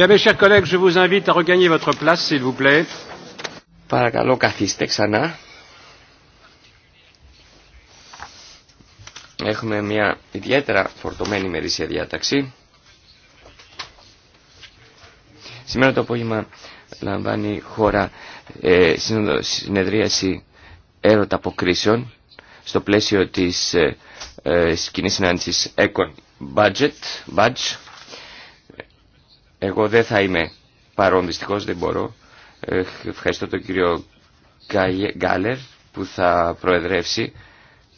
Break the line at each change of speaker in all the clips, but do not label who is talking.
Bien, mes chers collègues, je vous invite à regagner votre place, s'il vous plaît. Παρακαλώ καθίστε ξανά. Έχουμε μια ιδιαίτερα φορτωμένη μερίσια διάταξη. Σήμερα το απόγευμα λαμβάνει χώρα ε, συνεδρίαση έρωτα αποκρίσεων στο πλαίσιο της ε, ε, κοινής συνάντησης Econ Budget, Budge, εγώ δεν θα είμαι παρόν, δυστυχώς δεν μπορώ. Ευχαριστώ τον κύριο Γκάλερ που θα προεδρεύσει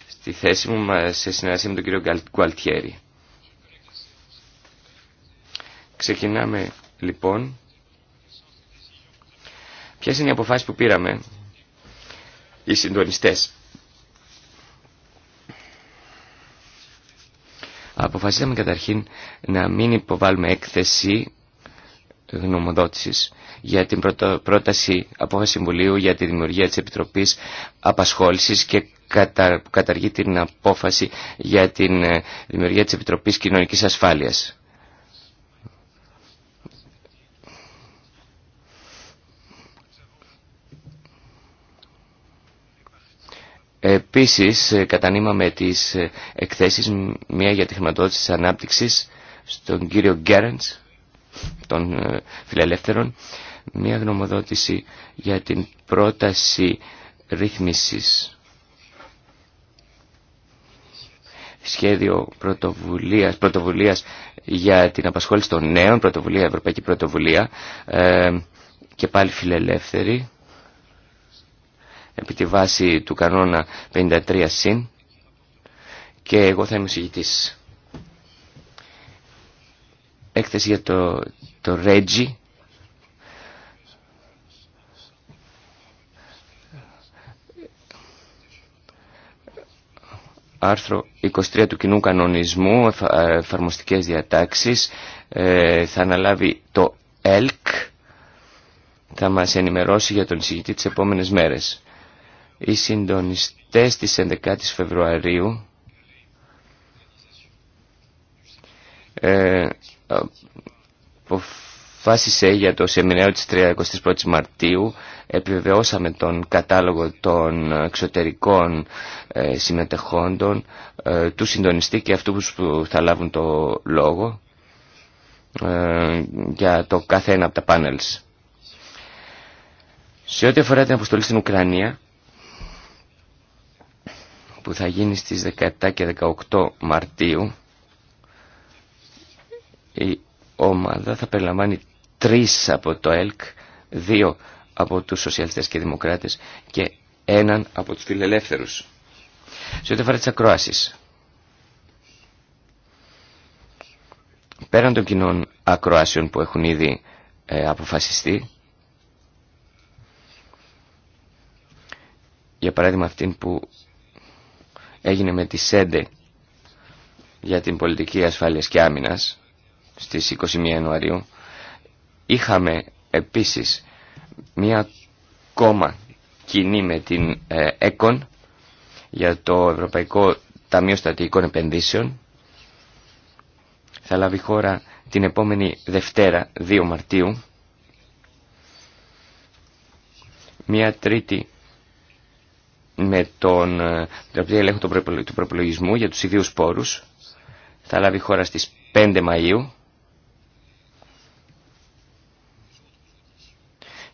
στη θέση μου σε συνεργασία με τον κύριο Γκουαλτιέρη. Ξεκινάμε λοιπόν. Ποιες είναι οι αποφάσεις που πήραμε οι συντονιστές. Αποφασίσαμε καταρχήν να μην υποβάλουμε έκθεση γνωμοδότησης για την πρόταση απόφαση Συμβουλίου για τη δημιουργία της Επιτροπής Απασχόλησης και καταργεί την απόφαση για τη ε, δημιουργία της Επιτροπής Κοινωνικής Ασφάλειας. Επίσης ε, κατανείμαμε τις ε, εκθέσεις, μία για τη χρηματοδότηση της ανάπτυξης στον κύριο Γκέρεντς των ε, φιλελεύθερων μια γνωμοδότηση για την πρόταση ρύθμισης σχέδιο πρωτοβουλίας, πρωτοβουλίας για την απασχόληση των νέων, πρωτοβουλία, ευρωπαϊκή πρωτοβουλία ε, και πάλι φιλελεύθερη επί τη βάση του κανόνα 53 συν και εγώ θα είμαι συγητής έκθεση για το, το Άρθρο 23 του κοινού κανονισμού, ε, εφαρμοστικές διατάξεις, ε, θα αναλάβει το ΕΛΚ, θα μας ενημερώσει για τον εισηγητή τις επόμενες μέρες. Οι συντονιστές της 11 η Φεβρουαρίου ε, αποφάσισε για το σεμινέο της 31ης Μαρτίου επιβεβαιώσαμε τον κατάλογο των εξωτερικών ε, συμμετεχόντων ε, του συντονιστή και αυτού που θα λάβουν το λόγο ε, για το κάθε ένα από τα πάνελς. Σε ό,τι αφορά την αποστολή στην Ουκρανία που θα γίνει στις 17 και 18 Μαρτίου η ομάδα θα περιλαμβάνει τρεις από το ΕΛΚ, δύο από τους σοσιαλιστές και δημοκράτες και έναν από τους φιλελεύθερους. Σε ό,τι αφορά τις ακροάσεις. Πέραν των κοινών ακροάσεων που έχουν ήδη ε, αποφασιστεί, για παράδειγμα αυτή που έγινε με τη ΣΕΝΤΕ για την πολιτική ασφάλειας και άμυνας, στις 21 Ιανουαρίου είχαμε επίσης μία κόμμα κοινή με την ε, ΕΚΟΝ για το Ευρωπαϊκό Ταμείο Στατικών Επενδύσεων θα λάβει χώρα την επόμενη Δευτέρα 2 Μαρτίου μία τρίτη με τον, ε, τον ελέγχο του προπολογισμού για τους ιδίους πόρους θα λάβει χώρα στις 5 Μαΐου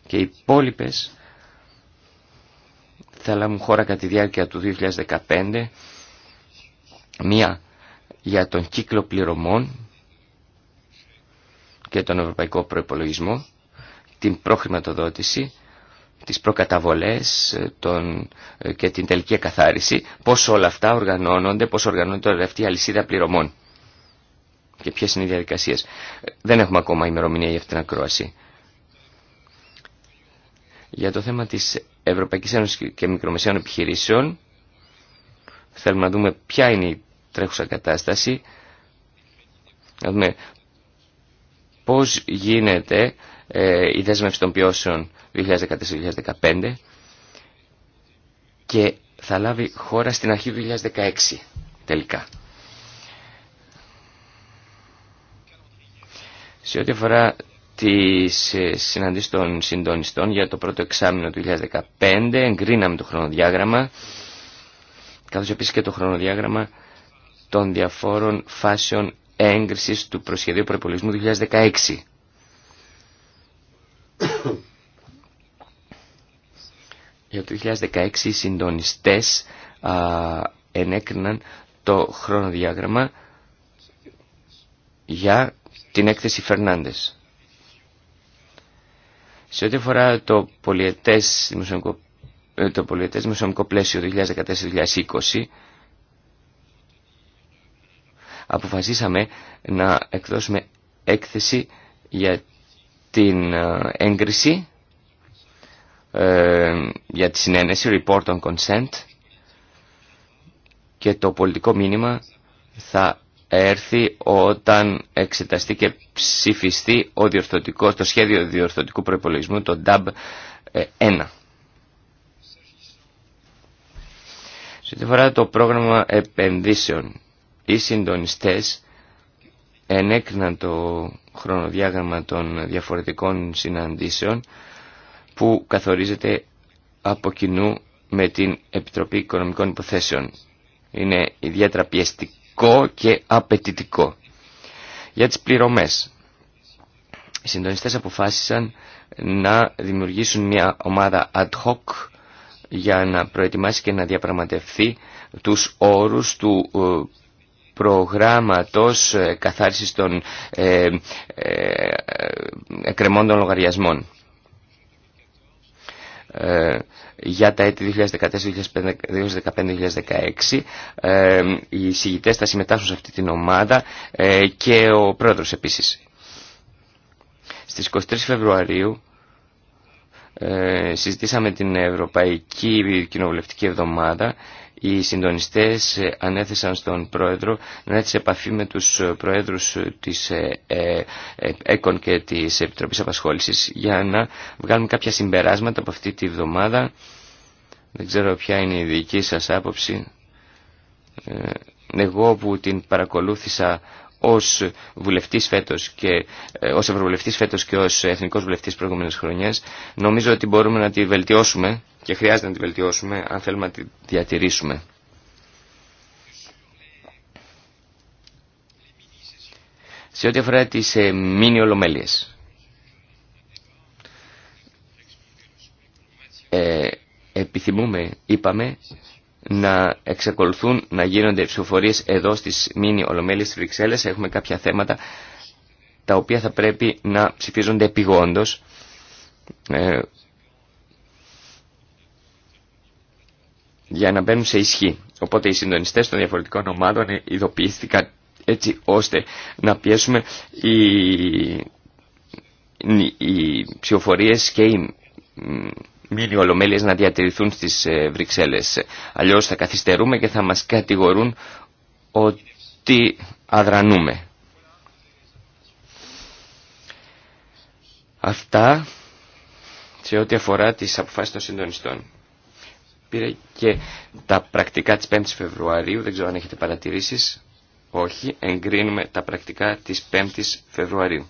και οι υπόλοιπε θα λάβουν χώρα κατά τη διάρκεια του 2015 μία για τον κύκλο πληρωμών και τον ευρωπαϊκό προϋπολογισμό, την προχρηματοδότηση, τις προκαταβολές τον, και την τελική καθάριση, πώς όλα αυτά οργανώνονται, πώς οργανώνεται αυτή η αλυσίδα πληρωμών και ποιες είναι οι διαδικασίες. Δεν έχουμε ακόμα ημερομηνία για αυτήν την ακρόαση. Για το θέμα της Ευρωπαϊκής Ένωσης και Μικρομεσαίων Επιχειρήσεων θέλουμε να δούμε ποια είναι η τρέχουσα κατάσταση, να δούμε πώς γίνεται ε, η δέσμευση των ποιώσεων 2014-2015 και θα λάβει χώρα στην αρχή του 2016 τελικά. Σε ό,τι αφορά τις ε, συναντήσεις των συντονιστών για το πρώτο εξάμεινο του 2015. Εγκρίναμε το χρονοδιάγραμμα, καθώς επίσης και το χρονοδιάγραμμα των διαφόρων φάσεων έγκρισης του προσχεδίου προπολογισμού 2016. Για το 2016 οι συντονιστές ενέκριναν το χρονοδιάγραμμα για την έκθεση Φερνάντες. Σε ό,τι αφορά το πολιετές δημοσιονομικό, ε, το πολιετές δημοσιονομικό πλαίσιο 2014-2020, αποφασίσαμε να εκδώσουμε έκθεση για την ε, έγκριση, ε, για τη συνένεση, report on consent, και το πολιτικό μήνυμα θα έρθει όταν εξεταστεί και ψηφιστεί ο διορθωτικό, το σχέδιο διορθωτικού προπολογισμού, το DAB 1. Ε, Σε τη φορά το πρόγραμμα επενδύσεων, οι συντονιστές ενέκριναν το χρονοδιάγραμμα των διαφορετικών συναντήσεων που καθορίζεται από κοινού με την Επιτροπή Οικονομικών Υποθέσεων. Είναι ιδιαίτερα πιεστική και Για τις πληρωμές. Οι συντονιστές αποφάσισαν να δημιουργήσουν μια ομάδα ad hoc για να προετοιμάσει και να διαπραγματευθεί τους όρους του ε, προγράμματος ε, καθάρισης των ε, εκκρεμών των λογαριασμών για τα έτη 2014-2015-2016. Οι συγητές θα συμμετάσχουν σε αυτή την ομάδα και ο πρόεδρος επίσης. Στις 23 Φεβρουαρίου συζητήσαμε την Ευρωπαϊκή Κοινοβουλευτική Εβδομάδα οι συντονιστές ανέθεσαν στον Πρόεδρο να έρθει σε επαφή με τους Προέδρους της ε, ε, ΕΚΟΝ και της Επιτροπής Απασχόλησης για να βγάλουμε κάποια συμπεράσματα από αυτή τη βδομάδα. Δεν ξέρω ποια είναι η δική σας άποψη. Ε, εγώ που την παρακολούθησα ως βουλευτής φέτος και ε, ως ευρωβουλευτής φέτος και ως εθνικός βουλευτής προηγούμενες χρονιές νομίζω ότι μπορούμε να τη βελτιώσουμε και χρειάζεται να τη βελτιώσουμε αν θέλουμε να τη διατηρήσουμε. Σε ό,τι αφορά τις ε, μήνυ ολομέλειες. Ε, επιθυμούμε, είπαμε, να εξακολουθούν να γίνονται ψηφοφορίε εδώ στι μήνυ ολομέλη τη. Έχουμε κάποια θέματα τα οποία θα πρέπει να ψηφίζονται επιγόντω. Ε, για να μπαίνουν σε ισχύ. Οπότε οι συντονιστές των διαφορετικών ομάδων ειδοποιήθηκαν έτσι ώστε να πιέσουμε οι, οι ψηφοφορίες και οι οι ολομέλειες να διατηρηθούν στις ε, Βρυξέλλες. Αλλιώς θα καθυστερούμε και θα μας κατηγορούν ότι αδρανούμε. Αυτά σε ό,τι αφορά τις αποφάσεις των συντονιστών. Πήρε και τα πρακτικά της 5ης Φεβρουαρίου, δεν ξέρω αν έχετε παρατηρήσεις. Όχι, εγκρίνουμε τα πρακτικά της 5ης Φεβρουαρίου.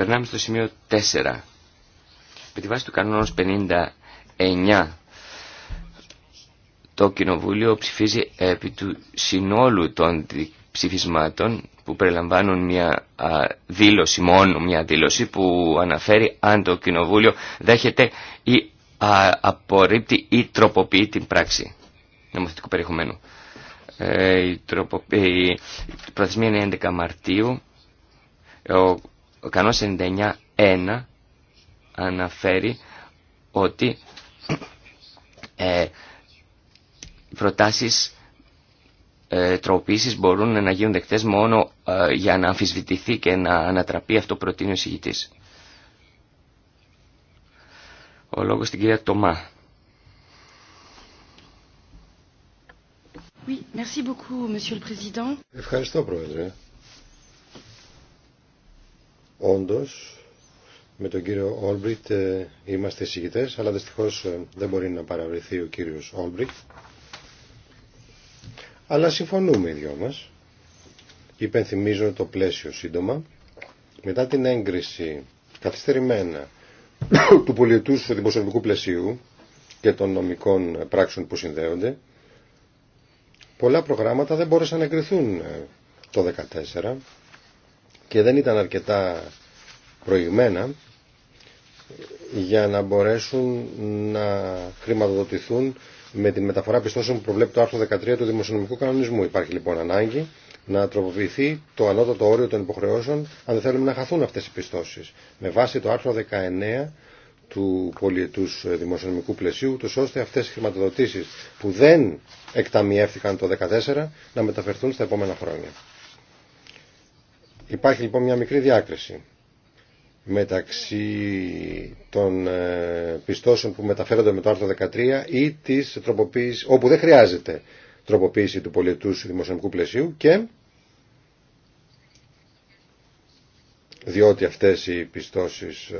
Περνάμε στο σημείο 4. Με τη βάση του κανόνα 59 το Κοινοβούλιο ψηφίζει επί του συνόλου των ψηφισμάτων που περιλαμβάνουν μια δήλωση μόνο, μια δήλωση που αναφέρει αν το Κοινοβούλιο δέχεται ή α, απορρίπτει ή τροποποιεί την πράξη νομοθετικού περιεχομένου. Ε, η, η προθεσμία είναι 11 Μαρτίου. Ο ο κανόνας 99.1 αναφέρει ότι ε, οι προτάσεις ε, μπορούν να γίνουν δεκτές μόνο ε, για να αμφισβητηθεί και να ανατραπεί αυτό προτείνει ο συγητής. Ο λόγος στην κυρία Τομά. Oui, merci beaucoup, Monsieur le Président.
Ευχαριστώ, Πρόεδρε. Όντως, με τον κύριο Όλμπριχτ ε, είμαστε εισηγητές, αλλά δυστυχώς ε, δεν μπορεί να παραβρεθεί ο κύριος Όλμπριτ. Αλλά συμφωνούμε οι δυο μας. Υπενθυμίζω το πλαίσιο σύντομα. Μετά την έγκριση καθυστερημένα του πολιετού δημοσιονομικού πλαισίου και των νομικών πράξεων που συνδέονται, πολλά προγράμματα δεν μπόρεσαν να εγκριθούν ε, το 2014 και δεν ήταν αρκετά προηγμένα για να μπορέσουν να χρηματοδοτηθούν με τη μεταφορά πιστώσεων που προβλέπει το άρθρο 13 του Δημοσιονομικού Κανονισμού. Υπάρχει λοιπόν ανάγκη να τροποποιηθεί το ανώτατο όριο των υποχρεώσεων αν δεν θέλουμε να χαθούν αυτές οι πιστώσεις. Με βάση το άρθρο 19 του πολιετούς ε, δημοσιονομικού πλαισίου, τους ώστε αυτές οι χρηματοδοτήσεις που δεν εκταμιεύθηκαν το 2014 να μεταφερθούν στα επόμενα χρόνια. Υπάρχει λοιπόν μια μικρή διάκριση μεταξύ των ε, πιστώσεων που μεταφέρονται με το άρθρο 13 ή της τροποποίησης, όπου δεν χρειάζεται τροποποίηση του πολιτού δημοσιονομικού πλαισίου και διότι αυτές οι πιστώσεις ε,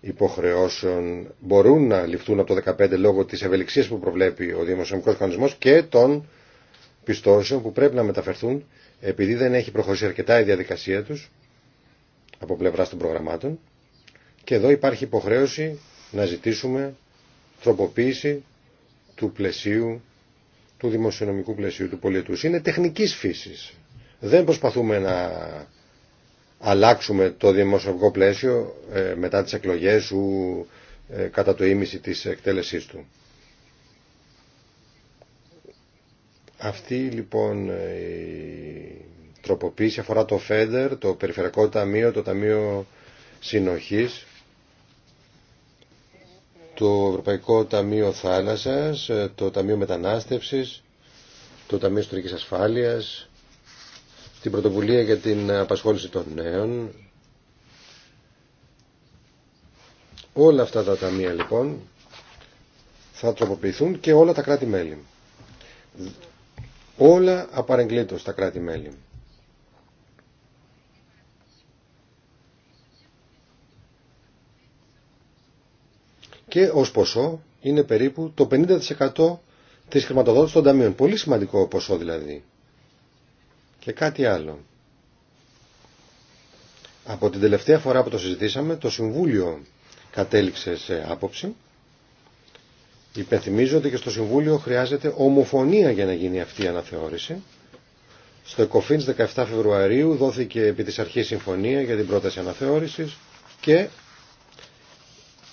υποχρεώσεων μπορούν να ληφθούν από το 15 λόγω της ευελιξίας που προβλέπει ο δημοσιονομικός κανονισμός και των πιστώσεων που πρέπει να μεταφερθούν επειδή δεν έχει προχωρήσει αρκετά η διαδικασία τους από πλευρά των προγραμμάτων και εδώ υπάρχει υποχρέωση να ζητήσουμε τροποποίηση του πλαισίου, του δημοσιονομικού πλαισίου του πολιτού. Είναι τεχνική φύσης. Δεν προσπαθούμε να αλλάξουμε το δημοσιονομικό πλαίσιο ε, μετά τις εκλογές ή ε, κατά το ίμιση της εκτέλεσής του. Αυτή λοιπόν ε, η τροποποίηση αφορά το ΦΕΔΕΡ, το Περιφερειακό Ταμείο, το Ταμείο Συνοχής, το Ευρωπαϊκό Ταμείο Θάλασσας, ε, το Ταμείο Μετανάστευσης, το Ταμείο Ιστορικής Ασφάλειας, την Πρωτοβουλία για την Απασχόληση των Νέων. Όλα αυτά τα ταμεία λοιπόν θα τροποποιηθούν και όλα τα κράτη-μέλη. Όλα απαρεγκλήτως στα κράτη-μέλη. Και ως ποσό είναι περίπου το 50% της χρηματοδότησης των ταμείων. Πολύ σημαντικό ποσό δηλαδή. Και κάτι άλλο. Από την τελευταία φορά που το συζητήσαμε, το Συμβούλιο κατέληξε σε άποψη Υπενθυμίζω ότι και στο Συμβούλιο χρειάζεται ομοφωνία για να γίνει αυτή η αναθεώρηση. Στο ΕΚΟΦΗΝ 17 Φεβρουαρίου δόθηκε επί της αρχής συμφωνία για την πρόταση αναθεώρησης και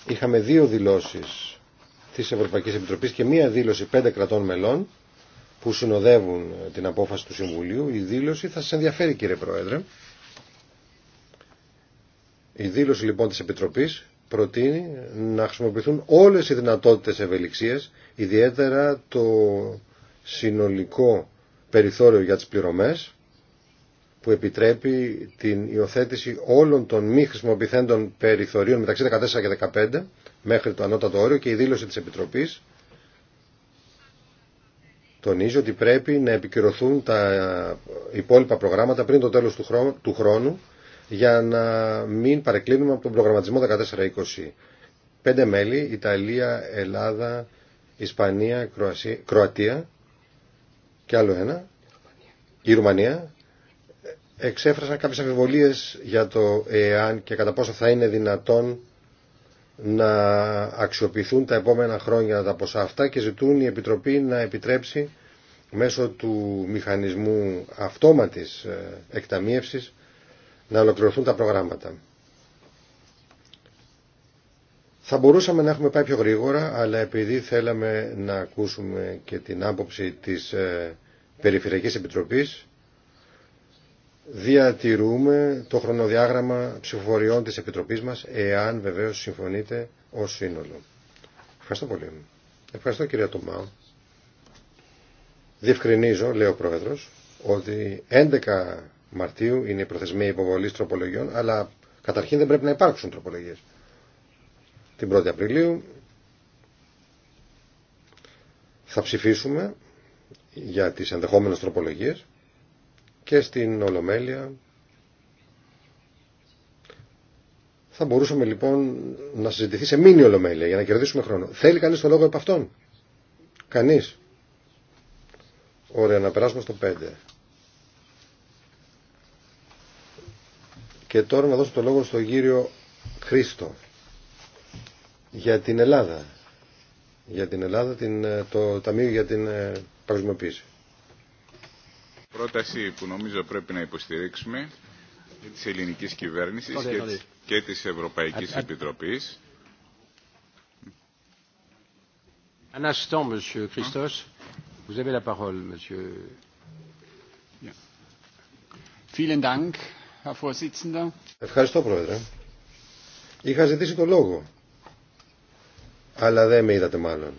είχαμε δύο δηλώσεις της Ευρωπαϊκής Επιτροπής και μία δήλωση πέντε κρατών μελών που συνοδεύουν την απόφαση του Συμβουλίου. Η δήλωση θα σας ενδιαφέρει κύριε Πρόεδρε. Η δήλωση λοιπόν της Επιτροπής προτείνει να χρησιμοποιηθούν όλες οι δυνατότητες ευελιξίας, ιδιαίτερα το συνολικό περιθώριο για τις πληρωμές, που επιτρέπει την υιοθέτηση όλων των μη χρησιμοποιηθέντων περιθωρίων μεταξύ 14 και 15 μέχρι το ανώτατο όριο και η δήλωση της Επιτροπής τονίζει ότι πρέπει να επικυρωθούν τα υπόλοιπα προγράμματα πριν το τέλος του χρόνου για να μην παρεκκλίνουμε από τον προγραμματισμο 14,20. Πέντε μέλη, Ιταλία, Ελλάδα, Ισπανία, Κροατία και άλλο ένα, η Ρουμανία, εξέφρασαν κάποιες αμφιβολίες για το εάν και κατά πόσο θα είναι δυνατόν να αξιοποιηθούν τα επόμενα χρόνια τα ποσά αυτά και ζητούν η Επιτροπή να επιτρέψει μέσω του μηχανισμού αυτόματης ε, εκταμίευσης να ολοκληρωθούν τα προγράμματα. Θα μπορούσαμε να έχουμε πάει πιο γρήγορα, αλλά επειδή θέλαμε να ακούσουμε και την άποψη της ε, Περιφερειακής Επιτροπής, διατηρούμε το χρονοδιάγραμμα ψηφοφοριών της Επιτροπής μας, εάν βεβαίως συμφωνείτε ως σύνολο. Ευχαριστώ πολύ. Ευχαριστώ κυρία Τωμάου. Διευκρινίζω, λέει ο Πρόεδρος, ότι 11 Μαρτίου είναι η προθεσμία υποβολή τροπολογιών, αλλά καταρχήν δεν πρέπει να υπάρξουν τροπολογίε. Την 1η Απριλίου θα ψηφίσουμε για τι ενδεχόμενε τροπολογίε και στην Ολομέλεια θα μπορούσαμε λοιπόν να συζητηθεί σε μήνυ Ολομέλεια για να κερδίσουμε χρόνο. Θέλει κανείς το λόγο από αυτόν. Κανείς. Ωραία, να περάσουμε στο 5. Και τώρα να δώσω το λόγο στον κύριο Χρήστο για την Ελλάδα. Για την Ελλάδα, την, ε, το Ταμείο για την ε, Παγκοσμιοποίηση.
Πρόταση που νομίζω πρέπει να υποστηρίξουμε τη της ελληνικής κυβέρνησης και, της, και της Ευρωπαϊκής Επιτροπής. Un instant, Monsieur Christos.
Vous avez la parole, Monsieur. Vielen Dank. Ευχαριστώ, Πρόεδρε. Είχα ζητήσει το λόγο, αλλά δεν με είδατε μάλλον.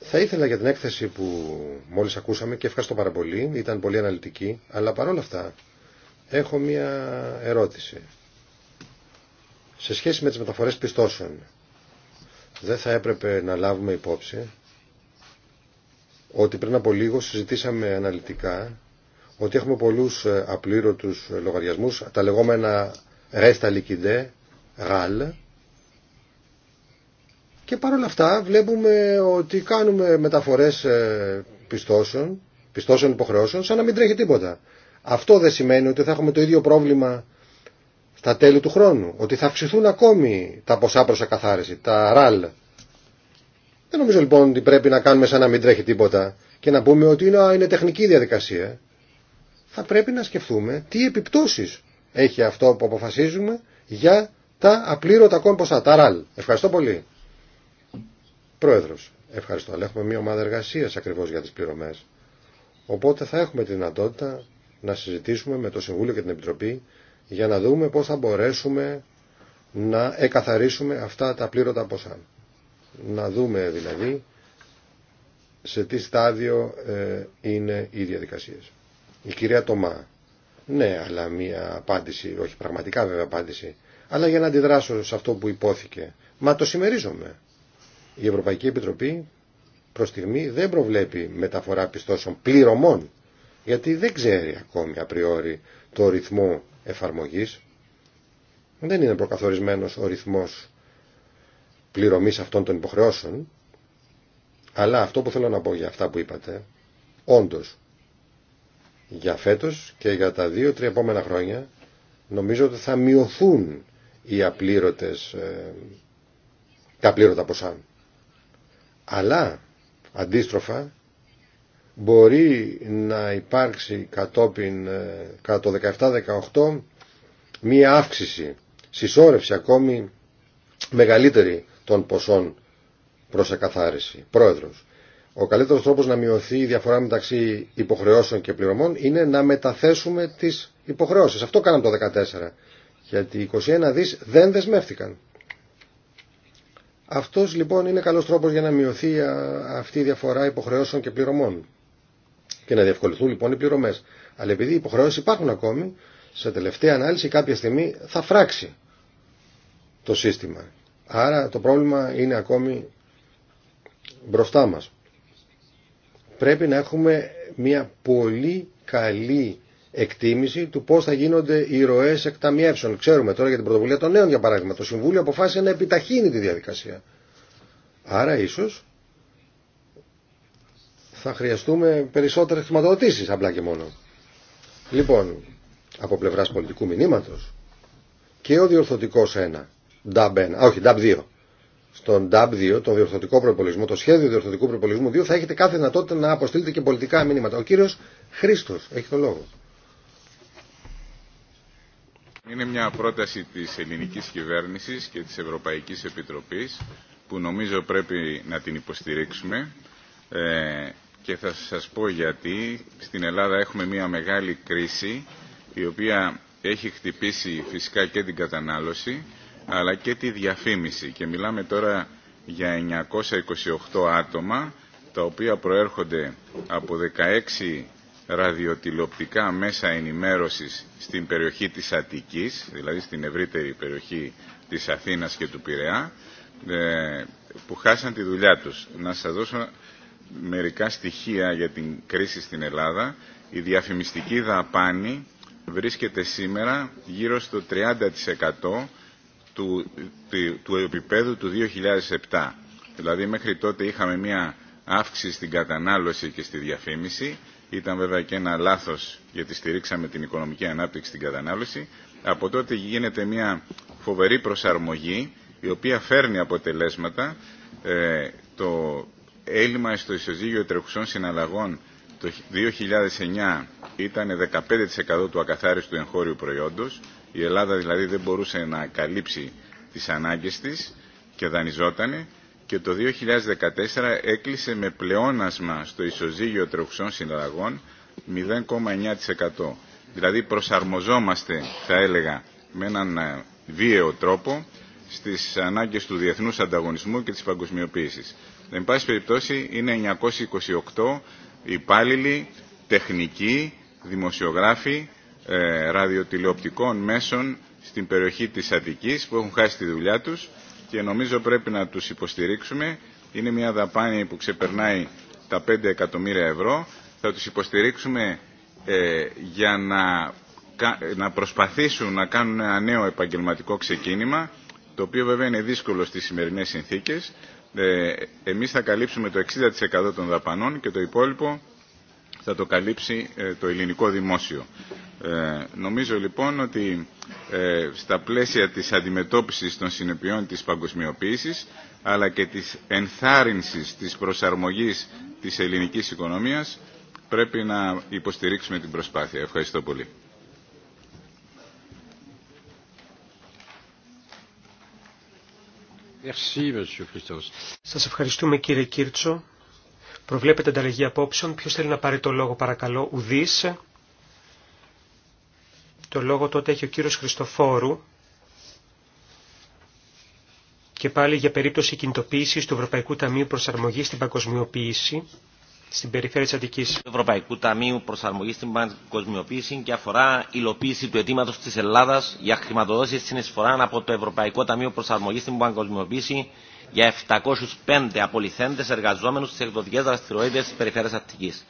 Θα ήθελα για την έκθεση που μόλις ακούσαμε και ευχαριστώ πάρα πολύ, ήταν πολύ αναλυτική, αλλά παρόλα αυτά έχω μία ερώτηση. Σε σχέση με τις μεταφορές πιστώσεων, δεν θα έπρεπε να λάβουμε υπόψη ότι πριν από λίγο συζητήσαμε αναλυτικά ότι έχουμε πολλούς ε, απλήρωτους ε, λογαριασμούς, τα λεγόμενα resta liquide, RAL, και παρόλα αυτά βλέπουμε ότι κάνουμε μεταφορές ε, πιστώσεων, πιστώσεων υποχρεώσεων, σαν να μην τρέχει τίποτα. Αυτό δεν σημαίνει ότι θα έχουμε το ίδιο πρόβλημα στα τέλη του χρόνου, ότι θα αυξηθούν ακόμη τα ποσά προς ακαθάριση, τα ραλ. Δεν νομίζω λοιπόν ότι πρέπει να κάνουμε σαν να μην τρέχει τίποτα και να πούμε ότι είναι τεχνική διαδικασία θα πρέπει να σκεφτούμε τι επιπτώσεις έχει αυτό που αποφασίζουμε για τα απλήρωτα κόμποσα, τα ραλ. Ευχαριστώ πολύ. Πρόεδρος, ευχαριστώ. Αλλά έχουμε μια ομάδα εργασίας ακριβώς για τις πληρωμές. Οπότε θα έχουμε τη δυνατότητα να συζητήσουμε με το Συμβούλιο και την Επιτροπή για να δούμε πώς θα μπορέσουμε να εκαθαρίσουμε αυτά τα απλήρωτα ποσά. Να δούμε δηλαδή σε τι στάδιο ε, είναι οι διαδικασίες. Η κυρία Τομά. Ναι, αλλά μία απάντηση, όχι πραγματικά βέβαια απάντηση, αλλά για να αντιδράσω σε αυτό που υπόθηκε. Μα το συμμερίζομαι. Η Ευρωπαϊκή Επιτροπή προ στιγμή δεν προβλέπει μεταφορά πιστώσεων πληρωμών, γιατί δεν ξέρει ακόμη απριόρι το ρυθμό εφαρμογής. Δεν είναι προκαθορισμένος ο ρυθμός πληρωμής αυτών των υποχρεώσεων, αλλά αυτό που θέλω να πω για αυτά που είπατε, όντως για φέτος και για τα δύο-τρία επόμενα χρόνια νομίζω ότι θα μειωθούν οι απλήρωτες, ε, τα απλήρωτα ποσά. Αλλά, αντίστροφα, μπορεί να υπάρξει κατόπιν κατά το 17-18 μία αύξηση, συσσόρευση ακόμη μεγαλύτερη των ποσών προς εκαθάριση. Πρόεδρος, ο καλύτερος τρόπος να μειωθεί η διαφορά μεταξύ υποχρεώσεων και πληρωμών είναι να μεταθέσουμε τις υποχρεώσεις. Αυτό κάναμε το 2014. Γιατί 21 δις δεν δεσμεύτηκαν. Αυτός λοιπόν είναι καλός τρόπος για να μειωθεί αυτή η διαφορά υποχρεώσεων και πληρωμών. Και να διευκολυθούν λοιπόν οι πληρωμές. Αλλά επειδή οι υποχρεώσεις υπάρχουν ακόμη, σε τελευταία ανάλυση κάποια στιγμή θα φράξει το σύστημα. Άρα το πρόβλημα είναι ακόμη μπροστά μας πρέπει να έχουμε μια πολύ καλή εκτίμηση του πώς θα γίνονται οι ροές εκταμιεύσεων. Ξέρουμε τώρα για την πρωτοβουλία των νέων, για παράδειγμα. Το Συμβούλιο αποφάσισε να επιταχύνει τη διαδικασία. Άρα ίσως θα χρειαστούμε περισσότερες χρηματοδοτήσει απλά και μόνο. Λοιπόν, από πλευράς πολιτικού μηνύματο και ο διορθωτικό 1, DAB 1, όχι DAB 2, στον DAB2, τον διορθωτικό προπολογισμό, το σχέδιο διορθωτικού προπολογισμού 2, θα έχετε κάθε δυνατότητα να αποστείλετε και πολιτικά μηνύματα. Ο κύριο Χρήστο έχει το λόγο.
Είναι μια πρόταση τη ελληνική κυβέρνηση και τη Ευρωπαϊκή Επιτροπή που νομίζω πρέπει να την υποστηρίξουμε ε, και θα σας πω γιατί στην Ελλάδα έχουμε μια μεγάλη κρίση η οποία έχει χτυπήσει φυσικά και την κατανάλωση αλλά και τη διαφήμιση. Και μιλάμε τώρα για 928 άτομα, τα οποία προέρχονται από 16 ραδιοτηλεοπτικά μέσα ενημέρωσης στην περιοχή της Αττικής, δηλαδή στην ευρύτερη περιοχή της Αθήνας και του Πειραιά, ε, που χάσαν τη δουλειά τους. Να σας δώσω μερικά στοιχεία για την κρίση στην Ελλάδα. Η διαφημιστική δαπάνη βρίσκεται σήμερα γύρω στο 30% του, του, επίπεδου του 2007. Δηλαδή μέχρι τότε είχαμε μια αύξηση στην κατανάλωση και στη διαφήμιση. Ήταν βέβαια και ένα λάθος γιατί στηρίξαμε την οικονομική ανάπτυξη στην κατανάλωση. Από τότε γίνεται μια φοβερή προσαρμογή η οποία φέρνει αποτελέσματα. Ε, το έλλειμμα στο ισοζύγιο τρεχουσών συναλλαγών το 2009 ήταν 15% του ακαθάριστου εγχώριου προϊόντος. Η Ελλάδα δηλαδή δεν μπορούσε να καλύψει τις ανάγκες της και δανειζότανε και το 2014 έκλεισε με πλεόνασμα στο ισοζύγιο τρεχουσών συναλλαγών 0,9%. Δηλαδή προσαρμοζόμαστε, θα έλεγα, με έναν ε, βίαιο τρόπο στις ανάγκες του διεθνούς ανταγωνισμού και της παγκοσμιοποίησης. Εν πάση περιπτώσει είναι 928 υπάλληλοι, τεχνικοί, δημοσιογράφοι, ε, ραδιοτηλεοπτικών μέσων στην περιοχή της Αττικής που έχουν χάσει τη δουλειά τους και νομίζω πρέπει να τους υποστηρίξουμε. Είναι μια δαπάνη που ξεπερνάει τα 5 εκατομμύρια ευρώ. Θα τους υποστηρίξουμε ε, για να, να προσπαθήσουν να κάνουν ένα νέο επαγγελματικό ξεκίνημα το οποίο βέβαια είναι δύσκολο στις σημερινές συνθήκες. Ε, εμείς θα καλύψουμε το 60% των δαπανών και το υπόλοιπο θα το καλύψει ε, το ελληνικό δημόσιο. Ε, νομίζω λοιπόν ότι ε, στα πλαίσια της αντιμετώπισης των συνεπειών της παγκοσμιοποίησης αλλά και της ενθάρρυνσης της προσαρμογής της ελληνικής οικονομίας πρέπει να υποστηρίξουμε την προσπάθεια. Ευχαριστώ πολύ.
Σας ευχαριστούμε κύριε Κίρτσο. Προβλέπετε ανταλλαγή απόψεων. Ποιος θέλει να πάρει το λόγο παρακαλώ. Ουδής. Το λόγο τότε έχει ο κύριος Χριστοφόρου και πάλι για περίπτωση κινητοποίησης του Ευρωπαϊκού Ταμείου Προσαρμογής στην
Παγκοσμιοποίηση στην περιφέρεια της Αττικής. Ευρωπαϊκού Ταμείου Προσαρμογής στην Παγκοσμιοποίηση και αφορά υλοποίηση του αιτήματο της Ελλάδας για χρηματοδότηση συνεισφορά από το Ευρωπαϊκό Ταμείο Προσαρμογής στην Παγκοσμιοποίηση για 705 απολυθέντες εργαζόμενους στις εκδοτικές δραστηριότητες της περιφέρειας Αττικής.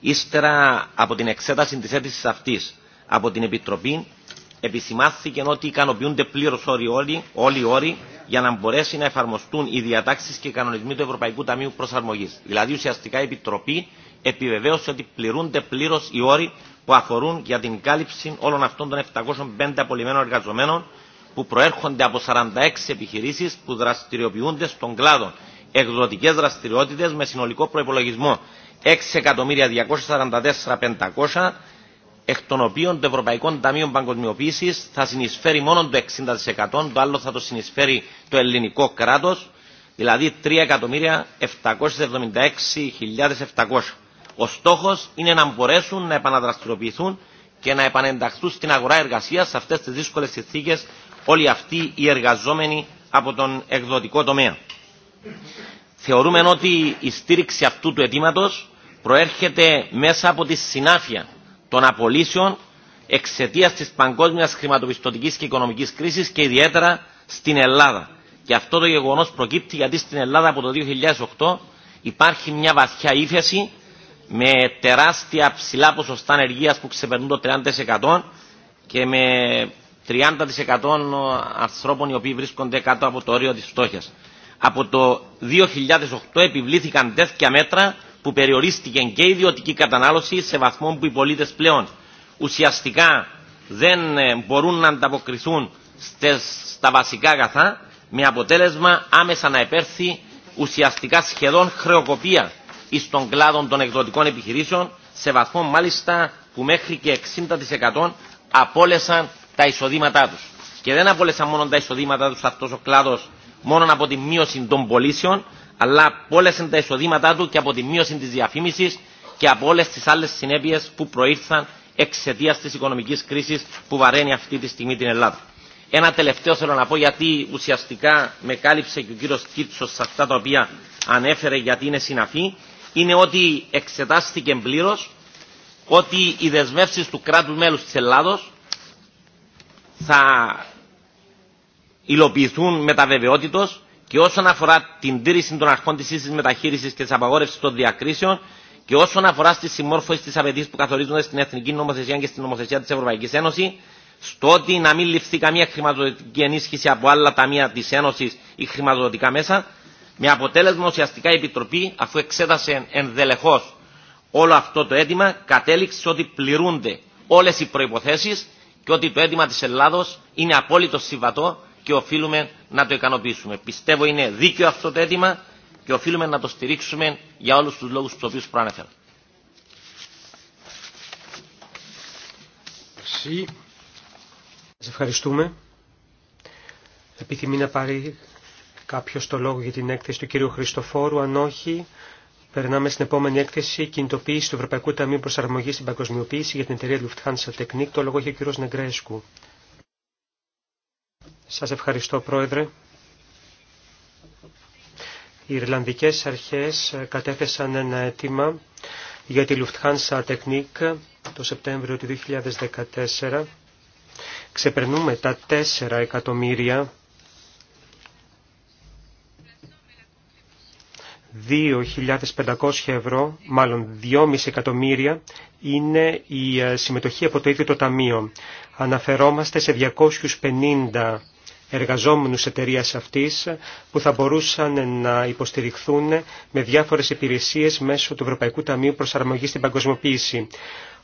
Ύστερα από την εξέταση της αίτησης αυτής, από την Επιτροπή επισημάθηκε ότι ικανοποιούνται πλήρω όλοι οι όροι για να μπορέσει να εφαρμοστούν οι διατάξει και οι κανονισμοί του Ευρωπαϊκού Ταμείου Προσαρμογή. Δηλαδή, ουσιαστικά η Επιτροπή επιβεβαίωσε ότι πληρούνται πλήρω οι όροι που αφορούν για την κάλυψη όλων αυτών των 705 απολυμμένων εργαζομένων που προέρχονται από 46 επιχειρήσει που δραστηριοποιούνται στον κλάδο εκδοτικέ δραστηριότητε με συνολικό προπολογισμό 6.244.500 εκ των οποίων το Ευρωπαϊκό Ταμείο Παγκοσμιοποίηση θα συνεισφέρει μόνο το 60%, το άλλο θα το συνεισφέρει το ελληνικό κράτο, δηλαδή 3.776.700. Ο στόχο είναι να μπορέσουν να επαναδραστηριοποιηθούν και να επανενταχθούν στην αγορά εργασία σε αυτέ τι δύσκολε συνθήκε όλοι αυτοί οι εργαζόμενοι από τον εκδοτικό τομέα. Θεωρούμε ότι η στήριξη αυτού του αιτήματο προέρχεται μέσα από τη συνάφεια των απολύσεων εξαιτία τη παγκόσμια χρηματοπιστωτική και οικονομική κρίση και ιδιαίτερα στην Ελλάδα. Και αυτό το γεγονό προκύπτει γιατί στην Ελλάδα από το 2008 υπάρχει μια βαθιά ύφεση με τεράστια ψηλά ποσοστά ανεργία που ξεπερνούν το 30% και με 30% ανθρώπων οι οποίοι βρίσκονται κάτω από το όριο τη φτώχεια. Από το 2008 επιβλήθηκαν τέτοια μέτρα που περιορίστηκε και η ιδιωτική κατανάλωση σε βαθμό που οι πολίτες πλέον ουσιαστικά δεν ε, μπορούν να ανταποκριθούν στα βασικά αγαθά με αποτέλεσμα άμεσα να επέρθει ουσιαστικά σχεδόν χρεοκοπία εις των κλάδων των εκδοτικών επιχειρήσεων σε βαθμό μάλιστα που μέχρι και 60% απόλεσαν τα εισοδήματά τους. Και δεν απόλεσαν μόνο τα εισοδήματά τους αυτός ο κλάδος μόνο από τη μείωση των πωλήσεων αλλά από τα εισοδήματά του και από τη μείωση τη διαφήμιση και από όλε τι άλλε συνέπειε που προήρθαν εξαιτία τη οικονομική κρίση που βαραίνει αυτή τη στιγμή την Ελλάδα. Ένα τελευταίο θέλω να πω γιατί ουσιαστικά με κάλυψε και ο κύριο Κίτσο σε αυτά τα οποία ανέφερε γιατί είναι συναφή, είναι ότι εξετάστηκε πλήρω ότι οι δεσμεύσει του κράτου μέλου τη Ελλάδο θα υλοποιηθούν με τα βεβαιότητος και όσον αφορά την τήρηση των αρχών τη ίση μεταχείριση και τη απαγόρευση των διακρίσεων και όσον αφορά στη συμμόρφωση τη απαιτή που καθορίζονται στην εθνική νομοθεσία και στην νομοθεσία τη Ευρωπαϊκή Ένωση, στο ότι να μην ληφθεί καμία χρηματοδοτική ενίσχυση από άλλα ταμεία τη Ένωση ή χρηματοδοτικά μέσα, με αποτέλεσμα ουσιαστικά η Επιτροπή, αφού εξέτασε ενδελεχώ όλο αυτό το αίτημα, κατέληξε ότι πληρούνται όλε οι προποθέσει και ότι το αίτημα τη Ελλάδο είναι απόλυτο συμβατό και οφείλουμε να το ικανοποιήσουμε. Πιστεύω είναι δίκαιο αυτό το αίτημα και οφείλουμε να το στηρίξουμε για όλους τους λόγους τους οποίους προανέφερα.
Σας ευχαριστούμε. Επιθυμεί να πάρει κάποιο το λόγο για την έκθεση του κυρίου Χριστοφόρου. Αν όχι, περνάμε στην επόμενη έκθεση κινητοποίηση του Ευρωπαϊκού Ταμείου Προσαρμογή στην Παγκοσμιοποίηση για την εταιρεία Lufthansa Technique. Το λόγο έχει ο κύριο Νεγκρέσκου. Σας ευχαριστώ Πρόεδρε. Οι Ιρλανδικές αρχές κατέθεσαν ένα αίτημα για τη Lufthansa Technik το Σεπτέμβριο του 2014. Ξεπερνούμε τα 4 εκατομμύρια 2.500 ευρώ, μάλλον 2,5 εκατομμύρια, είναι η ε, συμμετοχή από το ίδιο το Ταμείο. Αναφερόμαστε σε 250 εργαζόμενους εταιρείας αυτής που θα μπορούσαν να υποστηριχθούν με διάφορες υπηρεσίες μέσω του Ευρωπαϊκού Ταμείου Προσαρμογής στην Παγκοσμιοποίηση.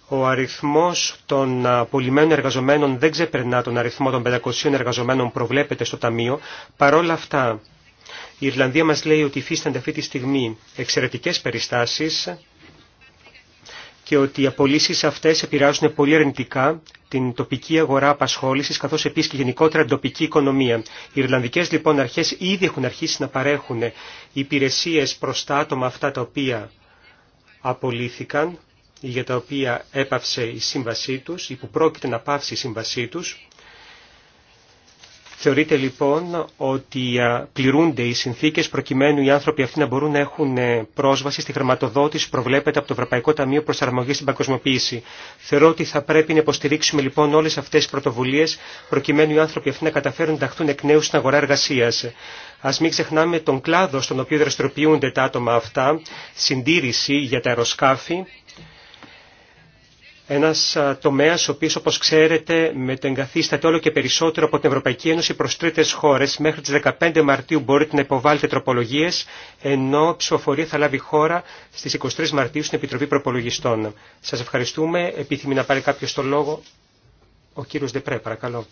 Ο αριθμός των πολυμένων εργαζομένων δεν ξεπερνά τον αριθμό των 500 εργαζομένων που προβλέπεται στο Ταμείο. Παρόλα αυτά, η Ιρλανδία μας λέει ότι υφίστανται αυτή τη στιγμή εξαιρετικές περιστάσεις και ότι οι απολύσει αυτέ επηρεάζουν πολύ αρνητικά την τοπική αγορά απασχόληση καθώ επίση και γενικότερα την τοπική οικονομία. Οι Ιρλανδικέ λοιπόν αρχέ ήδη έχουν αρχίσει να παρέχουν υπηρεσίε προ τα άτομα αυτά τα οποία απολύθηκαν ή για τα οποία έπαυσε η σύμβασή τους ή που πρόκειται να πάυσει η σύμβασή του. Θεωρείται λοιπόν ότι πληρούνται οι συνθήκες προκειμένου οι άνθρωποι αυτοί να μπορούν να έχουν ε, πρόσβαση στη χρηματοδότηση που προβλέπεται από το Ευρωπαϊκό Ταμείο Προσαρμογής στην Παγκοσμοποίηση. Θεωρώ ότι θα πρέπει να υποστηρίξουμε λοιπόν όλες αυτές τις πρωτοβουλίες προκειμένου οι άνθρωποι αυτοί να καταφέρουν να ταχθούν εκ νέου στην αγορά εργασίας. Ας μην ξεχνάμε τον κλάδο στον οποίο δραστηριοποιούνται τα άτομα αυτά, συντήρηση για τα αεροσκάφη, ένας τομέας ο οποίος όπως ξέρετε μετεγκαθίσταται όλο και περισσότερο από την Ευρωπαϊκή Ένωση προς τρίτες χώρες. Μέχρι τις 15 Μαρτίου μπορείτε να υποβάλλετε τροπολογίες, ενώ ψηφοφορία θα λάβει χώρα στις 23 Μαρτίου στην Επιτροπή Προπολογιστών. Σας ευχαριστούμε. Επιθυμεί να πάρει κάποιος το λόγο. Ο κύριος Δεπρέ, παρακαλώ.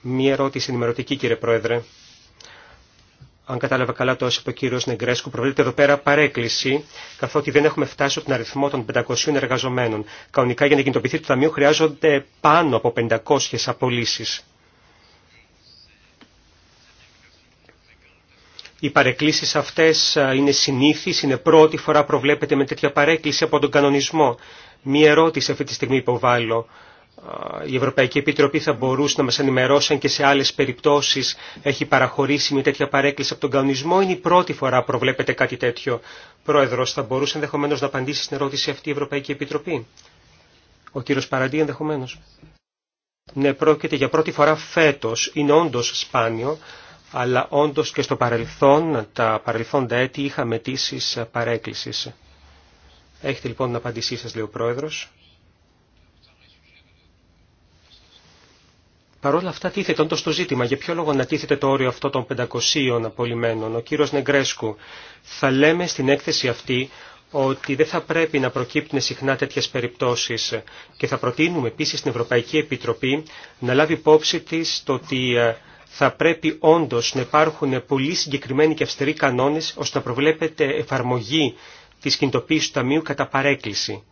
Μία ερώτηση ενημερωτική κύριε Πρόεδρε αν κατάλαβα καλά το όσο είπε ο κύριος Νεγκρέσκου, προβλέπεται εδώ πέρα παρέκκληση, καθότι δεν έχουμε φτάσει στον αριθμό των 500 εργαζομένων. Κανονικά για να κινητοποιηθεί το Ταμείο χρειάζονται πάνω από 500 απολύσει. Οι παρεκκλήσεις αυτές είναι συνήθεις, είναι πρώτη φορά προβλέπεται με τέτοια παρέκκληση από τον κανονισμό. Μία ερώτηση αυτή τη στιγμή υποβάλλω η Ευρωπαϊκή Επιτροπή θα μπορούσε να μας ενημερώσει αν και σε άλλες περιπτώσεις έχει παραχωρήσει μια τέτοια παρέκκληση από τον κανονισμό. Είναι η πρώτη φορά που προβλέπετε κάτι τέτοιο. Πρόεδρος, θα μπορούσε ενδεχομένω να απαντήσει στην ερώτηση αυτή η Ευρωπαϊκή Επιτροπή. Ο κύριος Παραντή ενδεχομένω. Ναι, πρόκειται για πρώτη φορά φέτος. Είναι όντω σπάνιο, αλλά όντω και στο παρελθόν, τα παρελθόντα έτη είχαμε τήσει παρέκκληση. Έχετε λοιπόν την απάντησή σα, λέει ο Πρόεδρος. Παρ' όλα αυτά τίθεται όντω το ζήτημα. Για ποιο λόγο να τίθεται το όριο αυτό των 500 απολυμένων. Ο κύριος Νεγκρέσκου θα λέμε στην έκθεση αυτή ότι δεν θα πρέπει να προκύπτουν συχνά τέτοιε περιπτώσει και θα προτείνουμε επίση στην Ευρωπαϊκή Επιτροπή να λάβει υπόψη τη το ότι ε, θα πρέπει όντω να υπάρχουν πολύ συγκεκριμένοι και αυστηροί κανόνε ώστε να προβλέπεται εφαρμογή τη κινητοποίηση του Ταμείου κατά παρέκκληση.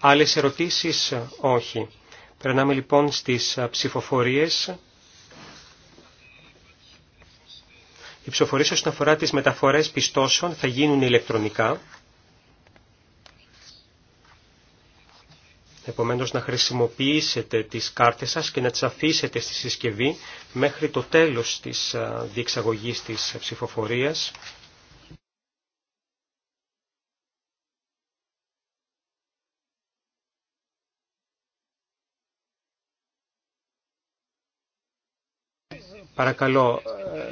Άλλε ερωτήσει, ε, όχι. Περνάμε λοιπόν στις ψηφοφορίες. Οι ψηφοφορίες όσον αφορά τις μεταφορές πιστώσεων θα γίνουν ηλεκτρονικά. Επομένως να χρησιμοποιήσετε τις κάρτες σας και να τις αφήσετε στη συσκευή μέχρι το τέλος της διεξαγωγής της ψηφοφορίας. Παρακαλώ,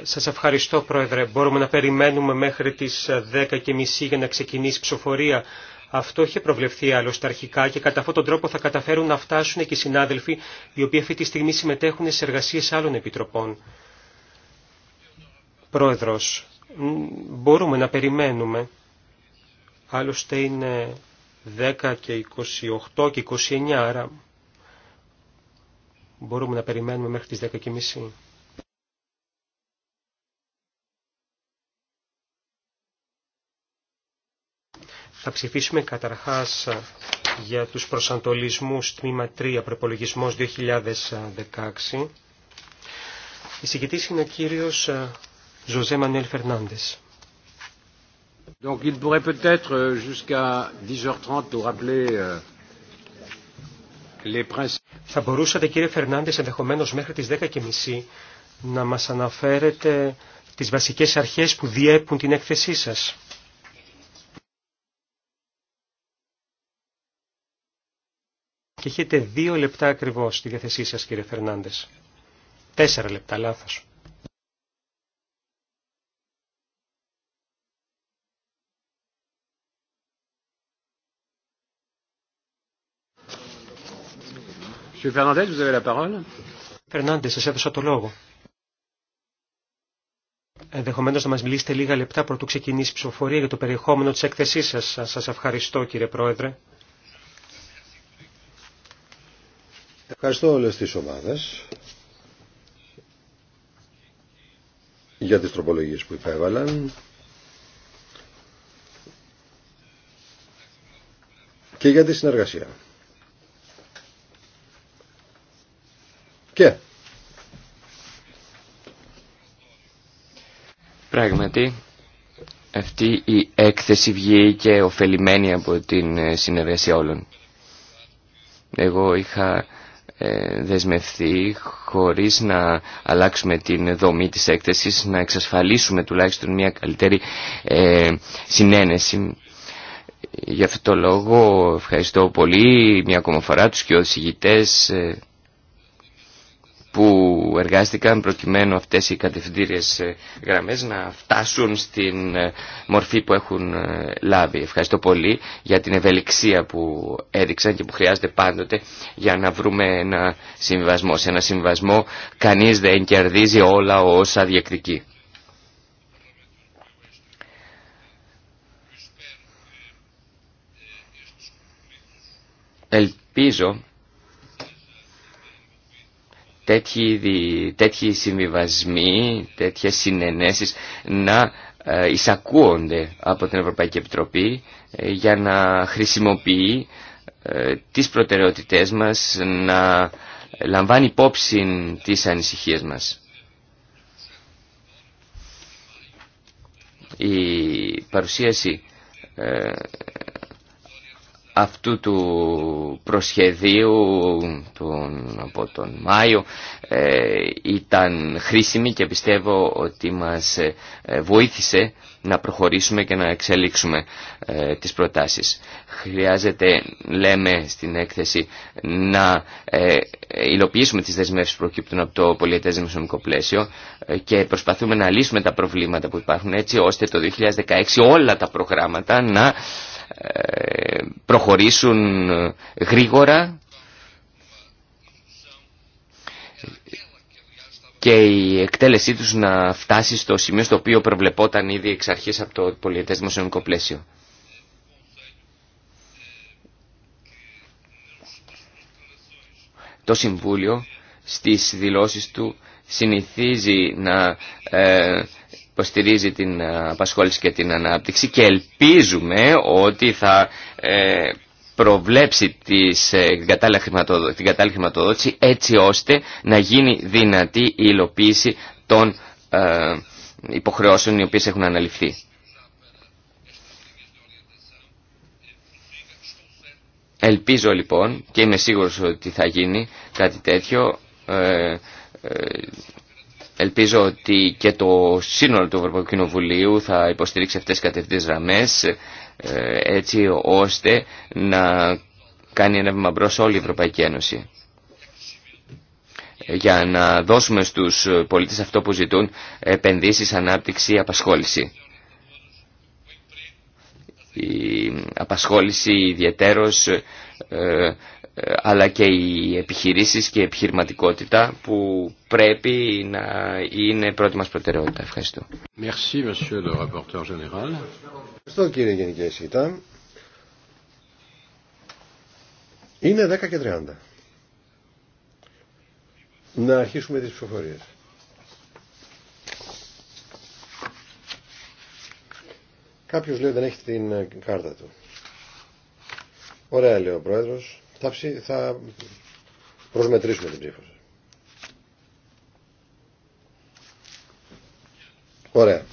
ε, σας ευχαριστώ Πρόεδρε. Μπορούμε να περιμένουμε μέχρι τις 10.30 ε, για να ξεκινήσει η ψηφοφορία. Αυτό είχε προβλεφθεί άλλωστε αρχικά και κατά αυτόν τον τρόπο θα καταφέρουν να φτάσουν και οι συνάδελφοι οι οποίοι αυτή τη στιγμή συμμετέχουν σε εργασίες άλλων επιτροπών. Πρόεδρος, μπορούμε να περιμένουμε. Άλλωστε είναι 10 και 28 και 29, άρα μπορούμε να περιμένουμε μέχρι τις 10.30. Θα ψηφίσουμε καταρχάς ε, για τους προσαντολισμούς τμήμα 3 προπολογισμός 2016. Η συγκητής είναι ο κύριος ε, Ζωζέ Μανουέλ Φερνάντες. Euh, euh, Θα μπορούσατε κύριε Φερνάντες ενδεχομένως μέχρι τις 10.30 να μας αναφέρετε τις βασικές αρχές που διέπουν την έκθεσή σας. και έχετε δύο λεπτά ακριβώς στη διαθεσή σας κύριε Φερνάντες. Τέσσερα λεπτά, λάθος. Κύριε Fernandez, vous σας έδωσα το λόγο. Ενδεχομένω να μα μιλήσετε λίγα λεπτά πρωτού ξεκινήσει η ψηφοφορία για το περιεχόμενο τη έκθεσή σα. Σα ευχαριστώ κύριε Πρόεδρε.
Ευχαριστώ όλες τις ομάδες για τις τροπολογίες που υπέβαλαν και για τη συνεργασία. Και...
Πράγματι, αυτή η έκθεση βγήκε ωφελημένη από την συνεργασία όλων. Εγώ είχα ε, δεσμευθεί χωρίς να αλλάξουμε την δομή της έκθεσης, να εξασφαλίσουμε τουλάχιστον μια καλύτερη ε, συνένεση. Γι' αυτό το λόγο ευχαριστώ πολύ μια ακόμα φορά τους και οδηγητές ε, που εργάστηκαν προκειμένου αυτές οι κατευθυντήριες ε, γραμμές να φτάσουν στην ε, μορφή που έχουν ε, λάβει. Ευχαριστώ πολύ για την ευελιξία που έδειξαν και που χρειάζεται πάντοτε για να βρούμε ένα συμβιβασμό. Σε ένα συμβιβασμό κανείς δεν κερδίζει όλα όσα διεκδικεί. Ελπίζω τέτοιοι, συμβιβασμοί, τέτοιες συνενέσεις να ε, εισακούονται από την Ευρωπαϊκή Επιτροπή ε, για να χρησιμοποιεί ε, τις προτεραιότητές μας, να λαμβάνει υπόψη τις ανησυχίες μας. Η παρουσίαση αυτού του προσχεδίου τον, από τον Μάιο ε, ήταν χρήσιμη και πιστεύω ότι μας ε, βοήθησε να προχωρήσουμε και να εξελίξουμε ε, τις προτάσεις. Χρειάζεται, λέμε στην έκθεση, να ε, υλοποιήσουμε τις δεσμεύσεις που προκύπτουν από το πολιετές δημοσιονομικό πλαίσιο και προσπαθούμε να λύσουμε τα προβλήματα που υπάρχουν έτσι ώστε το 2016 όλα τα προγράμματα να ε, προχωρήσουν ε, γρήγορα και η εκτέλεσή τους να φτάσει στο σημείο στο οποίο προβλεπόταν ήδη εξ αρχής από το πολιετές δημοσιονομικό πλαίσιο. Το Συμβούλιο στις δηλώσεις του συνηθίζει να ε, υποστηρίζει την ε, απασχόληση και την ανάπτυξη και ελπίζουμε ότι θα ε, προβλέψει ε, την κατάλληλη χρηματοδότηση έτσι ώστε να γίνει δυνατή η υλοποίηση των υποχρεώσεων οι οποίες έχουν αναλυφθεί. Ελπίζω λοιπόν και είμαι σίγουρος ότι θα γίνει κάτι τέτοιο Ελπίζω ότι και το σύνολο του Ευρωπαϊκού Κοινοβουλίου θα υποστηρίξει αυτές τις κατευθύνσεις, ε, έτσι ώστε να κάνει ένα βήμα μπρος όλη η Ευρωπαϊκή Ένωση ε, για να δώσουμε στους πολίτες αυτό που ζητούν επενδύσεις, ανάπτυξη, απασχόληση. Η απασχόληση ιδιαιτέρως ε, αλλά και οι επιχειρήσεις και η επιχειρηματικότητα που πρέπει να είναι πρώτη μας προτεραιότητα. Ευχαριστώ.
Merci, Ευχαριστώ κύριε Γενική Είναι 10 και 30. Να αρχίσουμε τις ψηφοφορίες. Κάποιος λέει δεν έχει την κάρτα του. Ωραία λέει ο πρόεδρος θα, θα προσμετρήσουμε την ψήφο σας. Ωραία.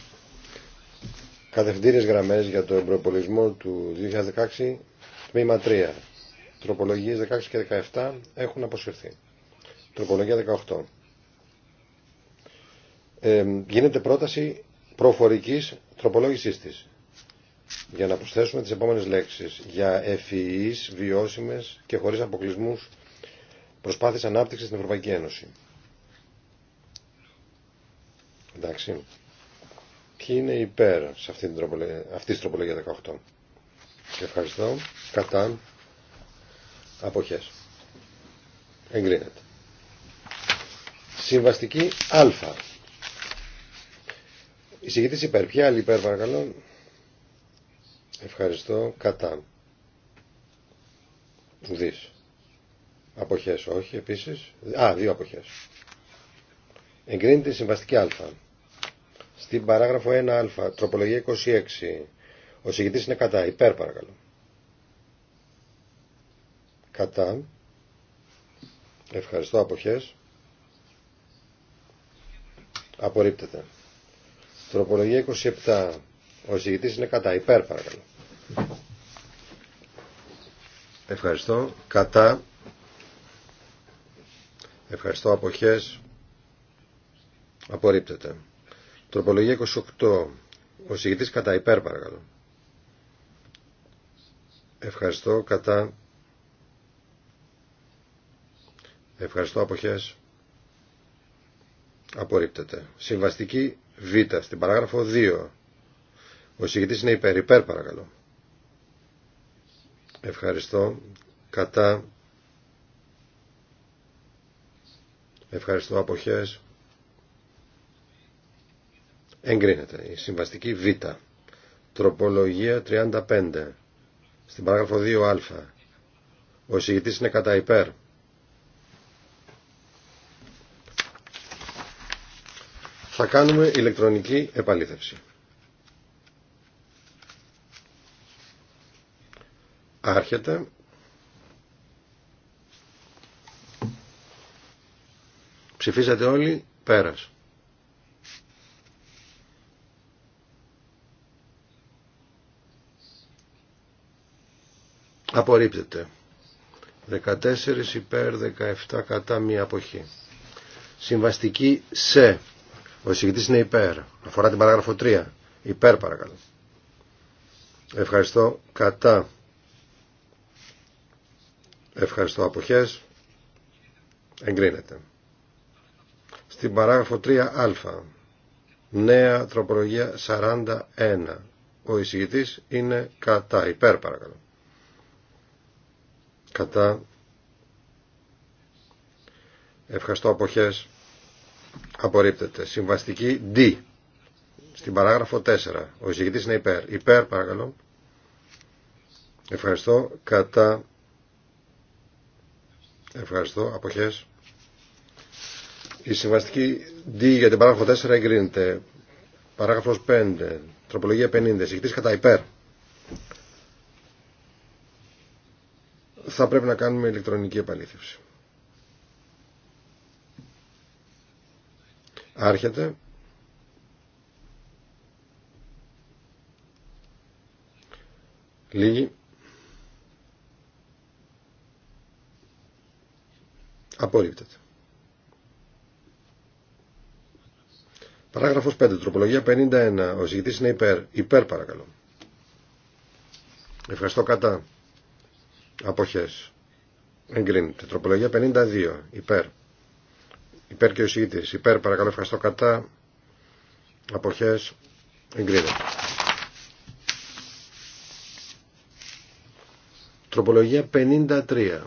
Κατευθύνες γραμμές για το προπολογισμό του 2016, τμήμα 3. Τροπολογίες 16 και 17 έχουν αποσυρθεί. Τροπολογία 18. Ε, γίνεται πρόταση προφορικής τροπολόγησής της για να προσθέσουμε τις επόμενες λέξεις για ευφυείς, βιώσιμες και χωρίς αποκλεισμούς προσπάθειες ανάπτυξης στην Ευρωπαϊκή Ένωση. Εντάξει. Ποιοι είναι υπέρ σε αυτή την τροπολογία, αυτή τη τροπολογία 18. Σε ευχαριστώ. Κατά. Αποχές. Εγκρίνεται. Συμβαστική Α. Εισηγητής υπέρ. Ποια άλλη υπέρ παρακαλώ. Ευχαριστώ. Κατά. Δείς. Αποχές όχι επίσης. Α, δύο αποχές. Εγκρίνεται η συμβαστική α. Στην παράγραφο 1α, τροπολογία 26. Ο συγκητή είναι κατά. Υπέρ παρακαλώ. Κατά. Ευχαριστώ αποχές. Απορρίπτεται. Τροπολογία 27. Ο είναι κατά. Υπέρ παρακαλώ. Ευχαριστώ. Κατά. Ευχαριστώ. Αποχές. Απορρίπτεται. Τροπολογία 28. Ο συγητής κατά υπέρ παρακαλώ. Ευχαριστώ. Κατά. Ευχαριστώ. Αποχές. Απορρίπτεται. Συμβαστική Β στην παράγραφο 2. Ο εισηγητής είναι υπέρ. Υπέρ παρακαλώ. Ευχαριστώ. Κατά. Ευχαριστώ. Αποχές. Εγκρίνεται. Η συμβαστική Β. Τροπολογία 35. Στην παράγραφο 2α. Ο εισηγητής είναι κατά υπέρ. Θα κάνουμε ηλεκτρονική επαλήθευση. Άρχεται. Ψηφίσατε όλοι. Πέρας. Απορρίπτεται. 14 υπέρ 17 κατά μία αποχή. Συμβαστική σε. Ο εισηγητής είναι υπέρ. Αφορά την παράγραφο 3. Υπέρ παρακαλώ. Ευχαριστώ. Κατά. Ευχαριστώ. Αποχές. Εγκρίνεται. Στην παράγραφο 3α. Νέα τροπολογία 41. Ο εισηγητής είναι κατά. Υπέρ παρακαλώ. Κατά. Ευχαριστώ. Αποχές. Απορρίπτεται. Συμβαστική D. Στην παράγραφο 4. Ο εισηγητής είναι υπέρ. Υπέρ παρακαλώ. Ευχαριστώ. Κατά Ευχαριστώ. αποχέ. Η συμβαστική D για την παράγραφο 4 εγκρίνεται. παράγραφο 5. Τροπολογία 50. Συγχτή κατά υπέρ. Θα πρέπει να κάνουμε ηλεκτρονική επαλήθευση. Άρχεται. Λίγη. Απορρίπτεται. Παράγραφος 5. Τροπολογία 51. Ο εισηγητής είναι υπέρ. Υπέρ παρακαλώ. Ευχαριστώ κατά. Αποχές. Εγκρίνεται. Τροπολογία 52. Υπέρ. Υπέρ και ο εισηγητής. Υπέρ παρακαλώ. Ευχαριστώ κατά. Αποχές. Εγκρίνεται. Τροπολογία 53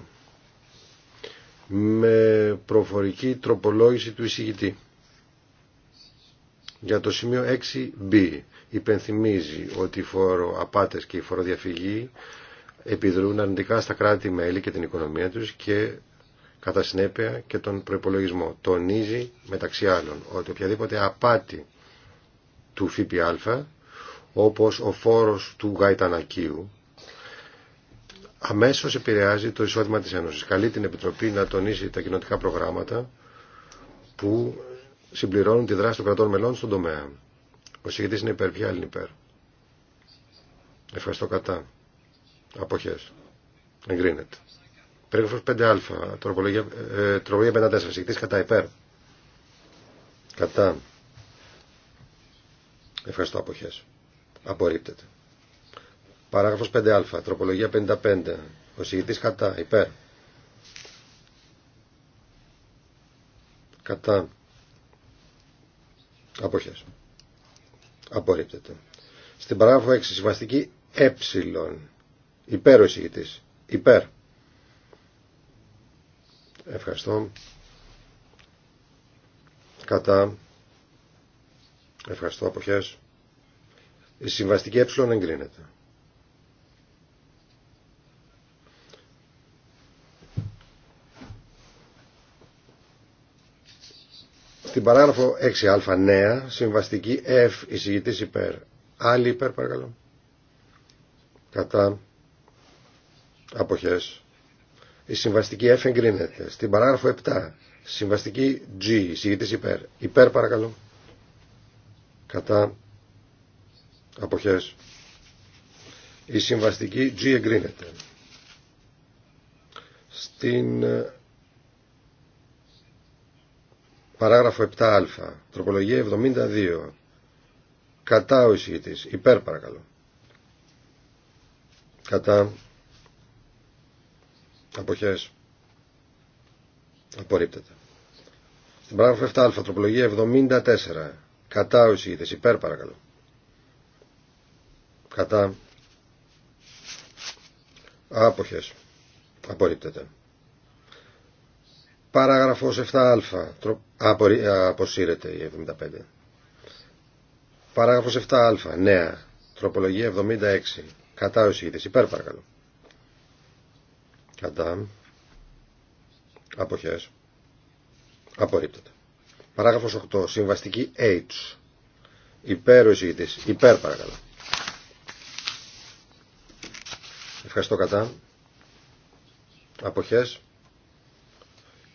με προφορική τροπολόγηση του εισηγητή. Για το σημείο 6b υπενθυμίζει ότι οι φοροαπάτες και η φοροδιαφυγή επιδρούν αρνητικά στα κράτη-μέλη και την οικονομία τους και κατά συνέπεια και τον προϋπολογισμό. Τονίζει μεταξύ άλλων ότι οποιαδήποτε απάτη του ΦΠΑ όπως ο φόρος του γαϊτανακίου αμέσως επηρεάζει το εισόδημα της Ένωση. Καλεί την Επιτροπή να τονίσει τα κοινοτικά προγράμματα που συμπληρώνουν τη δράση των κρατών μελών στον τομέα. Ο συγκριτή είναι υπέρ, ποια άλλη είναι υπέρ. Ευχαριστώ απόχέ Αποχές. Εγκρίνεται. Περίγραφος 5α, τροπολογία, 54, ε, Συγκριτή κατά υπέρ. Κατά. Ευχαριστώ αποχές. Απορρίπτεται. Παράγραφος 5α, τροπολογία 55. Ο συγητής κατά, υπέρ. Κατά. Αποχές. Απορρίπτεται. Στην παράγραφο 6, συμβαστική ε. Υπέρ ο συγητής. Υπέρ. Ευχαριστώ. Κατά. Ευχαριστώ, αποχές. Η συμβαστική ε εγκρίνεται. Στην παράγραφο 6α νέα, συμβαστική F, εισηγητής υπέρ. Άλλη υπέρ παρακαλώ. Κατά. Αποχές. Η συμβαστική F εγκρίνεται. Στην παράγραφο 7, συμβαστική G, εισηγητής υπέρ. Υπέρ παρακαλώ. Κατά. Αποχές. Η συμβαστική G εγκρίνεται. Στην ε, Παράγραφο 7α. Τροπολογία 72. Κατά ο εισηγητή. Υπέρ παρακαλώ. Κατά. Αποχέ. Απορρίπτεται. Στην παράγραφο 7α. Τροπολογία 74. Κατά ο εισηγητη υπερ Υπέρ παρακαλώ. Άποχε. Άποχες. Απορρίπτεται. Παράγραφος 7α. Αποσύρεται η 75. Παράγραφος 7α. Νέα. Τροπολογία 76. Κατά ο Υπέρ παρακαλώ. Κατά. Αποχές. Απορρίπτεται. Παράγραφος 8. Συμβαστική H. Υπέρ ο Υπέρ παρακαλώ. Ευχαριστώ κατά. Αποχές.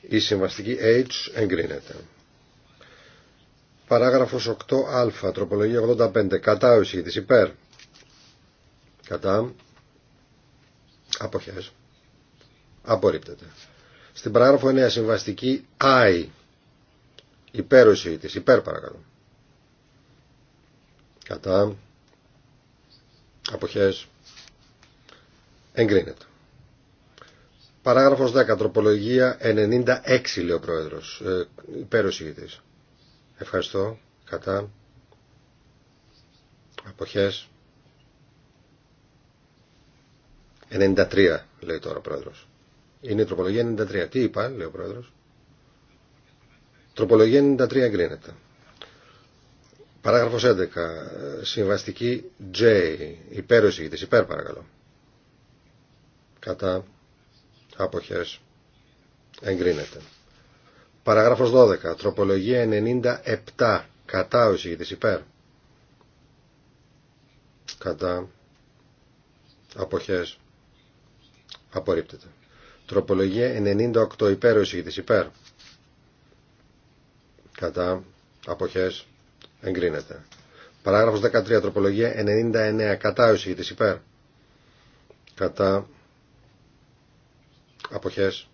Η συμβαστική H εγκρίνεται. Παράγραφος 8α, τροπολογία 85, κατά ο εισηγητής υπέρ. Κατά. Αποχές. Απορρίπτεται. Στην παράγραφο 9, συμβαστική I, υπέρ ο εισηγητής, υπέρ παρακαλώ. Κατά. Αποχές. Εγκρίνεται. Παράγραφος 10, τροπολογία 96 λέει ο Πρόεδρος, ε, υπέρ Ευχαριστώ, κατά, αποχές. 93 λέει τώρα ο Πρόεδρος. Είναι η τροπολογία 93. Τι είπα, λέει ο Πρόεδρος. Τροπολογία 93 εγκρίνεται. Παράγραφος 11. Συμβαστική J. Υπέρος ηγητής. Υπέρ παρακαλώ. Κατά αποχές εγκρίνεται. Παράγραφος 12. Τροπολογία 97. Κατά ο εισηγητής υπέρ. Κατά. Αποχές. Απορρίπτεται. Τροπολογία 98. Υπέρ ο εισηγητής υπέρ. Κατά. Αποχές. Εγκρίνεται. Παράγραφος 13. Τροπολογία 99. Κατά ο εισηγητής υπέρ. Κατά. Αποχές.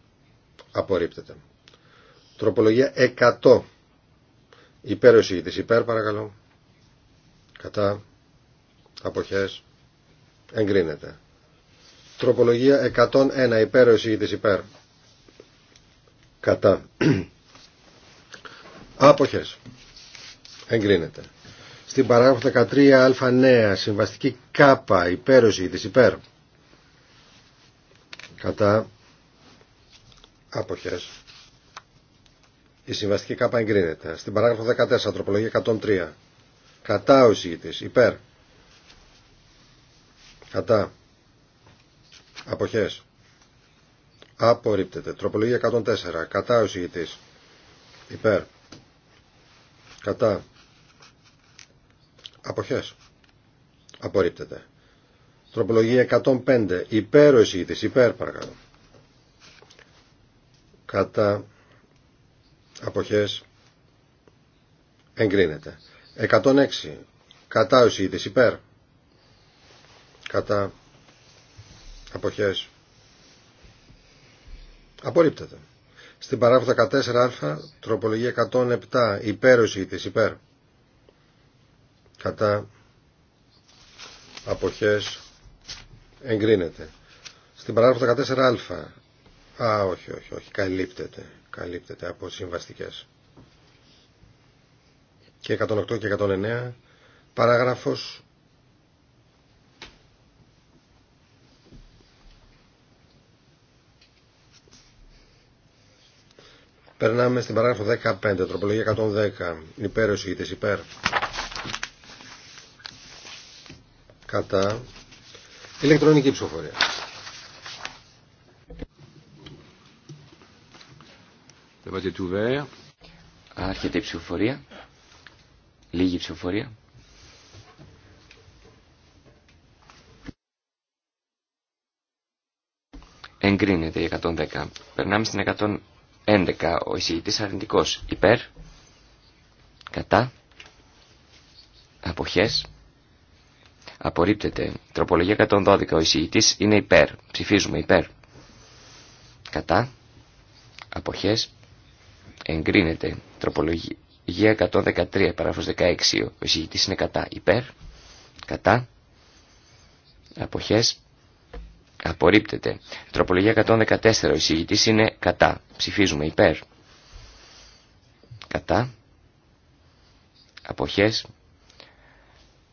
Απορρίπτεται. Τροπολογία 100. Υπέρ ο Υπέρ παρακαλώ. Κατά. Αποχές. Εγκρίνεται. Τροπολογία 101. Υπέρ ο Υπέρ. Κατά. Αποχές. Εγκρίνεται. Στην παράγραφο 13α νέα συμβαστική κάπα υπέρωση της υπέρ. Κατά Αποχές. Η συμβαστική ΚΑΠΑ εγκρίνεται. Στην παράγραφο 14, τροπολογία 103. Κατά ο εισηγητής. Υπέρ. Κατά. Αποχές. Απορρίπτεται. Τροπολογία 104. Κατά ο εισηγητής. Υπέρ. Κατά. Αποχές. Απορρίπτεται. Τροπολογία 105. Υπέρ ο εισηγητής. Υπέρ παρακαλώ κατά αποχές εγκρίνεται 106 κατά ο υπέρ κατά αποχές απορρίπτεται στην παραγοντα 14 14α τροπολογία 107 υπέρ ο υπέρ κατά αποχές εγκρίνεται στην παράγραφο 14α Α, όχι, όχι, όχι. Καλύπτεται. Καλύπτεται από συμβαστικές. Και 108 και 109. Παράγραφος. Περνάμε στην παράγραφο 15, τροπολογία 110. Υπέρ ο εισηγητής, υπέρ. Κατά. Ηλεκτρονική ψηφοφορία.
Άρχεται η ψηφοφορία. Λίγη ψηφοφορία. Εγκρίνεται η 110. Περνάμε στην 111. Ο εισηγητής αρνητικός. Υπέρ. Κατά. Αποχές. Απορρίπτεται. Τροπολογία 112. Ο εισηγητής είναι υπέρ. Ψηφίζουμε υπέρ. Κατά. Αποχές εγκρίνεται. Τροπολογία 113, παράγραφος 16. Ο εισηγητής είναι κατά. Υπέρ, κατά, αποχές, απορρίπτεται. Τροπολογία 114, ο εισηγητής είναι κατά. Ψηφίζουμε υπέρ, κατά, αποχές,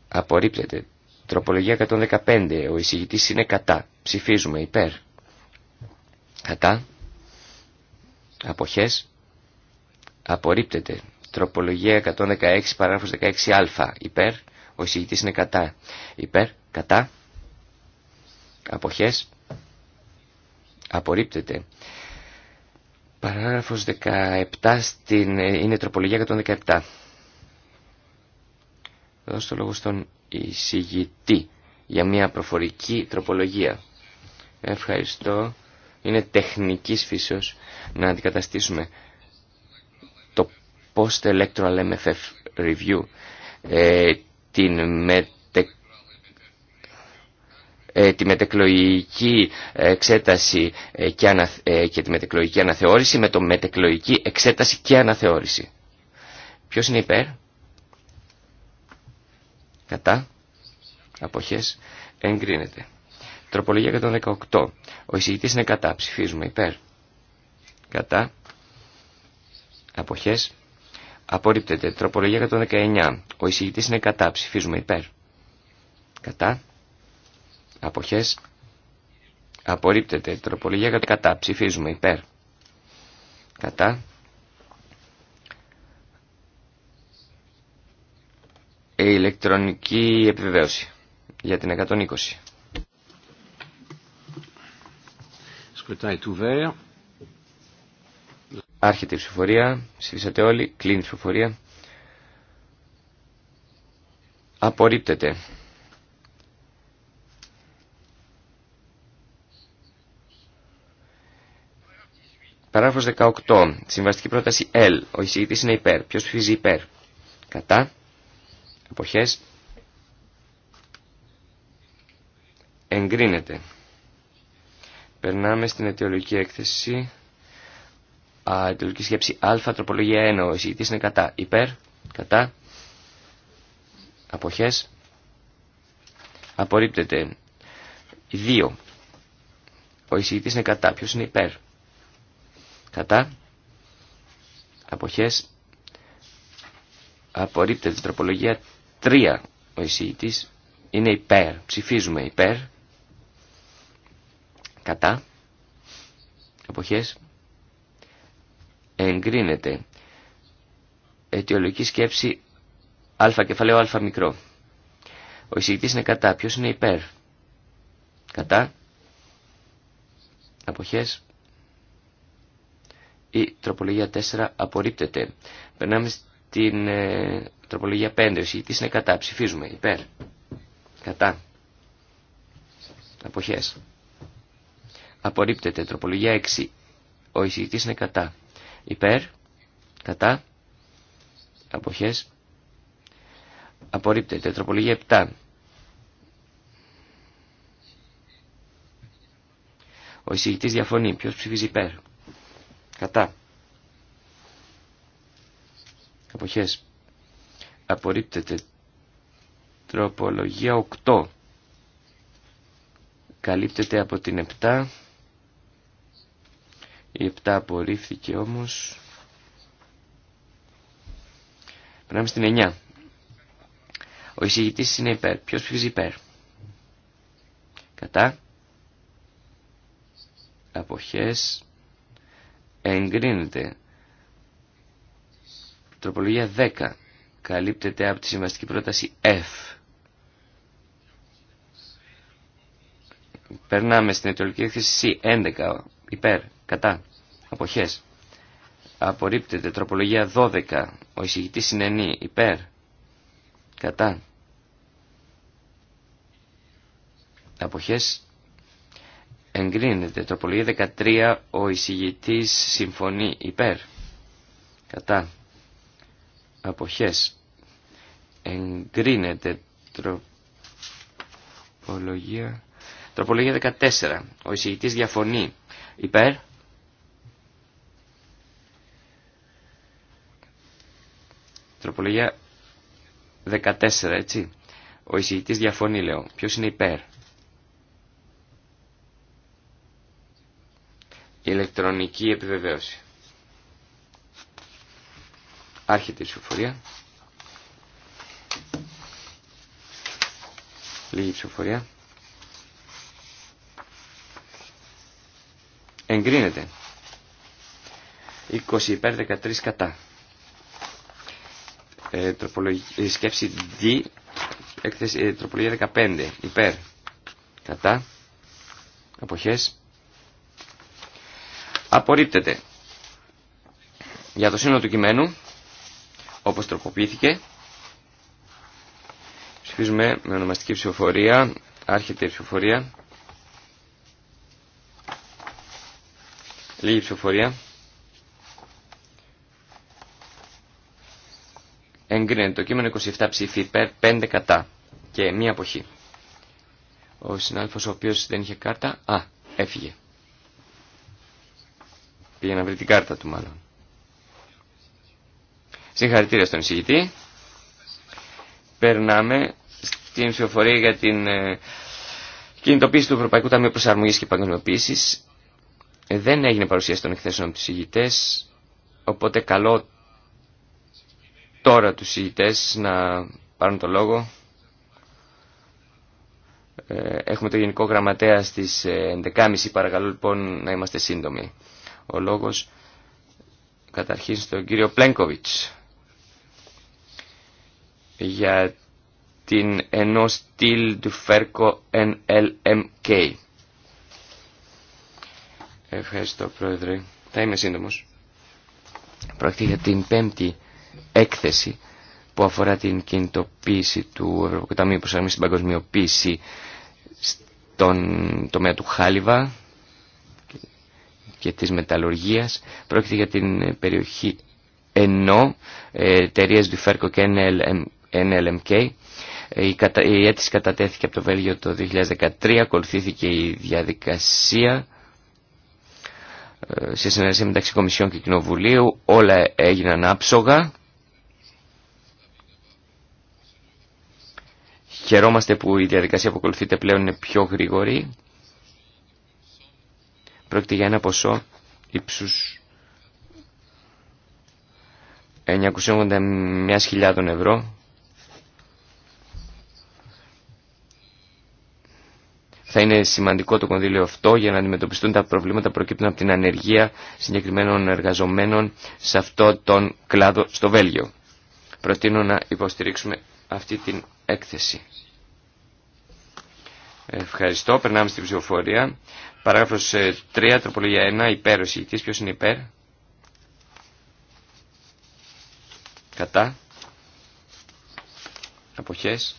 απορρίπτεται. Τροπολογία 115, ο εισηγητής είναι κατά. Ψηφίζουμε υπέρ, κατά, αποχές, Απορρίπτεται. Τροπολογία 116 παράγραφος 16α. Υπέρ. Ο εισηγητής είναι κατά. Υπέρ. Κατά. Αποχές. Απορρίπτεται. Παράγραφος 17 στην, ε, είναι τροπολογία 117. Εδώ λόγο στον εισηγητή για μια προφορική τροπολογία. Ευχαριστώ. Είναι τεχνικής φύσεως να αντικαταστήσουμε post-electoral MFF review, ε, την μετε, ε, τη μετεκλογική εξέταση ε, και, ανα, ε, και τη μετεκλογική αναθεώρηση με το μετεκλογική εξέταση και αναθεώρηση. Ποιος είναι υπέρ? Κατά. Αποχές. Εγκρίνεται. Τροπολογία 118. Ο εισηγητής είναι κατά. Ψηφίζουμε υπέρ. Κατά. Αποχές. Απορρίπτεται. Τροπολογία 119. Ο εισηγητής είναι κατά. Ψηφίζουμε υπέρ. Κατά. Αποχές. Απορρίπτεται. Τροπολογία κατά. Ψηφίζουμε υπέρ. Κατά. Η ε, ηλεκτρονική επιβεβαίωση για την 120. Scrutin το ouvert. Άρχεται η ψηφοφορία. Ψηφίσατε όλοι. Κλείνει η ψηφοφορία. Απορρίπτεται. Παράγραφος 18. Συμβαστική πρόταση L. Ο εισηγητής είναι υπέρ. Ποιος ψηφίζει υπέρ. Κατά. Αποχές. Εγκρίνεται. Περνάμε στην αιτιολογική έκθεση α, τελική σκέψη α, τροπολογία 1. Ο εισηγητή είναι κατά. Υπέρ, κατά, αποχέ. απορρίπτεται. 2. Ο εισηγητή είναι κατά. Ποιο είναι υπέρ. Κατά, αποχέ. απορρίπτεται. Τροπολογία 3. Ο εισηγητή είναι υπέρ. Ψηφίζουμε υπέρ. Κατά. Αποχές εγκρίνεται. Αιτιολογική σκέψη α κεφαλαίο α μικρό. Ο εισηγητής είναι κατά. Ποιος είναι υπέρ. Κατά. Αποχές. Η τροπολογία 4 απορρίπτεται. Περνάμε στην ε, τροπολογία 5. Ο εισηγητής είναι κατά. Ψηφίζουμε. Υπέρ. Κατά. Αποχές. Απορρίπτεται. Τροπολογία 6. Ο εισηγητής είναι κατά υπέρ, κατά, αποχές, απορρίπτεται. Τροπολογία 7. Ο εισηγητής διαφωνεί. ποιο ψηφίζει υπέρ. Κατά. Αποχές. Απορρίπτεται. Τροπολογία 8. Καλύπτεται από την 7. Η 7 απορρίφθηκε όμως. Περνάμε στην 9. Ο εισηγητής είναι υπέρ. Ποιος ψηφίζει υπέρ. Κατά. Αποχές. Εγκρίνεται. Τροπολογία 10. Καλύπτεται από τη συμβαστική πρόταση F. Περνάμε στην αιτωλική εκθεση έκθεση C11 υπέρ, κατά, αποχές, απορρίπτεται. Τροπολογία 12, ο εισηγητής συνενεί, υπέρ, κατά, αποχές, εγκρίνεται. Τροπολογία 13, ο εισηγητής συμφωνεί, υπέρ, κατά, αποχές, εγκρίνεται. Τροπολογία... Τροπολογία 14. Ο εισηγητής διαφωνεί Υπέρ. Τροπολογία 14, έτσι. Ο εισηγητής διαφωνεί, λέω. Ποιος είναι υπέρ. Ηλεκτρονική επιβεβαίωση. Άρχεται η ψηφοφορία. Λίγη ψηφοφορία. Εγκρίνεται. 20 υπέρ 13 κατά. Ε, ε, σκέψη D, έκθεση, ε, τροπολογία 15 υπέρ κατά. Αποχές. Απορρίπτεται. Για το σύνολο του κειμένου, όπως τροποποιήθηκε, ψηφίζουμε με ονομαστική ψηφοφορία, άρχεται η ψηφοφορία. Λίγη ψηφοφορία. Εγκρίνεται το κείμενο 27 ψήφι 5 κατά και μία αποχή. Ο συνάδελφος ο οποίος δεν είχε κάρτα, α, έφυγε. Πήγε να βρει την κάρτα του μάλλον. Συγχαρητήρια στον εισηγητή. Περνάμε στην ψηφοφορία για την ε, κινητοποίηση του Ευρωπαϊκού Ταμείου Προσαρμογής και Παγκοσμιοποίησης. Ε, δεν έγινε παρουσίαση των εκθέσεων από τους οπότε καλό τώρα τους ηγητές να πάρουν το λόγο. Ε, έχουμε το Γενικό Γραμματέα στις 11.30, ε, παρακαλώ λοιπόν να είμαστε σύντομοι. Ο λόγος καταρχήν στον κύριο Πλένκοβιτς για την ενό στυλ του Φέρκο NLMK. Ευχαριστώ, Πρόεδρε. Θα είμαι σύντομος. Πρόκειται για την πέμπτη έκθεση που αφορά την κινητοποίηση του Ευρωπαϊκού Ταμείου Προσαρμής στην Παγκοσμιοποίηση στον τομέα του Χάλιβα και της μεταλλουργίας. Πρόκειται για την περιοχή ενώ ε, εταιρείε ΦΕΡΚΟ και NLMK. Ε, η, κατα... η αίτηση κατατέθηκε από το Βέλγιο το 2013, ακολουθήθηκε η διαδικασία ε, σε συνεργασία μεταξύ Κομισιών και Κοινοβουλίου όλα έγιναν άψογα. Χαιρόμαστε που η διαδικασία που ακολουθείται πλέον είναι πιο γρήγορη. Πρόκειται για ένα ποσό ύψους 981.000 ευρώ Θα είναι σημαντικό το κονδύλιο αυτό για να αντιμετωπιστούν τα προβλήματα που προκύπτουν από την ανεργία συγκεκριμένων εργαζομένων σε αυτό τον κλάδο στο Βέλγιο. Προτείνω να υποστηρίξουμε αυτή την έκθεση. Ευχαριστώ. Περνάμε στην ψηφοφορία. Παράγραφος 3, ε, τροπολογία 1, υπέρ ο συγητής. Ποιος είναι υπέρ? Κατά. Αποχές.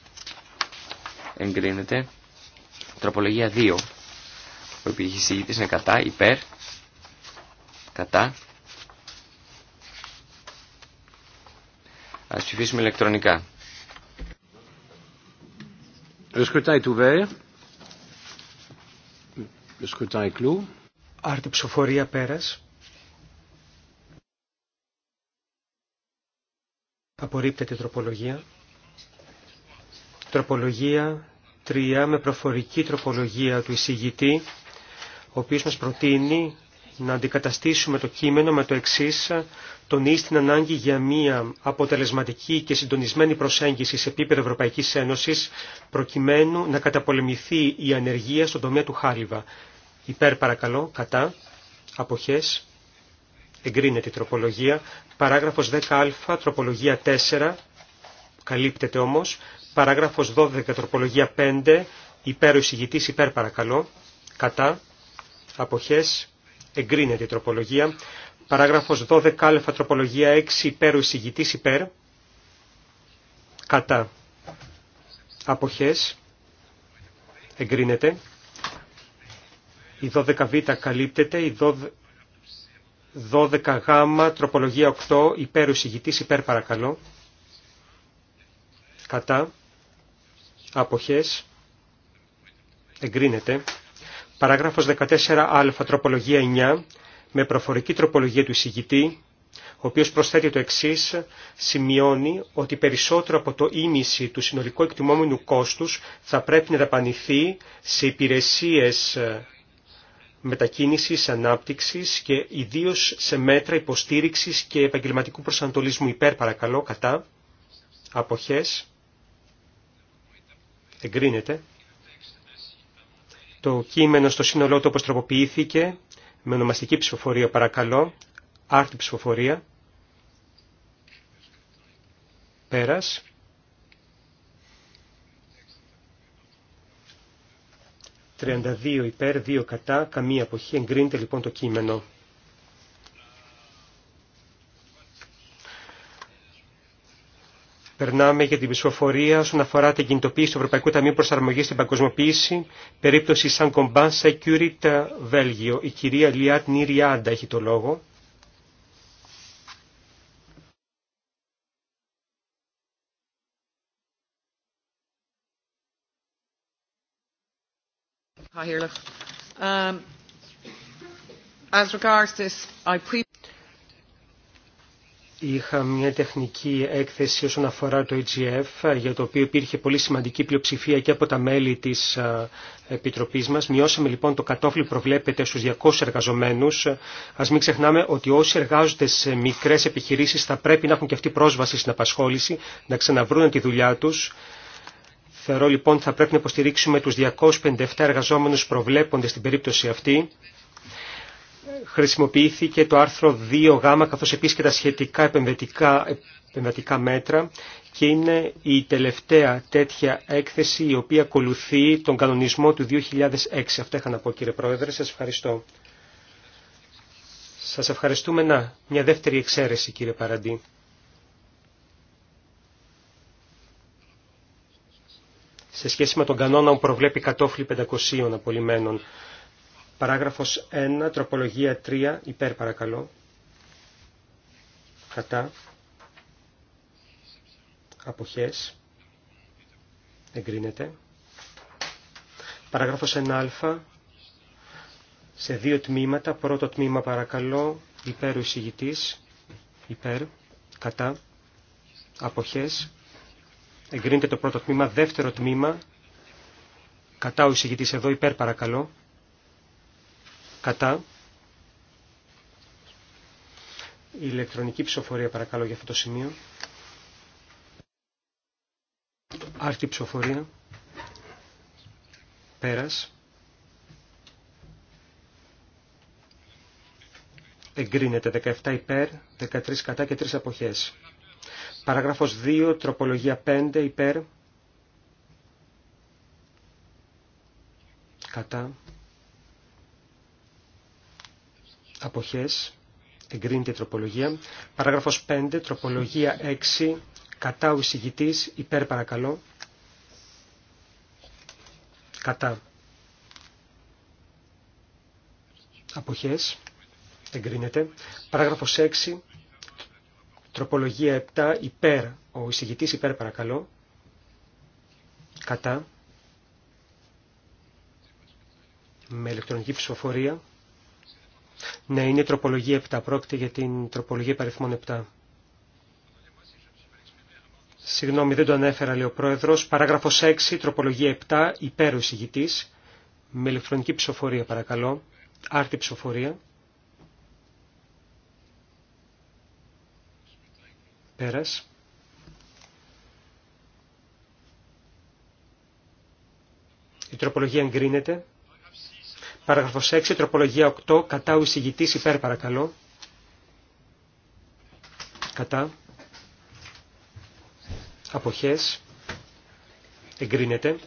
Εγκρίνεται. Τροπολογία 2. Ο επιχειρησίτης είναι κατά, υπέρ, κατά. Ας ψηφίσουμε ηλεκτρονικά. Le scrutin est ouvert. Le scrutin est clos.
Άρτη ψηφοφορία πέρας. Απορρίπτεται τροπολογία. Τροπολογία 3 με προφορική τροπολογία του εισηγητή, ο οποίος μας προτείνει να αντικαταστήσουμε το κείμενο με το εξή τονίζει την ανάγκη για μια αποτελεσματική και συντονισμένη προσέγγιση σε επίπεδο Ευρωπαϊκής Ένωσης προκειμένου να καταπολεμηθεί η ανεργία στον τομέα του Χάλιβα. Υπέρ παρακαλώ, κατά, αποχές, εγκρίνεται η τροπολογία. Παράγραφος 10α, τροπολογία 4, καλύπτεται όμως. Παράγραφος 12, τροπολογία 5, υπέρ ο υπέρ παρακαλώ, κατά, αποχές, εγκρίνεται η τροπολογία. Παράγραφος 12, α, τροπολογία 6, υπέρ ο υπέρ, κατά, αποχές, εγκρίνεται. Η 12β καλύπτεται, η 12γ, τροπολογία 8, υπέρ ο υπέρ παρακαλώ, κατά, αποχές, εγκρίνεται. Παράγραφος 14α, τροπολογία 9, με προφορική τροπολογία του εισηγητή, ο οποίος προσθέτει το εξής, σημειώνει ότι περισσότερο από το ίμιση του συνολικού εκτιμόμενου κόστους θα πρέπει να δαπανηθεί σε υπηρεσίες μετακίνησης, ανάπτυξης και ιδίως σε μέτρα υποστήριξης και επαγγελματικού προσανατολισμού υπέρ παρακαλώ, κατά, αποχές, Εγκρίνεται. Το κείμενο στο σύνολό του όπως τροποποιήθηκε, με ονομαστική ψηφοφορία παρακαλώ, άρτη ψηφοφορία, πέρας. «32 υπέρ, 2 κατά, καμία αποχή εγκρίνεται λοιπόν το κείμενο». Περνάμε για την ψηφοφορία όσον αφορά την κινητοποίηση του Ευρωπαϊκού Ταμείου Προσαρμογή στην Παγκοσμιοποίηση, περίπτωση Σαν Κομπάν Securit Βέλγιο. Η κυρία Λιάτ Νιριάντα έχει το λόγο είχα μια τεχνική έκθεση όσον αφορά το EGF, για το οποίο υπήρχε πολύ σημαντική πλειοψηφία και από τα μέλη της ε, Επιτροπής μας. Μειώσαμε λοιπόν το κατόφλι προβλέπεται στους 200 εργαζομένους. Ας μην ξεχνάμε ότι όσοι εργάζονται σε μικρές επιχειρήσεις θα πρέπει να έχουν και αυτή πρόσβαση στην απασχόληση, να ξαναβρούν τη δουλειά τους. Θεωρώ λοιπόν θα πρέπει να υποστηρίξουμε τους 257 εργαζόμενους προβλέπονται στην περίπτωση αυτή χρησιμοποιήθηκε το άρθρο 2 γ καθώς επίσης και τα σχετικά επενδυτικά μέτρα και είναι η τελευταία τέτοια έκθεση η οποία ακολουθεί τον κανονισμό του 2006. Αυτά είχα να πω κύριε Πρόεδρε, σας ευχαριστώ. Σας ευχαριστούμε. Να, μια δεύτερη εξαίρεση κύριε Παραντή. Σε σχέση με τον κανόνα που προβλέπει κατόφλι 500 απολυμένων. Παράγραφος 1, τροπολογία 3, υπέρ παρακαλώ. Κατά. Αποχές. Εγκρίνεται. Παράγραφος 1α, σε δύο τμήματα. Πρώτο τμήμα παρακαλώ, υπέρ ο εισηγητής, υπέρ, κατά, αποχές. Εγκρίνεται το πρώτο τμήμα. Δεύτερο τμήμα, κατά ο εισηγητής εδώ, υπέρ παρακαλώ Κατά. Η ηλεκτρονική ψηφοφορία παρακαλώ για αυτό το σημείο. Άρτη ψηφοφορία. Πέρας. Εγκρίνεται 17 υπέρ, 13 κατά και 3 αποχές. Παραγράφος 2, τροπολογία 5 υπέρ. Κατά. αποχές, εγκρίνεται η τροπολογία. Παράγραφος 5, τροπολογία 6, κατά ο εισηγητής, υπέρ παρακαλώ. Κατά. Αποχές, εγκρίνεται. Παράγραφος 6, τροπολογία 7, υπέρ, ο εισηγητής υπέρ παρακαλώ. Κατά. Με ηλεκτρονική ψηφοφορία. Ναι, είναι τροπολογία 7. Πρόκειται για την τροπολογία παριθμών 7. Συγγνώμη, δεν το ανέφερα, λέει ο πρόεδρο. Παράγραφο 6, τροπολογία 7, υπέρ ο εισηγητή. Με ηλεκτρονική ψηφοφορία, παρακαλώ. Άρτη ψηφοφορία. Πέρας. Η τροπολογία εγκρίνεται. Παραγραφός 6, τροπολογία 8, κατά ο εισηγητής υπέρ παρακαλώ. Κατά. Αποχές. Εγκρίνεται.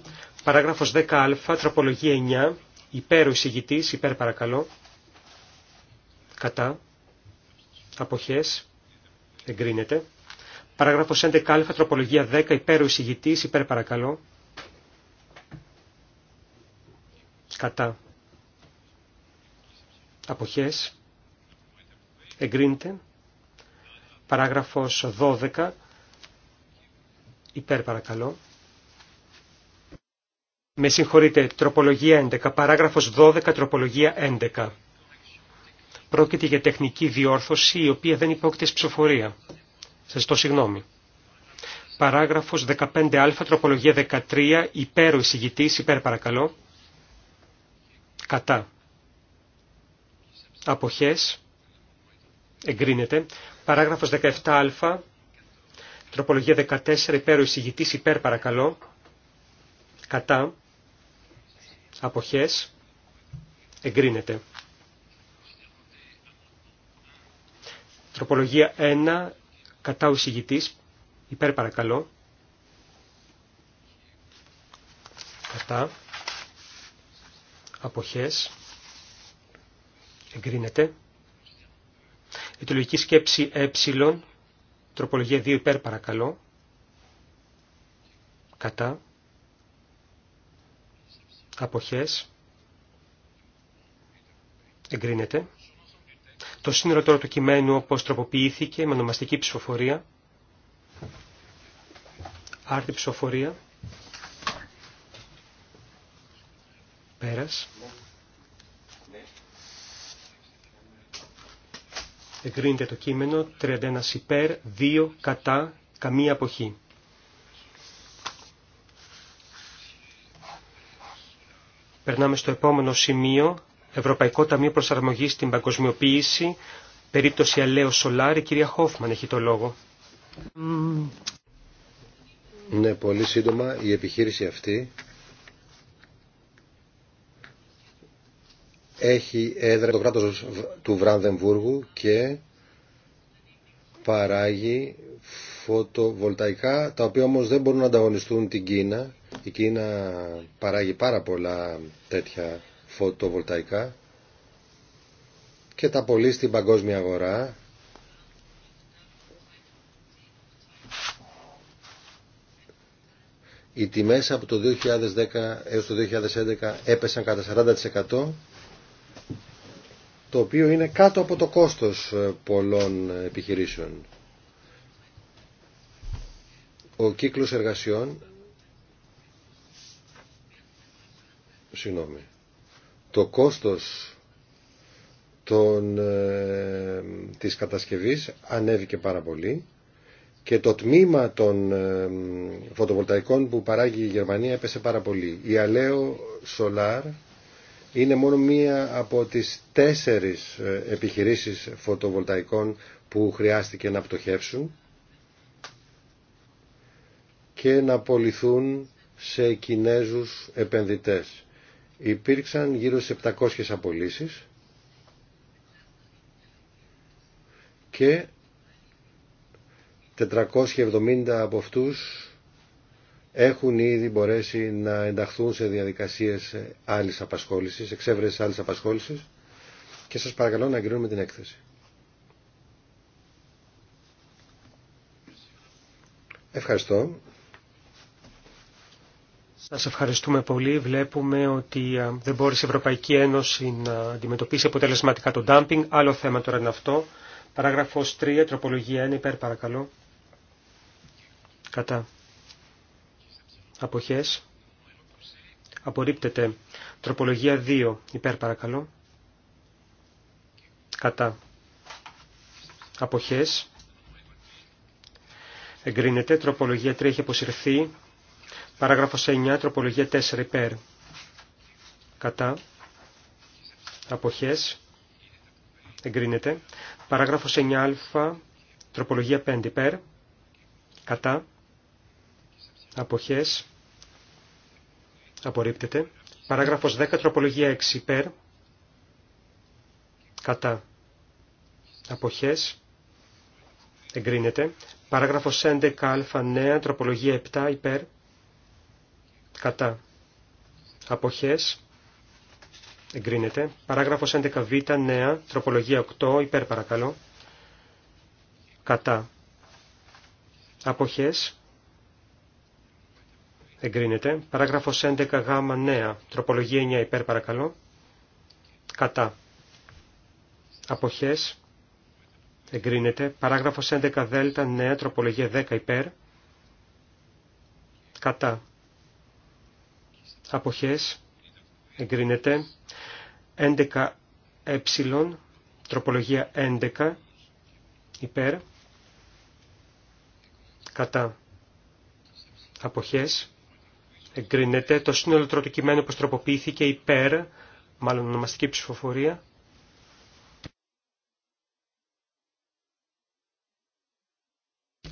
Παράγραφος 10α, τροπολογία 9, υπέρ ο Αποχέ. Κατά. Αποχές. Εγκρίνεται. Παράγραφος 11α, τροπολογία 10, υπέρ ο εισηγητης υπερ παρακαλω κατα Αποχέ. υπέρ παρακαλώ. Κατά αποχές, εγκρίνεται. Παράγραφος 12, υπέρ παρακαλώ. Με συγχωρείτε, τροπολογία 11, παράγραφος 12, τροπολογία 11. Πρόκειται για τεχνική διόρθωση η οποία δεν υπόκειται ψηφοφορία. Σας το συγγνωμη συγγνώμη. Παράγραφος 15α, τροπολογία 13, υπέρ ο εισηγητής, υπέρ παρακαλώ. Κατά αποχές, εγκρίνεται. Παράγραφος 17α, τροπολογία 14, υπέρ ο εισηγητής, υπέρ παρακαλώ, κατά, αποχές, εγκρίνεται. Τροπολογία 1, κατά ο εισηγητής, υπέρ παρακαλώ, κατά, αποχές, εγκρίνεται. Ιτολογική σκέψη ε, τροπολογία 2 υπέρ παρακαλώ, κατά, αποχές, εγκρίνεται. Το σύνολο τώρα του κειμένου όπως τροποποιήθηκε με ονομαστική ψηφοφορία, άρτη ψηφοφορία, πέρας. Εγκρίνεται το κείμενο 31 υπέρ, 2 κατά, καμία αποχή. Περνάμε στο επόμενο σημείο, Ευρωπαϊκό Ταμείο Προσαρμογής στην Παγκοσμιοποίηση, περίπτωση Αλέο Σολάρη, κυρία Χόφμαν έχει το λόγο.
Ναι, πολύ σύντομα η επιχείρηση αυτή έχει έδρα το κράτος του Βρανδεμβούργου και παράγει φωτοβολταϊκά τα οποία όμως δεν μπορούν να ανταγωνιστούν την Κίνα. Η Κίνα παράγει πάρα πολλά τέτοια φωτοβολταϊκά και τα πολύ στην παγκόσμια αγορά. Οι τιμές από το 2010 έως το 2011 έπεσαν κατά 40% το οποίο είναι κάτω από το κόστος ε, πολλών ε, επιχειρήσεων. Ο κύκλος εργασιών συγγνώμη, το κόστος των, ε, της κατασκευής ανέβηκε πάρα πολύ και το τμήμα των φωτοβολταϊκών που παράγει η Γερμανία έπεσε πάρα πολύ. Η Αλέο Σολάρ είναι μόνο μία από τις τέσσερις ε, επιχειρήσεις φωτοβολταϊκών που χρειάστηκε να πτωχεύσουν και να απολυθούν σε Κινέζους επενδυτές. Υπήρξαν γύρω σε 700 απολύσεις και 470 από αυτούς έχουν ήδη μπορέσει να ενταχθούν σε διαδικασίες άλλης απασχόλησης, εξέβρεση άλλης απασχόλησης και σας παρακαλώ να εγκρίνουμε την έκθεση. Ευχαριστώ.
Σας ευχαριστούμε πολύ. Βλέπουμε ότι δεν μπορεί η Ευρωπαϊκή Ένωση να αντιμετωπίσει αποτελεσματικά το ντάμπινγκ. Άλλο θέμα τώρα είναι αυτό. Παράγραφος 3, τροπολογία 1, υπέρ παρακαλώ. Κατά αποχές, απορρίπτεται. Τροπολογία 2, υπέρ παρακαλώ, κατά, αποχές, εγκρίνεται. Τροπολογία 3 έχει αποσυρθεί. Παράγραφος 9, τροπολογία 4, υπέρ, κατά, αποχές, εγκρίνεται. Παράγραφος 9α, τροπολογία 5, υπέρ, κατά, αποχές, απορρίπτεται. Παράγραφος 10, τροπολογία 6, υπέρ, κατά, αποχές, εγκρίνεται. Παράγραφος 11, αλφα νέα, τροπολογία 7, υπέρ, κατά, αποχές, εγκρίνεται. Παράγραφος 11, β, νέα, τροπολογία 8, υπέρ παρακαλώ, κατά, αποχές, Εγκρίνεται. Παράγραφος 11 γάμα νέα. Τροπολογία 9 υπέρ παρακαλώ. Κατά. Αποχές. Εγκρίνεται. Παράγραφος 11 δέλτα νέα. Τροπολογία 10 υπέρ. Κατά. Αποχές. Εγκρίνεται. 11 ε. Τροπολογία 11 υπέρ. Κατά. Αποχές Εγκρίνεται το σύνολο του κειμένου που τροποποιήθηκε υπέρ, μάλλον ονομαστική ψηφοφορία.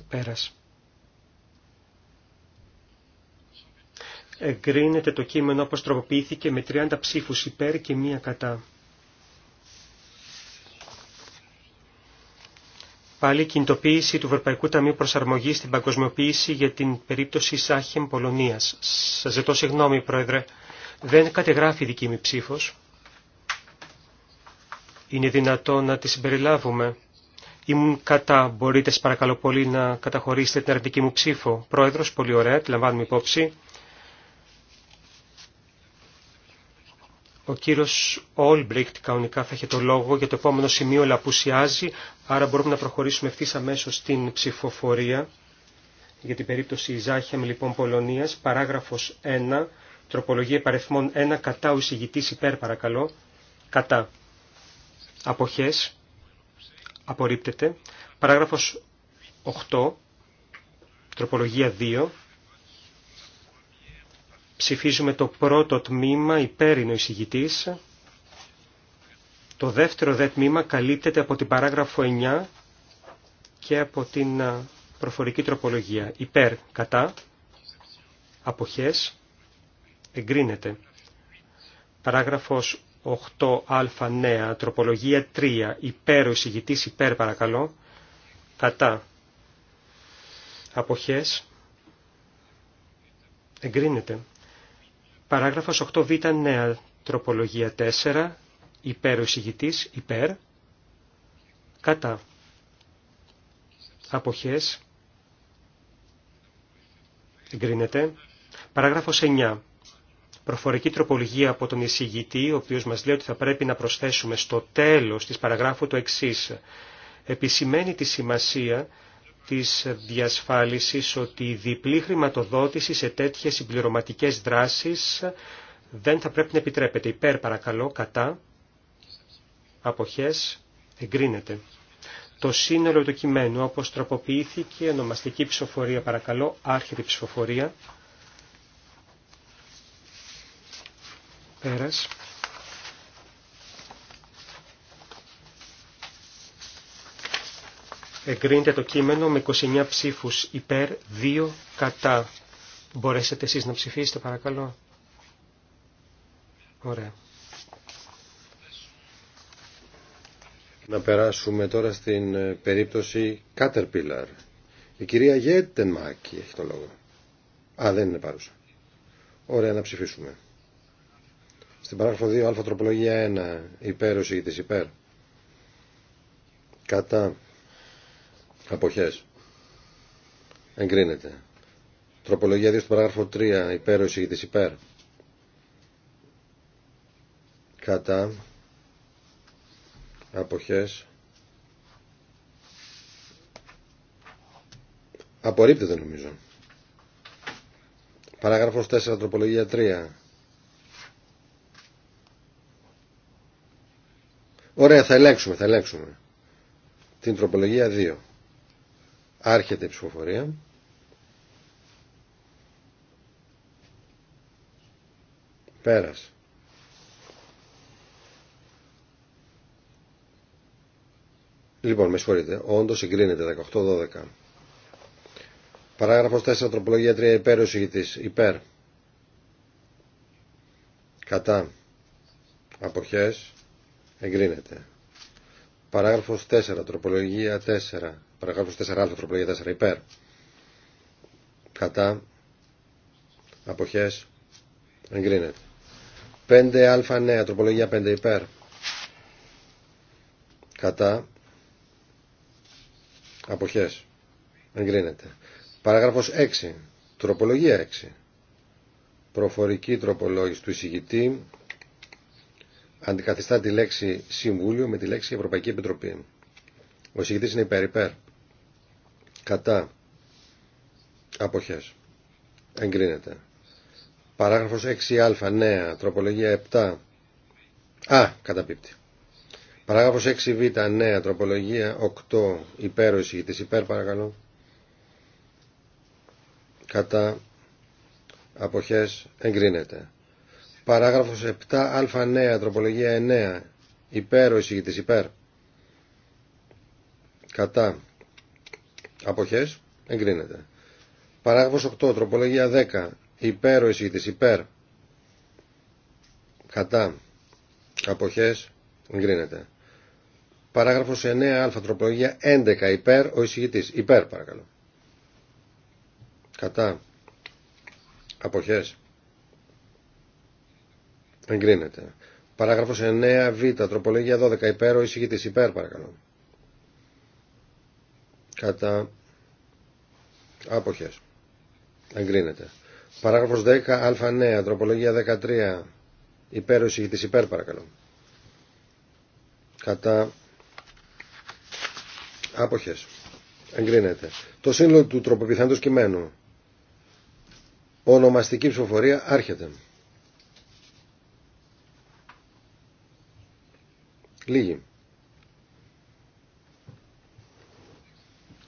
Πέρας. Εγκρίνεται το κείμενο όπως τροποποιήθηκε με 30 ψήφους υπέρ και μία κατά. Πάλι κινητοποίηση του Ευρωπαϊκού Ταμείου Προσαρμογής στην παγκοσμιοποίηση για την περίπτωση Σάχεμ Πολωνίας. Σας ζητώ συγγνώμη, Πρόεδρε. Δεν κατεγράφει δική μου ψήφο. Είναι δυνατό να τη συμπεριλάβουμε. Ήμουν κατά. Μπορείτε, παρακαλώ πολύ, να καταχωρήσετε την αρνητική μου ψήφο. Πρόεδρος, πολύ ωραία, τη λαμβάνουμε υπόψη. Ο κύριος Όλμπρικτ κανονικά θα έχει το λόγο για το επόμενο σημείο, αλλά απουσιάζει, άρα μπορούμε να προχωρήσουμε ευθύ αμέσω στην ψηφοφορία. Για την περίπτωση Ιζάχεμ, λοιπόν Πολωνίας, παράγραφος 1, τροπολογία παρεθμών 1, κατά ο εισηγητής υπέρ παρακαλώ, κατά. Αποχές, απορρίπτεται. Παράγραφος 8, τροπολογία 2, Ψηφίζουμε το πρώτο τμήμα υπέρ είναι Το δεύτερο δε τμήμα καλύπτεται από την παράγραφο 9 και από την προφορική τροπολογία. Υπέρ, κατά, αποχές, εγκρίνεται. Παράγραφος 8α νέα, τροπολογία 3, υπέρ ο εισηγητής, υπέρ παρακαλώ, κατά, αποχές, εγκρίνεται. Παράγραφος 8β νέα τροπολογία 4 υπέρ ο εισηγητής, υπέρ, κατά, αποχές, εγκρίνεται. Παράγραφος 9. Προφορική τροπολογία από τον εισηγητή, ο οποίος μας λέει ότι θα πρέπει να προσθέσουμε στο τέλος της παραγράφου το εξής. Επισημαίνει τη σημασία της διασφάλισης ότι η διπλή χρηματοδότηση σε τέτοιες συμπληρωματικέ δράσεις δεν θα πρέπει να επιτρέπεται. Υπέρ παρακαλώ, κατά, αποχές, εγκρίνεται. Το σύνολο του κειμένου όπως τροποποιήθηκε, ονομαστική ψηφοφορία παρακαλώ, άρχιτη ψηφοφορία. Πέρας. Εγκρίνεται το κείμενο με 29 ψήφους υπέρ, 2 κατά. Μπορέσετε εσείς να ψηφίσετε παρακαλώ. Ωραία.
Να περάσουμε τώρα στην ε, περίπτωση Caterpillar. Η κυρία Γέτενμάκη έχει το λόγο. Α, δεν είναι παρούσα. Ωραία, να ψηφίσουμε. Στην παράγραφο 2, α τροπολογία 1, υπέρ, ο υπέρ. Κατά, Αποχές. Εγκρίνεται. Τροπολογία 2 στο παράγραφο 3. Υπέρ ο εισηγητής υπέρ. Κατά. Αποχές. Απορρίπτεται νομίζω. Παράγραφος 4, τροπολογία 3. Ωραία, θα ελέγξουμε, θα ελέγξουμε. Την τροπολογία 2. Άρχεται η ψηφοφορία. Πέρας. Λοιπόν, με συγχωρείτε. Όντως εγκρίνεται 18-12. Παράγραφος 4, τροπολογία 3, υπέρ ο συγητής. Υπέρ. Κατά. Αποχές. Εγκρίνεται. Παράγραφος 4, τροπολογία 4. Παράγραφος 4α, τροπολογία 4, υπέρ. Κατά. Αποχές. Εγκρίνεται. 5α νέα, τροπολογία 5 υπέρ. Κατά. Αποχές. Εγκρίνεται. Παράγραφος 6. Τροπολογία 6. Προφορική τροπολόγηση του εισηγητή αντικαθιστά τη λέξη Συμβούλιο με τη λέξη Ευρωπαϊκή Επιτροπή. Ο εισηγητή ειναι είναι υπέρ, υπέρ. Κατά. Αποχές. Εγκρίνεται. Παράγραφος 6α, νέα, τροπολογία 7. Α, καταπίπτει. Παράγραφος 6β, νέα, τροπολογία 8, υπέρ ο εισηγητής, υπέρ παρακαλώ. Κατά. Αποχές. Εγκρίνεται. Παράγραφος 7α νέα, τροπολογία 9. Υπέρ ο εισηγητής, υπέρ. Κατά. Αποχές, εγκρίνεται. Παράγραφος 8, τροπολογία 10. Υπέρ ο εισηγητής, υπέρ. Κατά. Αποχές, εγκρίνεται. Παράγραφος 9α, τροπολογία 11. Υπέρ ο εισηγητής, υπέρ παρακαλώ. Κατά. Αποχές, Εγκρίνεται. Παράγραφος 9β, τροπολογία 12, υπέρ, ο εισηγητής, υπέρ παρακαλώ. Κατά άποχες. Εγκρίνεται. Παράγραφος 10, α νέα, τροπολογία 13, υπέρ, ο εισηγητής, υπέρ παρακαλώ. Κατά άποχες. Εγκρίνεται. Το σύνολο του τροποποιηθέντος κειμένου. Ονομαστική ψηφοφορία άρχεται. Λίγη.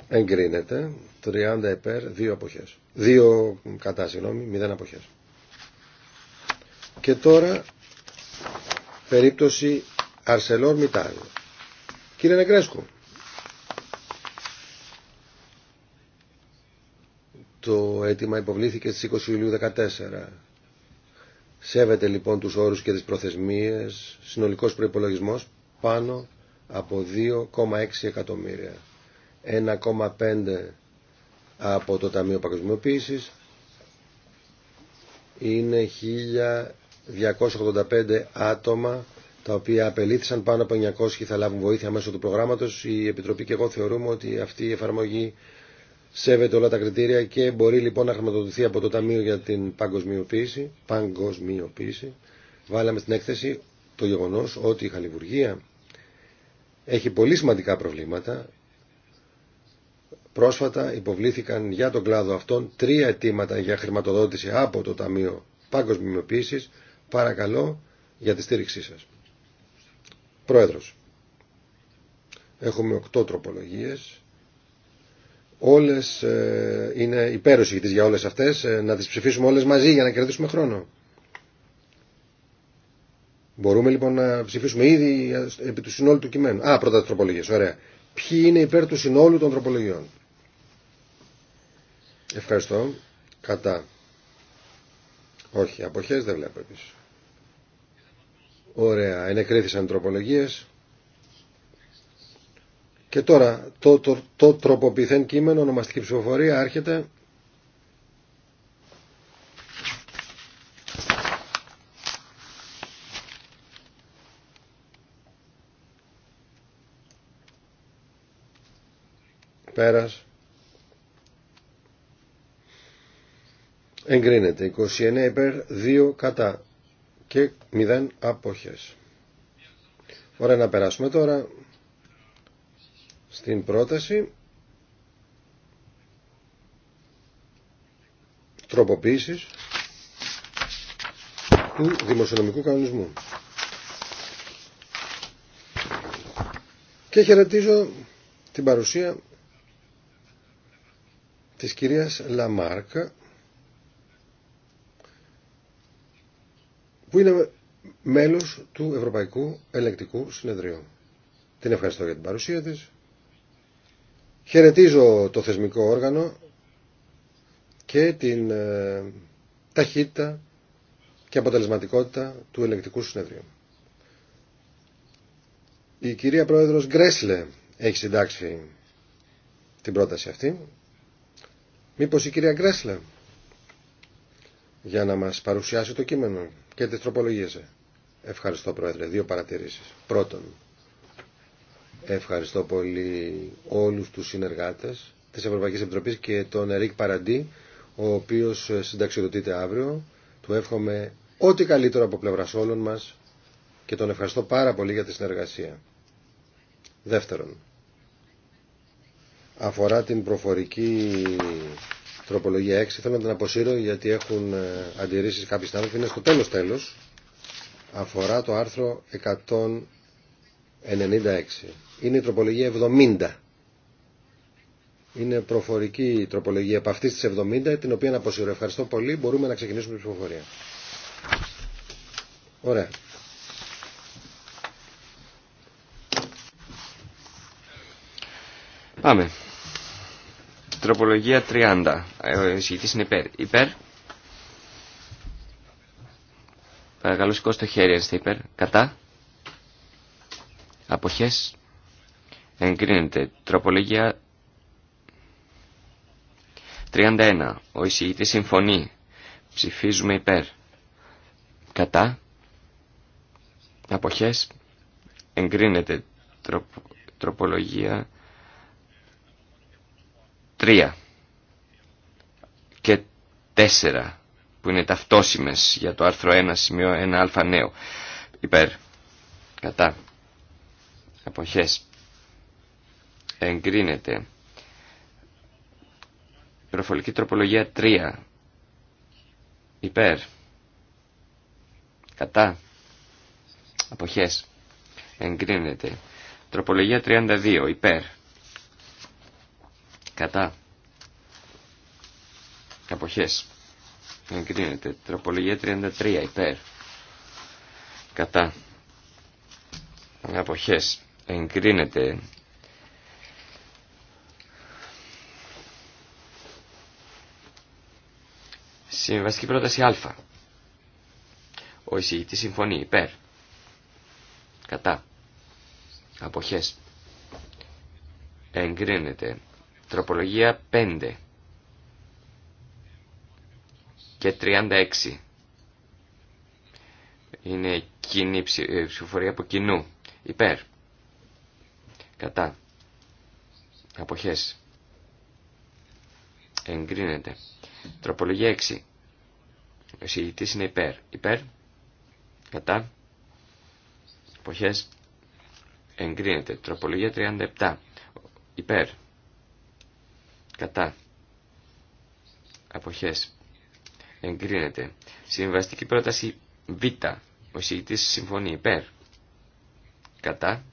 Εγκρίνεται 30 επέρ, 2 αποχές. 2 κατά συγγνώμη 0 αποχές. Και τώρα περίπτωση Αρσελόρ Μιτάλ. Κύριε Νεκρέσκου. Το αίτημα υποβλήθηκε στις 20 Ιουλίου 2014. Σέβεται λοιπόν τους όρους και τις προθεσμίες, συνολικός προϋπολογισμός πάνω από 2,6 εκατομμύρια. 1,5 από το Ταμείο Παγκοσμιοποίησης είναι 1.285 άτομα τα οποία απελήθησαν πάνω από 900 και θα λάβουν βοήθεια μέσω του προγράμματος. Η Επιτροπή και εγώ θεωρούμε ότι αυτή η εφαρμογή σέβεται όλα τα κριτήρια και μπορεί λοιπόν να χρηματοδοτηθεί από το Ταμείο για την Παγκοσμιοποίηση. Παγκοσμιοποίηση. Βάλαμε στην έκθεση το γεγονός ότι η χαλιβουργία έχει πολύ σημαντικά προβλήματα. Πρόσφατα υποβλήθηκαν για τον κλάδο αυτόν τρία αιτήματα για χρηματοδότηση από το Ταμείο Παγκοσμιοποίησης. Παρακαλώ για τη στήριξή σας. Πρόεδρος, έχουμε οκτώ τροπολογίες. Όλες ε, είναι υπέροχοι για όλες αυτές. Ε, να τις ψηφίσουμε όλες μαζί για να κερδίσουμε χρόνο. Μπορούμε λοιπόν να ψηφίσουμε ήδη επί του συνόλου του κειμένου. Α, πρώτα τι τροπολογίε. Ωραία. Ποιοι είναι υπέρ του συνόλου των τροπολογιών. Ευχαριστώ. Κατά. Όχι, αποχές δεν βλέπω επίση. Ωραία, ενεκρίθησαν οι τροπολογίες. Και τώρα, το, το, το τροποποιηθέν κείμενο, ονομαστική ψηφοφορία, άρχεται. Πέρας. Εγκρίνεται. 29 υπέρ, 2 κατά και 0 απόχες. Ωραία να περάσουμε τώρα στην πρόταση. Τροποποίησης του δημοσιονομικού κανονισμού. Και χαιρετίζω την παρουσία της κυρίας Λαμάρκ που είναι μέλος του Ευρωπαϊκού Ελεκτικού Συνεδρίου. Την ευχαριστώ για την παρουσία της. Χαιρετίζω το θεσμικό όργανο και την ε, ταχύτητα και αποτελεσματικότητα του Ελεκτικού Συνεδρίου. Η κυρία Πρόεδρος Γκρέσλε έχει συντάξει την πρόταση αυτή Μήπως η κυρία Γκρέσλε για να μας παρουσιάσει το κείμενο και τις τροπολογίες. Ε. Ευχαριστώ Πρόεδρε. Δύο παρατηρήσεις. Πρώτον, ευχαριστώ πολύ όλους τους συνεργάτες της Ευρωπαϊκής Επιτροπής και τον Ερικ Παραντή, ο οποίος ε, συνταξιδοτείται αύριο. Του εύχομαι ό,τι καλύτερο από πλευρά όλων μας και τον ευχαριστώ πάρα πολύ για τη συνεργασία. Δεύτερον, αφορά την προφορική τροπολογία 6 θέλω να την αποσύρω γιατί έχουν ε, αντιρρήσεις κάποιοι συνάδελφοι είναι στο τέλος τέλος αφορά το άρθρο 196 είναι η τροπολογία 70 είναι προφορική τροπολογία από αυτή της 70 την οποία να αποσύρω ευχαριστώ πολύ μπορούμε να ξεκινήσουμε την ψηφοφορία ωραία
Πάμε. Τροπολογία 30. Ε, ο εισηγητής είναι υπέρ. Υπέρ. Παρακαλώ σηκώστε το χέρι αν είστε υπέρ. Κατά. Αποχές. Εγκρίνεται. Τροπολογία 31. Ο εισηγητής συμφωνεί. Ψηφίζουμε υπέρ. Κατά. Αποχές. Εγκρίνεται. Τροπολογία Τρία και τέσσερα που είναι ταυτόσιμες για το άρθρο 1 σημείο 1α νέο υπέρ κατά αποχές εγκρίνεται προφολική τροπολογία 3 υπέρ κατά αποχές εγκρίνεται τροπολογία 32 υπέρ Κατά. Αποχές. Εγκρίνεται. Τροπολογία 33 υπέρ. Κατά. Αποχές. Εγκρίνεται. Συμβαστική πρόταση α. Ο εισηγητής συμφωνεί υπέρ. Κατά. Αποχές. Εγκρίνεται. Τροπολογία 5 και 36. Είναι κοινή ε, ψηφοφορία από κοινού. Υπέρ. Κατά. Αποχές. Εγκρίνεται. Τροπολογία 6. Ο συγητής είναι υπέρ. Υπέρ. Κατά. Αποχές. Εγκρίνεται. Τροπολογία 37. Υπέρ. Κατά. Αποχές. Εγκρίνεται. Συμβαστική πρόταση Β. Ο συγητής συμφωνεί υπέρ. Κατά.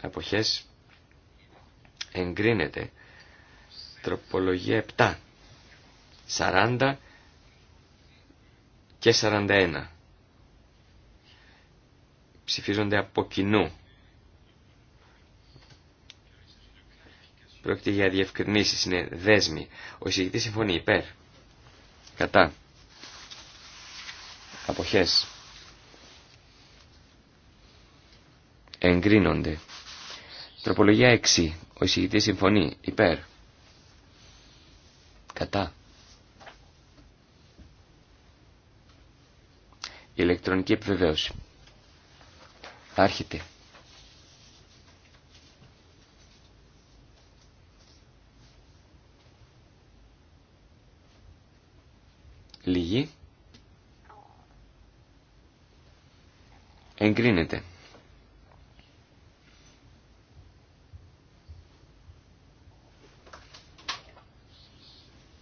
Αποχές. Εγκρίνεται. Τροπολογία 7. 40 και 41. Ψηφίζονται από κοινού. Πρόκειται για διευκρινήσει, είναι δέσμοι. Ο εισηγητή συμφωνεί υπέρ. Κατά. Αποχέ. Εγκρίνονται. Τροπολογία 6. Ο εισηγητή συμφωνεί υπέρ. Κατά. ηλεκτρονική επιβεβαίωση. Άρχεται. εγκρίνεται.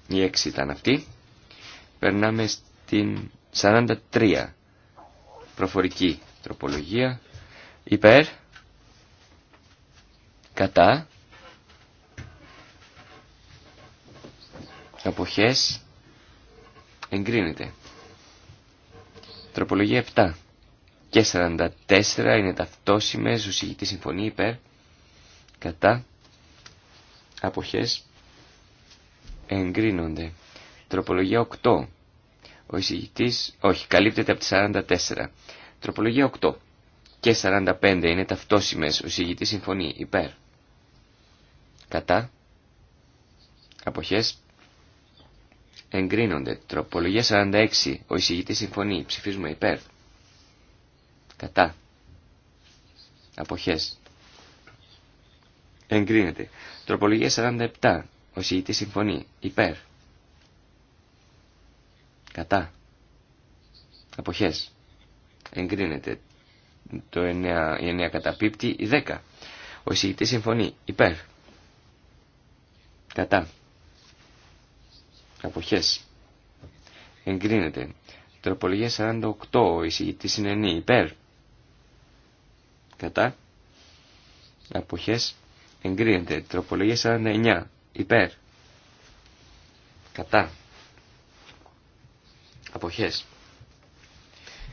Η έξι ήταν αυτή. Περνάμε στην 43. Προφορική τροπολογία. Υπέρ. Κατά. Αποχές. Εγκρίνεται. Τροπολογία 7 και 44 είναι ταυτόσιμε ο συγητής συμφωνεί υπέρ, κατά, αποχέ, εγκρίνονται. Τροπολογία 8. Ο εισηγητή, όχι, καλύπτεται από τη 44. Τροπολογία 8 και 45 είναι ταυτόσιμες, ο εισηγητής συμφωνεί υπέρ, κατά, αποχές, εγκρίνονται. Τροπολογία 46, ο εισηγητής συμφωνεί, ψηφίζουμε υπέρ. Κατά. Αποχές. Εγκρίνεται. Τροπολογία 47. Ο συγητής συμφωνεί. Υπέρ. Κατά. Αποχές. Εγκρίνεται. Το 9, η 9 καταπίπτει. Η 10. Ο συγητής συμφωνεί. Υπέρ. Κατά. Αποχές. Εγκρίνεται. Τροπολογία 48. Ο συγητής είναι Υπέρ κατά αποχές εγκρίνεται. Τροπολογία 49 υπέρ κατά αποχές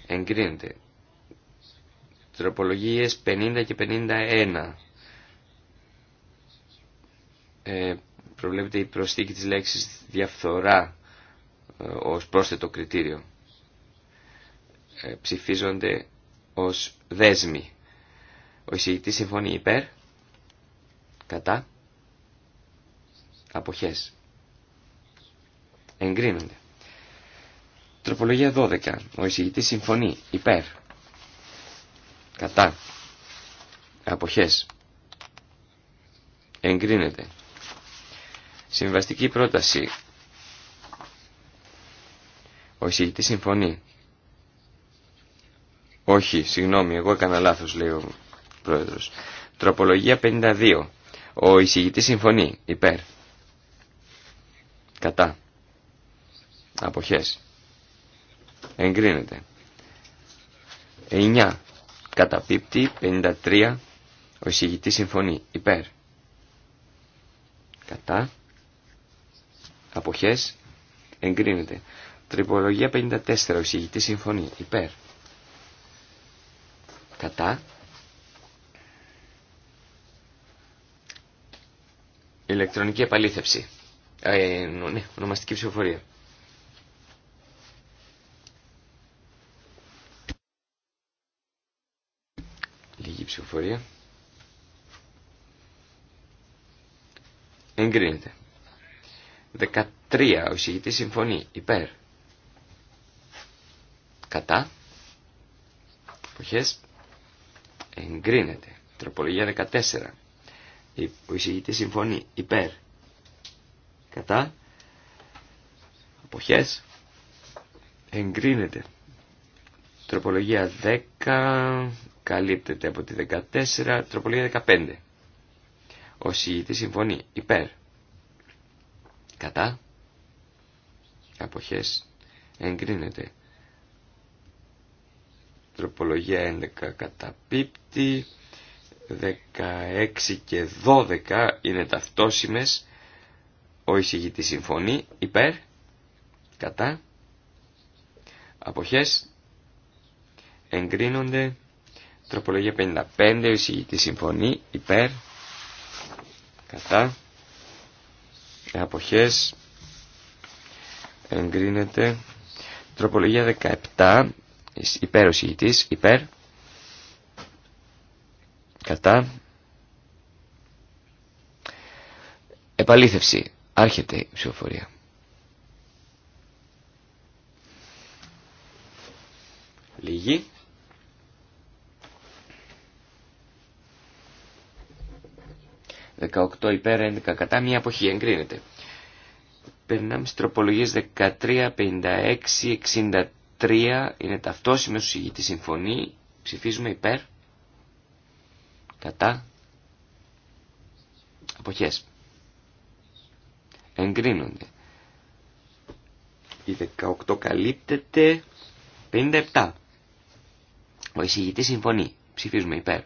εγκρίνεται. Τροπολογίες 50 και 51 ε, προβλέπεται η προσθήκη της λέξης διαφθορά ε, ως πρόσθετο κριτήριο. Ε, ψηφίζονται ως δέσμοι. Ο εισηγητής συμφωνεί υπέρ, κατά, αποχές. Εγκρίνονται. Τροπολογία 12. Ο εισηγητής συμφωνεί υπέρ, κατά, αποχές. Εγκρίνεται. Συμβαστική πρόταση. Ο εισηγητής συμφωνεί. Όχι, συγγνώμη, εγώ έκανα λάθος, λέει ο Τροπολογία 52. Ο εισηγητή συμφωνεί. Υπέρ. Κατά. Αποχές. Εγκρίνεται. 9. Καταπίπτει. 53. Ο εισηγητή συμφωνεί. Υπέρ. Κατά. Αποχές. Εγκρίνεται. Τροπολογία 54. Ο συμφωνή συμφωνεί. Υπέρ. Κατά. Ηλεκτρονική επαλήθευση. Ε, ναι, ονομαστική ψηφοφορία. Λίγη ψηφοφορία. Εγκρίνεται. 13. Ο εισηγητής συμφωνεί. Υπέρ. Κατά. Εποχές. Εγκρίνεται. Τροπολογία 14. Ο εισηγητής συμφωνεί υπέρ. Κατά. Αποχές. Εγκρίνεται. Τροπολογία 10 καλύπτεται από τη 14. Τροπολογία 15. Ο εισηγητής συμφωνεί υπέρ. Κατά. Αποχές. Εγκρίνεται. Τροπολογία 11 καταπίπτει. 16 και 12 είναι ταυτόσιμες. Ο εισηγητής συμφωνεί υπέρ, κατά, αποχές, εγκρίνονται. Τροπολογία 55, ο εισηγητής συμφωνεί υπέρ, κατά, αποχές, εγκρίνεται. Τροπολογία 17, υπέρ ο εισηγητής, υπέρ, Κατά. Επαλήθευση. Άρχεται η ψηφοφορία. Λίγη. Δεκαοκτώ υπέρ 11 κατά μία αποχή εγκρίνεται. Περνάμε στις τροπολογίες 13, 56, 63. Είναι ταυτόσιμες ηγητή συμφωνή. Ψηφίζουμε υπέρ κατά αποχές εγκρίνονται η 18 καλύπτεται 57 ο εισηγητής συμφωνεί ψηφίζουμε υπέρ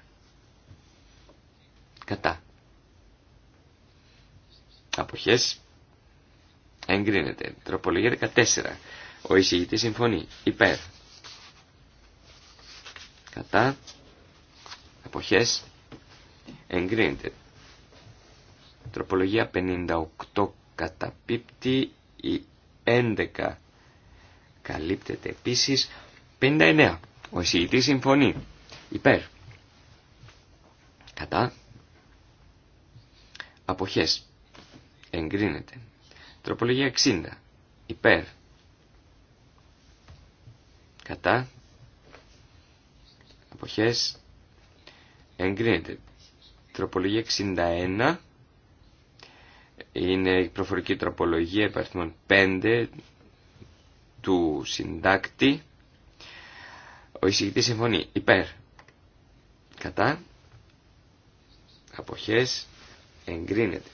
κατά αποχές εγκρίνεται τροπολογία 14 ο εισηγητής συμφωνεί υπέρ κατά αποχές εγκρίνεται. Τροπολογία 58 καταπίπτει, η 11 καλύπτεται επίσης, 59 ο εισηγητής συμφωνεί, υπέρ, κατά, αποχές, εγκρίνεται. Τροπολογία 60 υπέρ, κατά, αποχές, εγκρίνεται. Τροπολογία 61 είναι η προφορική τροπολογία επαρθμών 5 του συντάκτη. Ο εισηγητής συμφωνεί υπέρ, κατά, αποχές, εγκρίνεται.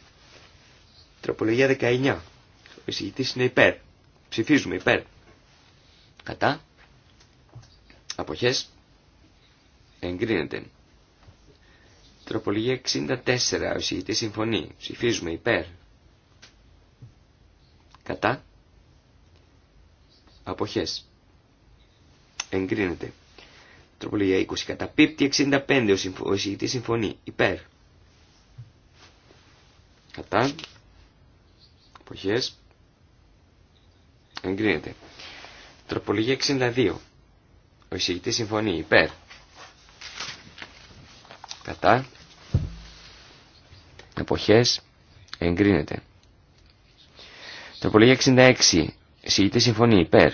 Τροπολογία 19. Ο εισηγητής είναι υπέρ. Ψηφίζουμε υπέρ. Κατά. Αποχές. Εγκρίνεται. Τροπολογία 64. Ο συμφωνή, συμφωνεί. Ψηφίζουμε υπέρ. Κατά. Αποχές. Εγκρίνεται. Τροπολογία 20. Κατά 65. Ο συμφωνή συμφωνεί. Υπέρ. Κατά. Αποχές. Εγκρίνεται. Τροπολογία 62. Ο συμφωνή, συμφωνεί. Υπέρ. Κατά. Αποχές. Εγκρίνεται. Τροπολογία 66. Συγείται συμφωνεί. Υπέρ.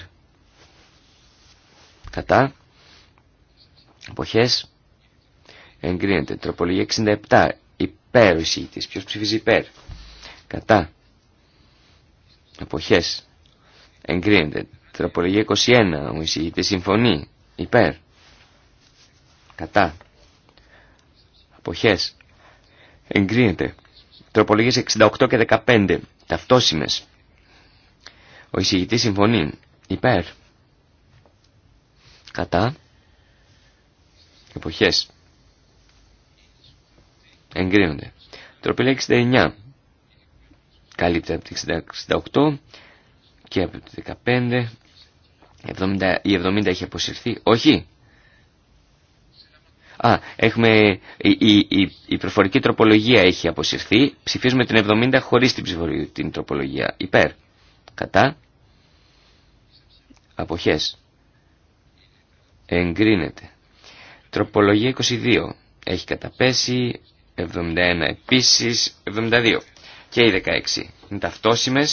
Κατά. Αποχές. Εγκρίνεται. Τροπολογία 67. Υπέρ ο εισηγητής. Ποιος ψηφίζει υπέρ. Κατά. Αποχές. Εγκρίνεται. Τροπολογία 21. Ο εισηγητής συμφωνεί. Υπέρ. Κατά. Αποχές. Εγκρίνεται. Τροπολογίες 68 και 15. Ταυτόσιμες. Ο εισηγητής συμφωνεί. Υπέρ. Κατά. Εποχές. Εγκρίνονται. Τροπολογία 69. Καλύπτει από τη 68 και από τη 15. 70, η 70 έχει αποσυρθεί. Όχι. Α, έχουμε, η, η, η προφορική τροπολογία έχει αποσυρθεί. Ψηφίζουμε την 70 χωρίς την τροπολογία. Υπέρ. Κατά. Αποχές. Εγκρίνεται. Τροπολογία 22. Έχει καταπέσει. 71 επίση, 72. Και η 16. Είναι ταυτόσιμε.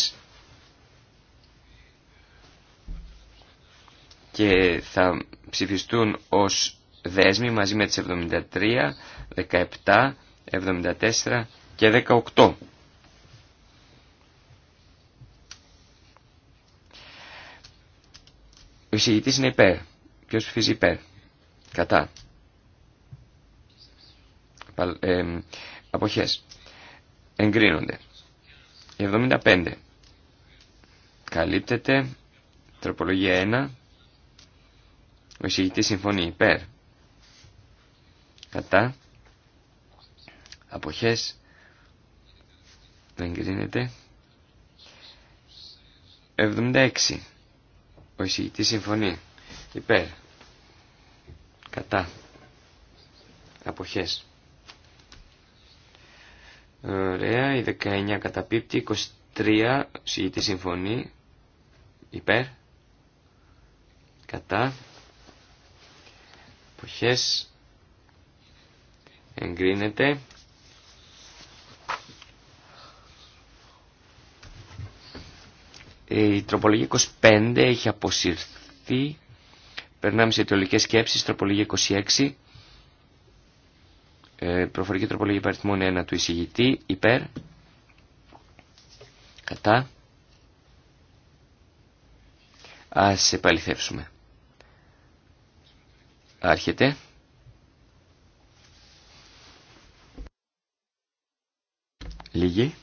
Και θα ψηφιστούν ως δέσμοι μαζί με τις 73, 17, 74 και 18. Ο εισηγητής είναι υπέρ. Ποιος ψηφίζει υπέρ. Κατά. Ε, αποχές. Εγκρίνονται. 75. Καλύπτεται. Τροπολογία 1. Ο εισηγητής συμφωνεί υπέρ κατά αποχές δεν κρίνεται 76 ο εισηγητής συμφωνεί υπέρ κατά αποχές Ωραία, η 19 καταπίπτει, 23 Ο εισηγητής συμφωνεί, υπέρ, κατά, εποχέ εγκρίνεται. Ε, η τροπολογία 25 έχει αποσυρθεί. Περνάμε σε αιτιολογικέ σκέψεις. Τροπολογία 26. Ε, προφορική τροπολογία υπαριθμών 1 του εισηγητή. Υπέρ. Κατά. Ας επαληθεύσουμε. Άρχεται. Λίγη.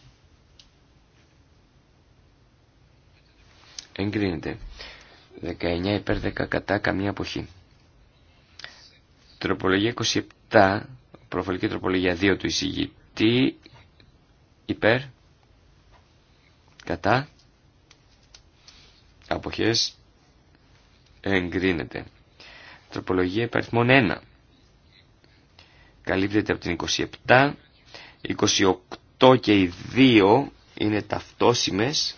Εγκρίνεται. 19 υπέρ 10 κατά καμία αποχή. Τροπολογία 27, προφορική τροπολογία 2 του εισηγητή, υπέρ, κατά, αποχές, εγκρίνεται. Τροπολογία αριθμών 1. Καλύπτεται από την 27, 28. Το και οι δύο είναι ταυτόσιμες.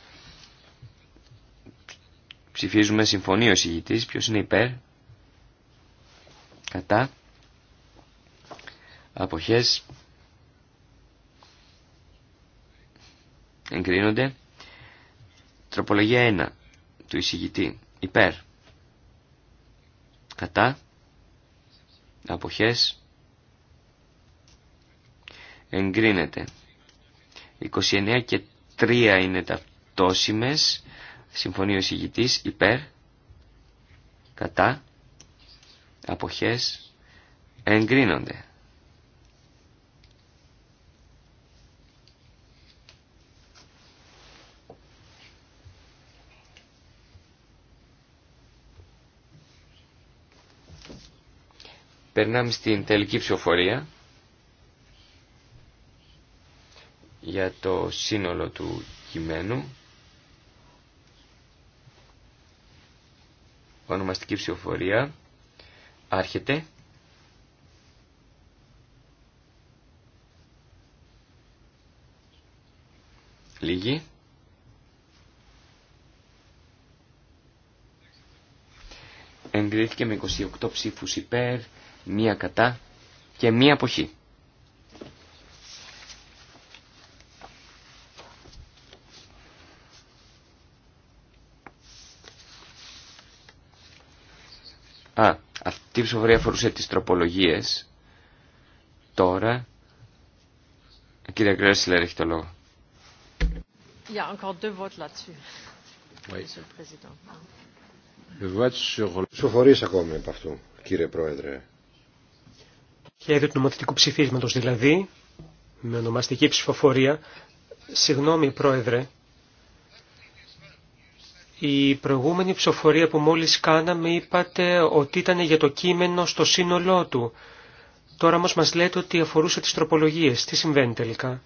Ψηφίζουμε συμφωνία ο συγητής. Ποιος είναι υπέρ. Κατά. Αποχές. Εγκρίνονται. Τροπολογία 1 του εισηγητή. Υπέρ. Κατά. Αποχές. Εγκρίνεται. 29 και 3 είναι ταυτόσιμες. Συμφωνεί ο εισηγητής υπέρ, κατά, αποχές, εγκρίνονται. Περνάμε στην τελική ψηφοφορία. για το σύνολο του κειμένου. Ονομαστική ψηφοφορία. Άρχεται. Λίγη. Εγκρίθηκε με 28 ψήφους υπέρ, μία κατά και μία αποχή. Α, αυτή η ψηφοφορία αφορούσε τις τροπολογίες. Τώρα, η κυρία Γκρέσλερ έχει το λόγο. Yeah, encore
ακόμη από αυτού, κύριε Πρόεδρε.
Χαίρετε του νομοθετικού ψηφίσματος δηλαδή, με ονομαστική ψηφοφορία. Συγγνώμη, Πρόεδρε, η προηγούμενη ψοφορία που μόλις κάναμε είπατε ότι ήταν για το κείμενο στο σύνολό του. Τώρα όμως μας λέτε ότι αφορούσε τις τροπολογίες. Τι συμβαίνει τελικά.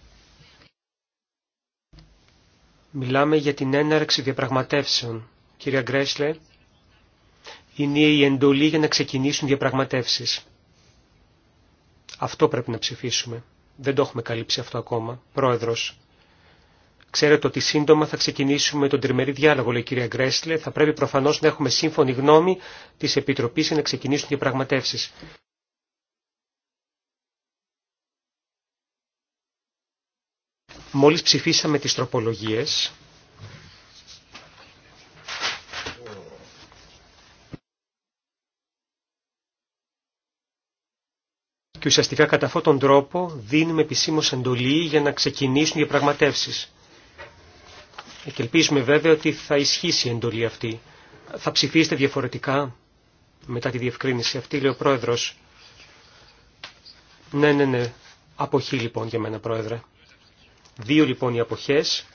Μιλάμε για την έναρξη διαπραγματεύσεων. Κυρία Γκρέσλε, είναι η εντολή για να ξεκινήσουν διαπραγματεύσεις. Αυτό πρέπει να ψηφίσουμε. Δεν το έχουμε καλύψει αυτό ακόμα. Πρόεδρος, Ξέρετε ότι σύντομα θα ξεκινήσουμε τον τριμερή διάλογο, λέει η κυρία Γκρέσλε. Θα πρέπει προφανώ να έχουμε σύμφωνη γνώμη τη Επιτροπή για να ξεκινήσουν οι διαπραγματεύσει. Μόλις ψηφίσαμε τις τροπολογίες, και ουσιαστικά κατά αυτόν τον τρόπο δίνουμε επισήμω εντολή για να ξεκινήσουν οι διαπραγματεύσει. Και ελπίζουμε βέβαια ότι θα ισχύσει η εντολή αυτή. Θα ψηφίσετε διαφορετικά μετά τη διευκρίνηση αυτή, λέει ο Πρόεδρος. Ναι, ναι, ναι. Αποχή λοιπόν για μένα, Πρόεδρε. Δύο λοιπόν οι αποχές.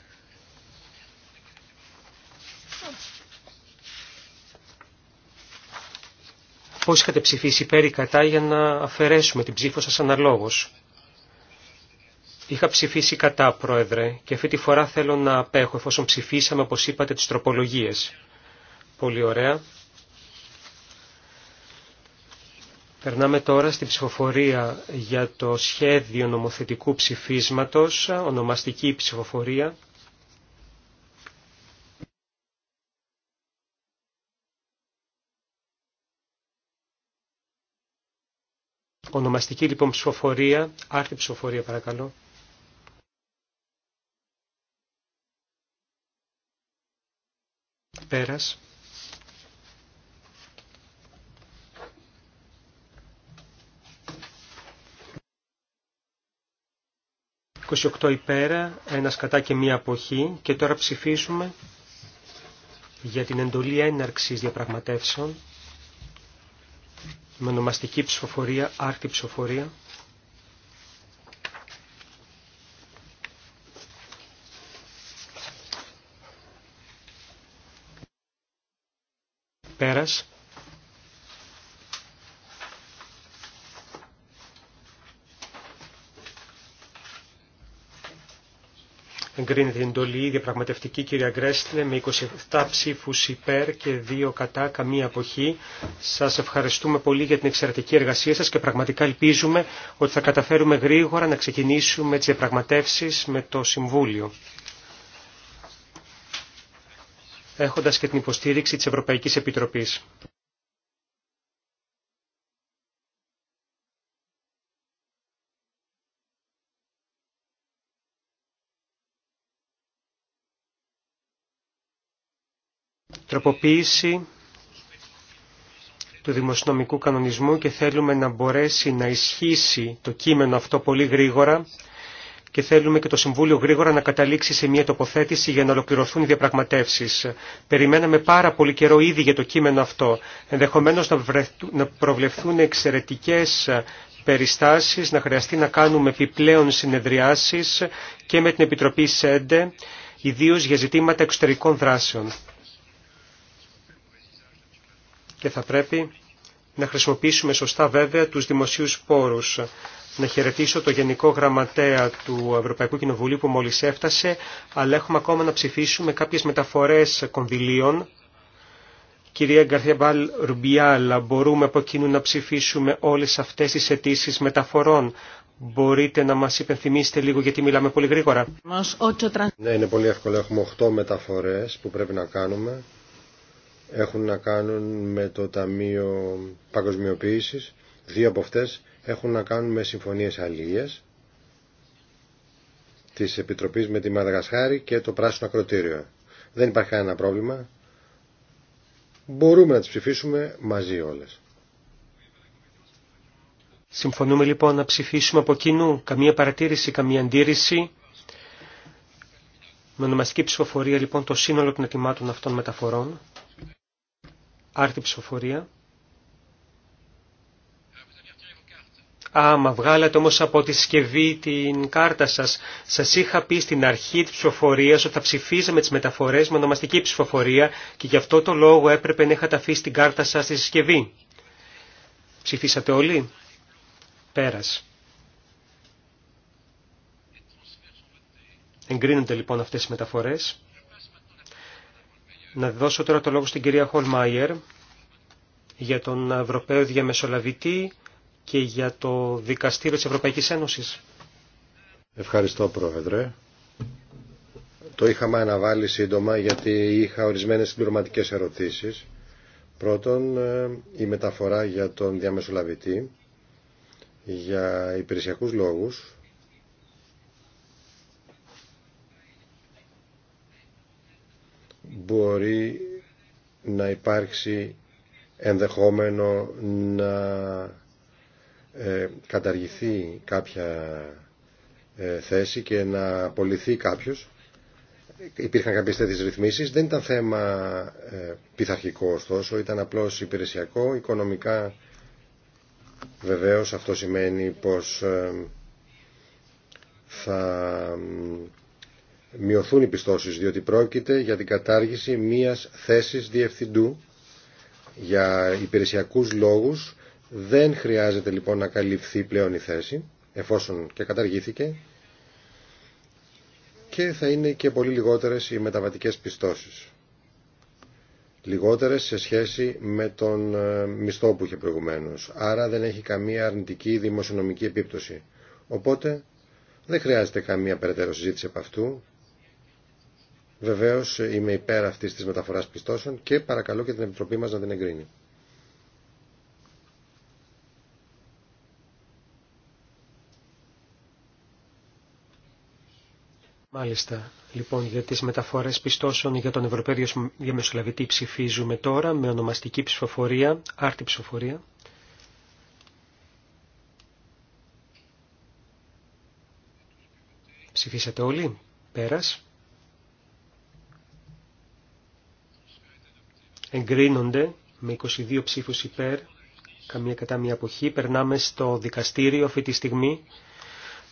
Πώς είχατε ψηφίσει υπέρ για να αφαιρέσουμε την ψήφο σας αναλόγως. Είχα ψηφίσει κατά, Πρόεδρε, και αυτή τη φορά θέλω να απέχω, εφόσον ψηφίσαμε, όπως είπατε, τις τροπολογίες. Πολύ ωραία. Περνάμε τώρα στην ψηφοφορία για το σχέδιο νομοθετικού ψηφίσματος, ονομαστική ψηφοφορία. Ονομαστική λοιπόν ψηφοφορία, άρθρη ψηφοφορία παρακαλώ. Πέρας. ...28 πέρα, ένας κατά και μία αποχή... ...και τώρα ψηφίσουμε... ...για την εντολή έναρξης διαπραγματεύσεων... ...με ονομαστική ψηφοφορία, άρτη ψηφοφορία... Πέρας. Εγκρίνεται η εντολή διαπραγματευτική κυρία Γκρέστινε με 27 ψήφους υπέρ και 2 κατά καμία αποχή. Σας ευχαριστούμε πολύ για την εξαιρετική εργασία σας και πραγματικά ελπίζουμε ότι θα καταφέρουμε γρήγορα να ξεκινήσουμε τις διαπραγματεύσει με το Συμβούλιο έχοντας και την υποστήριξη της Ευρωπαϊκής Επιτροπής. Τροποποίηση του δημοσιονομικού κανονισμού και θέλουμε να μπορέσει να ισχύσει το κείμενο αυτό πολύ γρήγορα και θέλουμε και το Συμβούλιο γρήγορα να καταλήξει σε μια τοποθέτηση για να ολοκληρωθούν οι διαπραγματεύσει. Περιμέναμε πάρα πολύ καιρό ήδη για το κείμενο αυτό. Ενδεχομένω να προβλεφθούν εξαιρετικέ περιστάσει, να χρειαστεί να κάνουμε επιπλέον συνεδριάσει και με την Επιτροπή ΣΕΝΤΕ, ιδίω για ζητήματα εξωτερικών δράσεων. Και θα πρέπει να χρησιμοποιήσουμε σωστά βέβαια τους δημοσίους πόρους να χαιρετήσω το Γενικό Γραμματέα του Ευρωπαϊκού Κοινοβουλίου που μόλις έφτασε, αλλά έχουμε ακόμα να ψηφίσουμε κάποιες μεταφορές κονδυλίων. Κυρία Γκαρθιαμπάλ Ρουμπιάλα, μπορούμε από εκείνου να ψηφίσουμε όλες αυτές τις αιτήσει μεταφορών. Μπορείτε να μας υπενθυμίσετε λίγο γιατί
μιλάμε πολύ γρήγορα. Ναι, είναι πολύ εύκολο. Έχουμε 8 μεταφορές που πρέπει να κάνουμε. Έχουν να κάνουν με το Ταμείο Παγκοσμιοποίησης. Δύο από αυτές έχουν να κάνουν με συμφωνίες αλληλείας της Επιτροπής με τη Μαδαγασχάρη και το Πράσινο Ακροτήριο. Δεν υπάρχει κανένα πρόβλημα. Μπορούμε να τις ψηφίσουμε μαζί όλες.
Συμφωνούμε λοιπόν να ψηφίσουμε από κοινού. Καμία παρατήρηση, καμία αντίρρηση. Με ονομαστική ψηφοφορία λοιπόν το σύνολο των ετοιμάτων αυτών μεταφορών. Άρτη ψηφοφορία. Άμα βγάλατε όμως από τη συσκευή την κάρτα σας, σας είχα πει στην αρχή της ψηφοφορίας ότι θα ψηφίζαμε τις μεταφορές με ονομαστική ψηφοφορία και γι' αυτό το λόγο έπρεπε να είχατε αφήσει την κάρτα σας στη συσκευή. Ψηφίσατε όλοι. Πέρας. Εγκρίνονται λοιπόν αυτές οι μεταφορές. Να δώσω τώρα το λόγο στην κυρία Χολμάιερ για τον Ευρωπαίο Διαμεσολαβητή και για το Δικαστήριο της Ευρωπαϊκής Ένωσης.
Ευχαριστώ Πρόεδρε. Το είχαμε αναβάλει σύντομα γιατί είχα ορισμένες συμπληρωματικές ερωτήσεις. Πρώτον, ε, η μεταφορά για τον διαμεσολαβητή για υπηρεσιακούς λόγους. Μπορεί να υπάρξει ενδεχόμενο να ε, καταργηθεί κάποια ε, θέση και να απολυθεί κάποιος. Υπήρχαν κάποιες τέτοιες ρυθμίσεις. Δεν ήταν θέμα ε, πειθαρχικό ωστόσο, ήταν απλώς υπηρεσιακό, οικονομικά. Βεβαίως αυτό σημαίνει πως θα μειωθούν οι πιστώσεις διότι πρόκειται για την κατάργηση μίας θέσης διευθυντού για υπηρεσιακούς λόγους δεν χρειάζεται λοιπόν να καλυφθεί πλέον η θέση, εφόσον και καταργήθηκε, και θα είναι και πολύ λιγότερες οι μεταβατικές πιστώσεις. Λιγότερες σε σχέση με τον ε, μισθό που είχε προηγουμένως. Άρα δεν έχει καμία αρνητική δημοσιονομική επίπτωση. Οπότε δεν χρειάζεται καμία περαιτέρω συζήτηση από αυτού. Βεβαίως είμαι υπέρ αυτής της μεταφοράς πιστώσεων και παρακαλώ και την Επιτροπή μας να την εγκρίνει.
Μάλιστα. Λοιπόν, για τις μεταφορές πιστώσεων για τον ευρωπαίδιο Διαμεσολαβητή ψηφίζουμε τώρα με ονομαστική ψηφοφορία, άρτη ψηφοφορία. Ψηφίσατε όλοι. Πέρας. Εγκρίνονται με 22 ψήφους υπέρ, καμία κατά μία αποχή. Περνάμε στο δικαστήριο αυτή τη στιγμή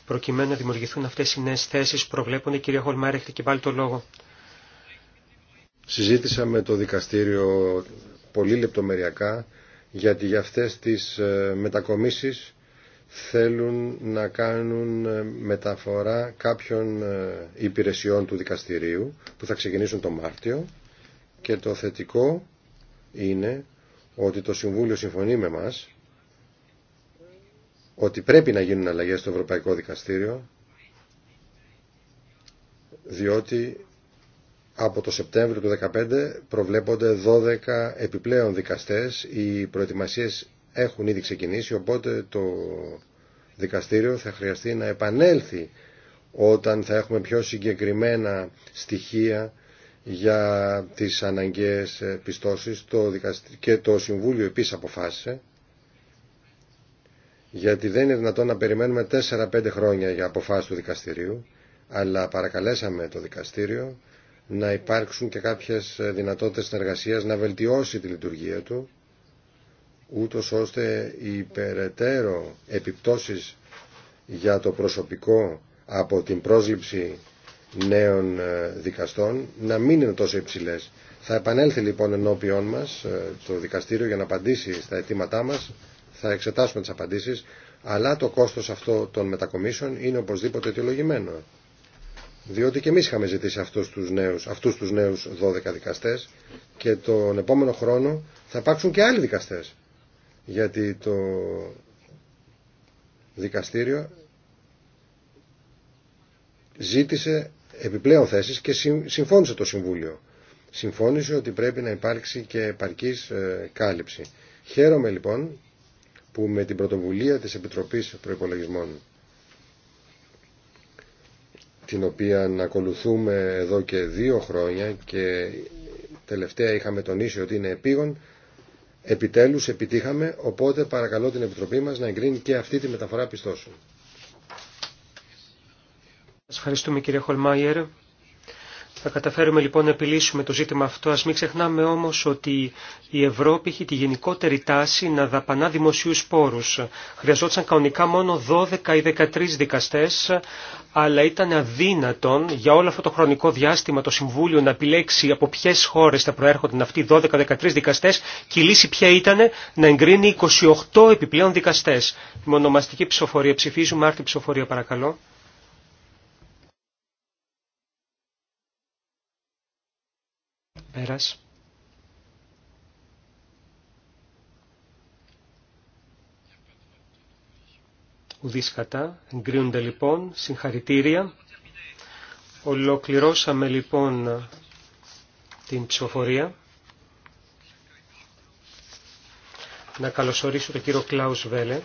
προκειμένου να δημιουργηθούν αυτές οι νέε θέσει προβλέπουν. Η κυρία έχετε και πάλι το λόγο.
Συζήτησα με το δικαστήριο πολύ λεπτομεριακά γιατί για αυτές τις ε, μετακομίσεις θέλουν να κάνουν ε, μεταφορά κάποιων ε, υπηρεσιών του δικαστηρίου που θα ξεκινήσουν το Μάρτιο και το θετικό είναι ότι το Συμβούλιο συμφωνεί με μας ότι πρέπει να γίνουν αλλαγές στο Ευρωπαϊκό Δικαστήριο διότι από το Σεπτέμβριο του 2015 προβλέπονται 12 επιπλέον δικαστές. Οι προετοιμασίες έχουν ήδη ξεκινήσει, οπότε το δικαστήριο θα χρειαστεί να επανέλθει όταν θα έχουμε πιο συγκεκριμένα στοιχεία για τις αναγκαίες πιστώσεις το και το Συμβούλιο επίσης αποφάσισε γιατί δεν είναι δυνατόν να περιμένουμε 4-5 χρόνια για αποφάσεις του δικαστηρίου, αλλά παρακαλέσαμε το δικαστήριο να υπάρξουν και κάποιες δυνατότητες συνεργασίας να βελτιώσει τη λειτουργία του, ούτω ώστε οι περαιτέρω επιπτώσεις για το προσωπικό από την πρόσληψη νέων ε, δικαστών να μην είναι τόσο υψηλές. Θα επανέλθει λοιπόν ενώπιόν μας ε, το δικαστήριο για να απαντήσει στα αιτήματά μας θα εξετάσουμε τις απαντήσεις, αλλά το κόστος αυτό των μετακομίσεων είναι οπωσδήποτε αιτιολογημένο. Διότι και εμείς είχαμε ζητήσει αυτούς τους νέους, αυτούς τους νέους 12 δικαστές και τον επόμενο χρόνο θα υπάρξουν και άλλοι δικαστές. Γιατί το δικαστήριο ζήτησε επιπλέον θέσεις και συμφώνησε το Συμβούλιο. Συμφώνησε ότι πρέπει να υπάρξει και επαρκής ε, κάλυψη. Χαίρομαι λοιπόν που με την πρωτοβουλία της Επιτροπής Προϋπολογισμών την οποία να ακολουθούμε εδώ και δύο χρόνια και τελευταία είχαμε τονίσει ότι είναι επίγον επιτέλους επιτύχαμε οπότε παρακαλώ την Επιτροπή μας να εγκρίνει και αυτή τη μεταφορά πιστώσεων.
Σας ευχαριστούμε κύριε Χολμάιερ. Θα καταφέρουμε λοιπόν να επιλύσουμε το ζήτημα αυτό. Ας μην ξεχνάμε όμως ότι η Ευρώπη έχει τη γενικότερη τάση να δαπανά δημοσίους πόρους. Χρειαζόταν κανονικά μόνο 12 ή 13 δικαστές, αλλά ήταν αδύνατον για όλο αυτό το χρονικό διάστημα το Συμβούλιο να επιλέξει από ποιε χώρες θα προέρχονταν οι αυτοί 12-13 δικαστές και η λύση ποια ήταν να εγκρίνει 28 επιπλέον δικαστές. Μονομαστική ψηφοφορία ψηφίζουμε, άρτη ψηφοφορία παρακαλώ. Πέρας. Ουδής κατά. Εγκρίνονται λοιπόν. Συγχαρητήρια. Ολοκληρώσαμε λοιπόν την ψηφοφορία. Να καλωσορίσω τον κύριο Κλάους Βέλε,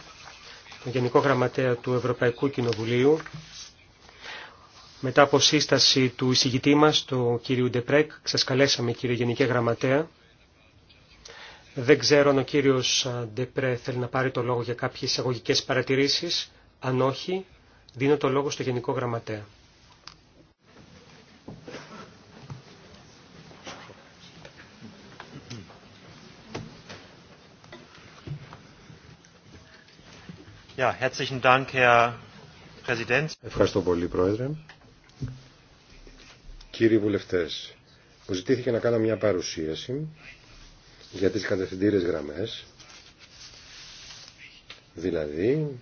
τον Γενικό Γραμματέα του Ευρωπαϊκού Κοινοβουλίου, μετά από σύσταση του εισηγητή μας, του κύριου Ντεπρέκ, σας καλέσαμε κύριε Γενική Γραμματέα. Δεν ξέρω αν ο κύριος Ντεπρέ θέλει να πάρει το λόγο για κάποιες εισαγωγικέ παρατηρήσεις. Αν όχι, δίνω το λόγο στο Γενικό Γραμματέα. Ευχαριστώ
πολύ, Πρόεδρε κύριοι βουλευτές. Μου ζητήθηκε να κάνω μια παρουσίαση για τις κατευθυντήρες γραμμές, δηλαδή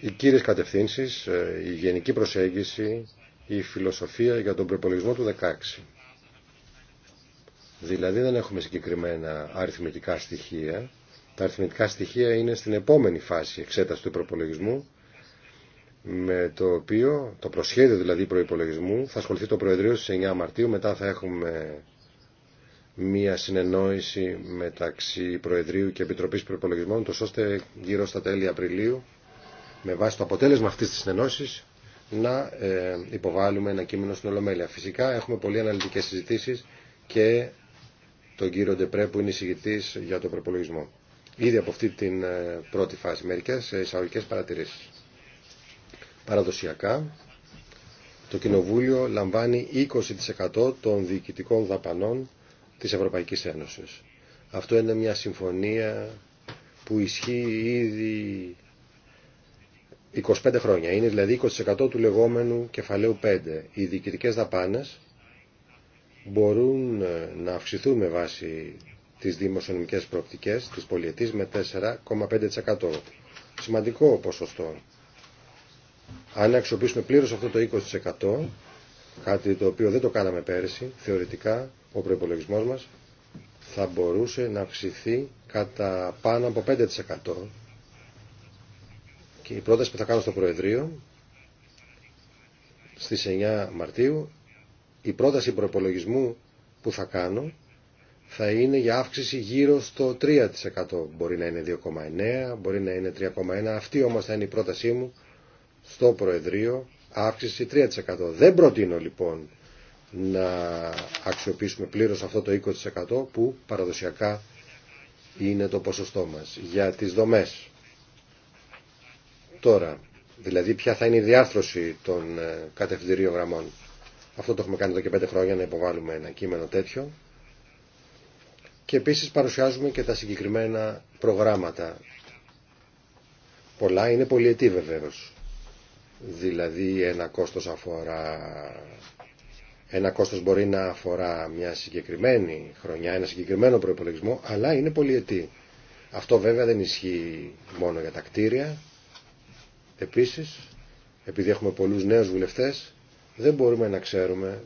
οι κύριες κατευθύνσεις, ε, η γενική προσέγγιση, η φιλοσοφία για τον προπολογισμό του 16. Δηλαδή δεν έχουμε συγκεκριμένα αριθμητικά στοιχεία. Τα αριθμητικά στοιχεία είναι στην επόμενη φάση εξέταση του προπολογισμού με το οποίο, το προσχέδιο δηλαδή προϋπολογισμού, θα ασχοληθεί το Προεδρείο στις 9 Μαρτίου, μετά θα έχουμε μία συνεννόηση μεταξύ Προεδρείου και Επιτροπής Προϋπολογισμών, τόσο ώστε γύρω στα τέλη Απριλίου, με βάση το αποτέλεσμα αυτής της συνεννόησης, να ε, υποβάλουμε ένα κείμενο στην Ολομέλεια. Φυσικά έχουμε πολύ αναλυτικές συζητήσεις και τον κύριο Ντεπρέ που είναι εισηγητής για τον προπολογισμό. Ήδη από αυτή την ε, πρώτη φάση μερικές ε, εισαγωγικές παρατηρήσεις. Παραδοσιακά, το Κοινοβούλιο λαμβάνει 20% των διοικητικών δαπανών της Ευρωπαϊκής Ένωσης. Αυτό είναι μια συμφωνία που ισχύει ήδη 25 χρόνια. Είναι δηλαδή 20% του λεγόμενου κεφαλαίου 5. Οι διοικητικές δαπάνες μπορούν ε, να αυξηθούν με βάση τις δημοσιονομικές προοπτικές της πολιετής με 4,5%. Σημαντικό ποσοστό αν αξιοποιήσουμε πλήρως αυτό το 20%, κάτι το οποίο δεν το κάναμε πέρυσι, θεωρητικά ο προπολογισμό μας θα μπορούσε να αυξηθεί κατά πάνω από 5%. Και η πρόταση που θα κάνω στο Προεδρείο στις 9 Μαρτίου, η πρόταση προπολογισμού που θα κάνω θα είναι για αύξηση γύρω στο 3%. Μπορεί να είναι 2,9, μπορεί να είναι 3,1. Αυτή όμως θα είναι η πρότασή μου στο Προεδρείο αύξηση 3%. Δεν προτείνω λοιπόν να αξιοποιήσουμε πλήρως αυτό το 20% που παραδοσιακά είναι το ποσοστό μας. Για τις δομές τώρα, δηλαδή ποια θα είναι η διάρθρωση των ε, κατευθυντηρίων γραμμών. Αυτό το έχουμε κάνει εδώ και πέντε χρόνια να υποβάλουμε ένα κείμενο τέτοιο. Και επίσης παρουσιάζουμε και τα συγκεκριμένα προγράμματα. Πολλά είναι πολυετή βεβαίως δηλαδή ένα κόστος αφορά ένα κόστος μπορεί να αφορά μια συγκεκριμένη χρονιά, ένα συγκεκριμένο προϋπολογισμό, αλλά είναι πολυετή. Αυτό βέβαια δεν ισχύει μόνο για τα κτίρια. Επίσης, επειδή έχουμε πολλούς νέους βουλευτές, δεν μπορούμε να ξέρουμε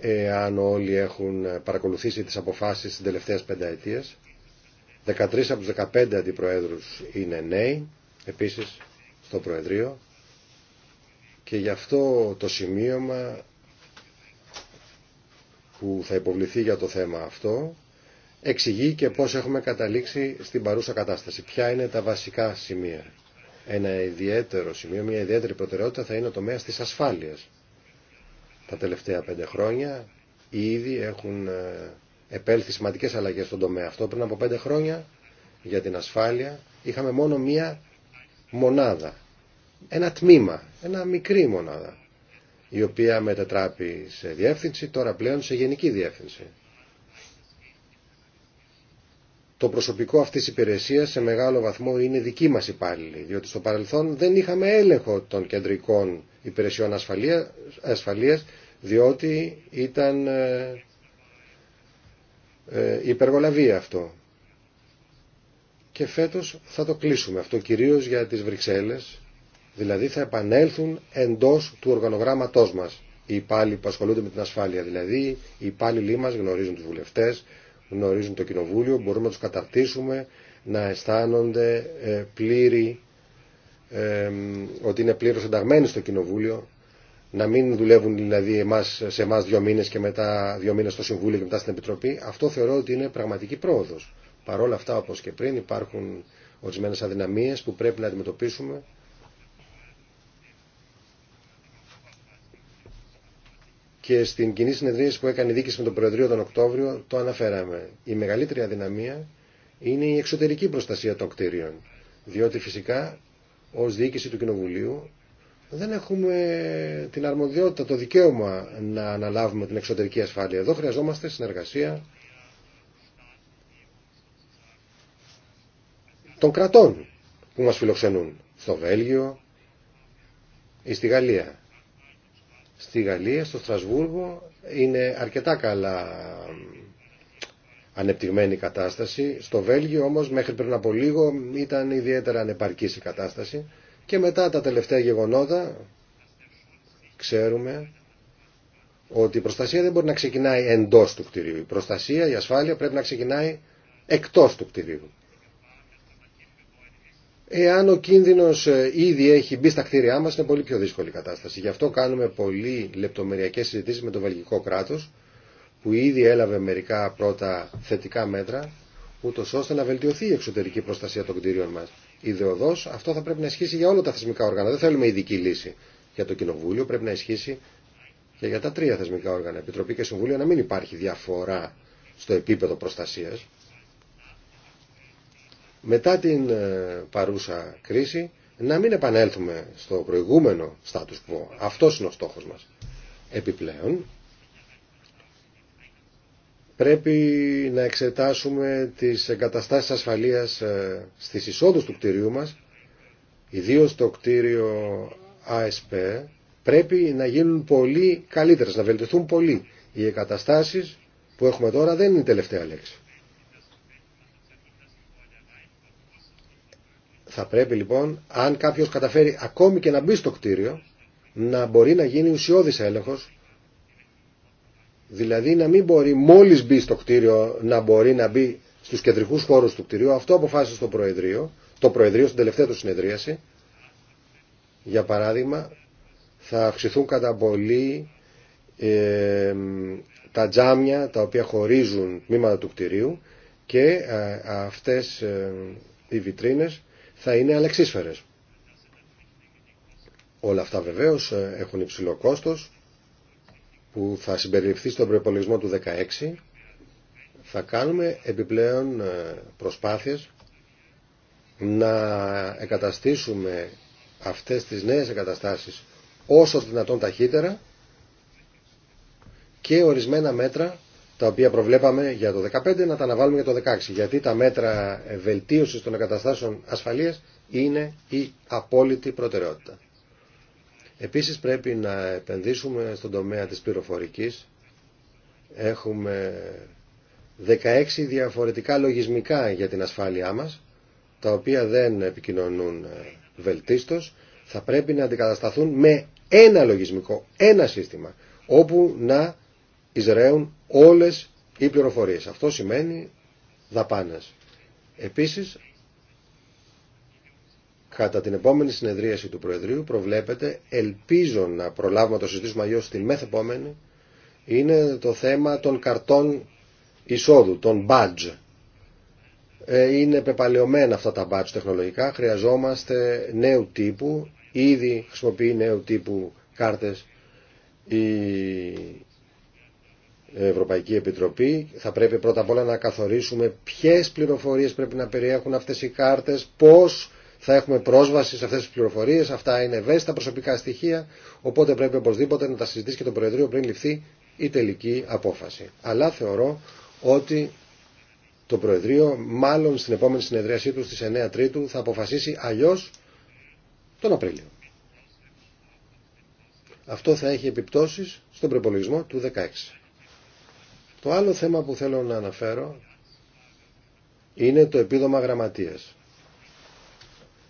εάν όλοι έχουν παρακολουθήσει τις αποφάσεις της τελευταίες πενταετίες. 13 από τους 15 αντιπροέδρους είναι νέοι. Επίσης, στο Προεδρείο και γι' αυτό το σημείωμα που θα υποβληθεί για το θέμα αυτό εξηγεί και πώς έχουμε καταλήξει στην παρούσα κατάσταση. Ποια είναι τα βασικά σημεία. Ένα ιδιαίτερο σημείο, μια ιδιαίτερη προτεραιότητα θα είναι το τομέας της ασφάλειας. Τα τελευταία πέντε χρόνια ήδη έχουν ε, επέλθει σημαντικές αλλαγές στον τομέα αυτό. Πριν από πέντε χρόνια για την ασφάλεια είχαμε μόνο μία μονάδα, ένα τμήμα, ένα μικρή μονάδα, η οποία μετατράπει σε διεύθυνση, τώρα πλέον σε γενική διεύθυνση. Το προσωπικό αυτής υπηρεσίας σε μεγάλο βαθμό είναι δική μας υπάλληλη διότι στο παρελθόν δεν είχαμε έλεγχο των κεντρικών υπηρεσιών ασφαλείας, διότι ήταν ε, ε, υπεργολαβία αυτό και φέτος θα το κλείσουμε αυτό κυρίως για τις Βρυξέλλες δηλαδή θα επανέλθουν εντός του οργανογράμματός μας οι υπάλληλοι που ασχολούνται με την ασφάλεια δηλαδή οι υπάλληλοι μας γνωρίζουν τους βουλευτές γνωρίζουν το κοινοβούλιο μπορούμε να τους καταρτήσουμε να αισθάνονται ε, πλήρη ότι είναι πλήρως ενταγμένοι στο κοινοβούλιο να μην δουλεύουν δηλαδή εμάς, σε εμά δύο μήνες και μετά δύο μήνες στο Συμβούλιο και μετά στην Επιτροπή, αυτό θεωρώ ότι είναι πραγματική πρόοδος. Παρόλα αυτά, όπως και πριν, υπάρχουν ορισμένες αδυναμίες που πρέπει να αντιμετωπίσουμε και στην κοινή συνεδρίαση που έκανε η δίκηση με τον Προεδρείο τον Οκτώβριο το αναφέραμε. Η μεγαλύτερη αδυναμία είναι η εξωτερική προστασία των κτίριων. Διότι φυσικά ως διοίκηση του Κοινοβουλίου δεν έχουμε την αρμοδιότητα, το δικαίωμα να αναλάβουμε την εξωτερική ασφάλεια. Εδώ χρειαζόμαστε συνεργασία των κρατών που μας φιλοξενούν στο Βέλγιο ή στη Γαλλία. Στη Γαλλία, στο Στρασβούργο είναι αρκετά καλά ανεπτυγμένη η κατάσταση. Στο Βέλγιο όμως μέχρι πριν από λίγο ήταν ιδιαίτερα ανεπαρκής η κατάσταση και μετά τα τελευταία γεγονότα ξέρουμε ότι η προστασία δεν μπορεί να ξεκινάει εντός του κτηρίου. Η προστασία, η ασφάλεια πρέπει να ξεκινάει εκτός του κτηρίου. Εάν ο κίνδυνο ε, ήδη έχει μπει στα κτίρια μα είναι πολύ πιο δύσκολη η κατάσταση. Γι' αυτό κάνουμε πολύ λεπτομεριακέ συζητήσει με το βαλγικό κράτο, που ήδη έλαβε μερικά πρώτα θετικά μέτρα, ούτω ώστε να βελτιωθεί η εξωτερική προστασία των κτίριων μα. Ιδεοδό, αυτό θα πρέπει να ισχύσει για όλα τα θεσμικά όργανα. Δεν θέλουμε ειδική λύση για το Κοινοβούλιο, πρέπει να ισχύσει και για τα τρία θεσμικά όργανα. Επιτροπή και Συμβούλιο να μην υπάρχει διαφορά στο επίπεδο προστασίας μετά την ε, παρούσα κρίση να μην επανέλθουμε στο προηγούμενο status quo. Αυτός είναι ο στόχος μας. Επιπλέον, πρέπει να εξετάσουμε τις εγκαταστάσεις ασφαλείας ε, στις εισόδους του κτηρίου μας, ιδίως το κτίριο ASP πρέπει να γίνουν πολύ καλύτερες, να βελτιωθούν πολύ. Οι εγκαταστάσεις που έχουμε τώρα δεν είναι η τελευταία λέξη. Θα πρέπει λοιπόν, αν κάποιος καταφέρει ακόμη και να μπει στο κτίριο, να μπορεί να γίνει ουσιώδης έλεγχος, δηλαδή να μην μπορεί μόλις μπει στο κτίριο να μπορεί να μπει στους κεντρικούς χώρους του κτιρίου. Αυτό αποφάσισε το Προεδρείο, το Προεδρείο στην τελευταία του συνεδρίαση. Για παράδειγμα, θα αυξηθούν κατά πολύ τα τζάμια τα οποία χωρίζουν τμήματα του κτιρίου και ε, αυτές ε, οι βιτρίνες θα είναι αλεξίσφαιρες. Όλα αυτά βεβαίως ε, έχουν υψηλό κόστος που θα συμπεριληφθεί στον προπολογισμό του 16. Θα κάνουμε επιπλέον ε, προσπάθειες να εγκαταστήσουμε αυτές τις νέες εγκαταστάσεις όσο δυνατόν ταχύτερα και ορισμένα μέτρα τα οποία προβλέπαμε για το 2015 να τα αναβάλουμε για το 2016. Γιατί τα μέτρα βελτίωση των εγκαταστάσεων ασφαλείας είναι η απόλυτη προτεραιότητα. Επίσης πρέπει να επενδύσουμε στον τομέα της πληροφορικής. Έχουμε 16 διαφορετικά λογισμικά για την ασφάλειά μας, τα οποία δεν επικοινωνούν ε, βελτίστως. Θα πρέπει να αντικατασταθούν με ένα λογισμικό, ένα σύστημα, όπου να εισραίουν όλες οι πληροφορίες. Αυτό σημαίνει δαπάνες. Επίσης, κατά την επόμενη συνεδρίαση του Προεδρείου προβλέπεται, ελπίζω να προλάβουμε το συζητήσουμε αλλιώς στην μεθεπόμενη, είναι το θέμα των καρτών εισόδου, των badge. Ε, είναι πεπαλαιωμένα αυτά τα badge τεχνολογικά, χρειαζόμαστε νέου τύπου, ήδη χρησιμοποιεί νέου τύπου κάρτες Ευρωπαϊκή Επιτροπή. Θα πρέπει πρώτα απ' όλα να καθορίσουμε ποιες πληροφορίες πρέπει να περιέχουν αυτές οι κάρτες, πώς θα έχουμε πρόσβαση σε αυτές τις πληροφορίες, αυτά είναι ευαίσθητα προσωπικά στοιχεία, οπότε πρέπει οπωσδήποτε να τα συζητήσει και το Προεδρείο πριν ληφθεί η τελική απόφαση. Αλλά θεωρώ ότι το Προεδρείο μάλλον στην επόμενη συνεδρίασή του στις 9 Τρίτου θα αποφασίσει αλλιώς τον Απρίλιο. Αυτό θα έχει επιπτώσεις στον προπολογισμό του 16. Το άλλο θέμα που θέλω να αναφέρω είναι το επίδομα γραμματείας.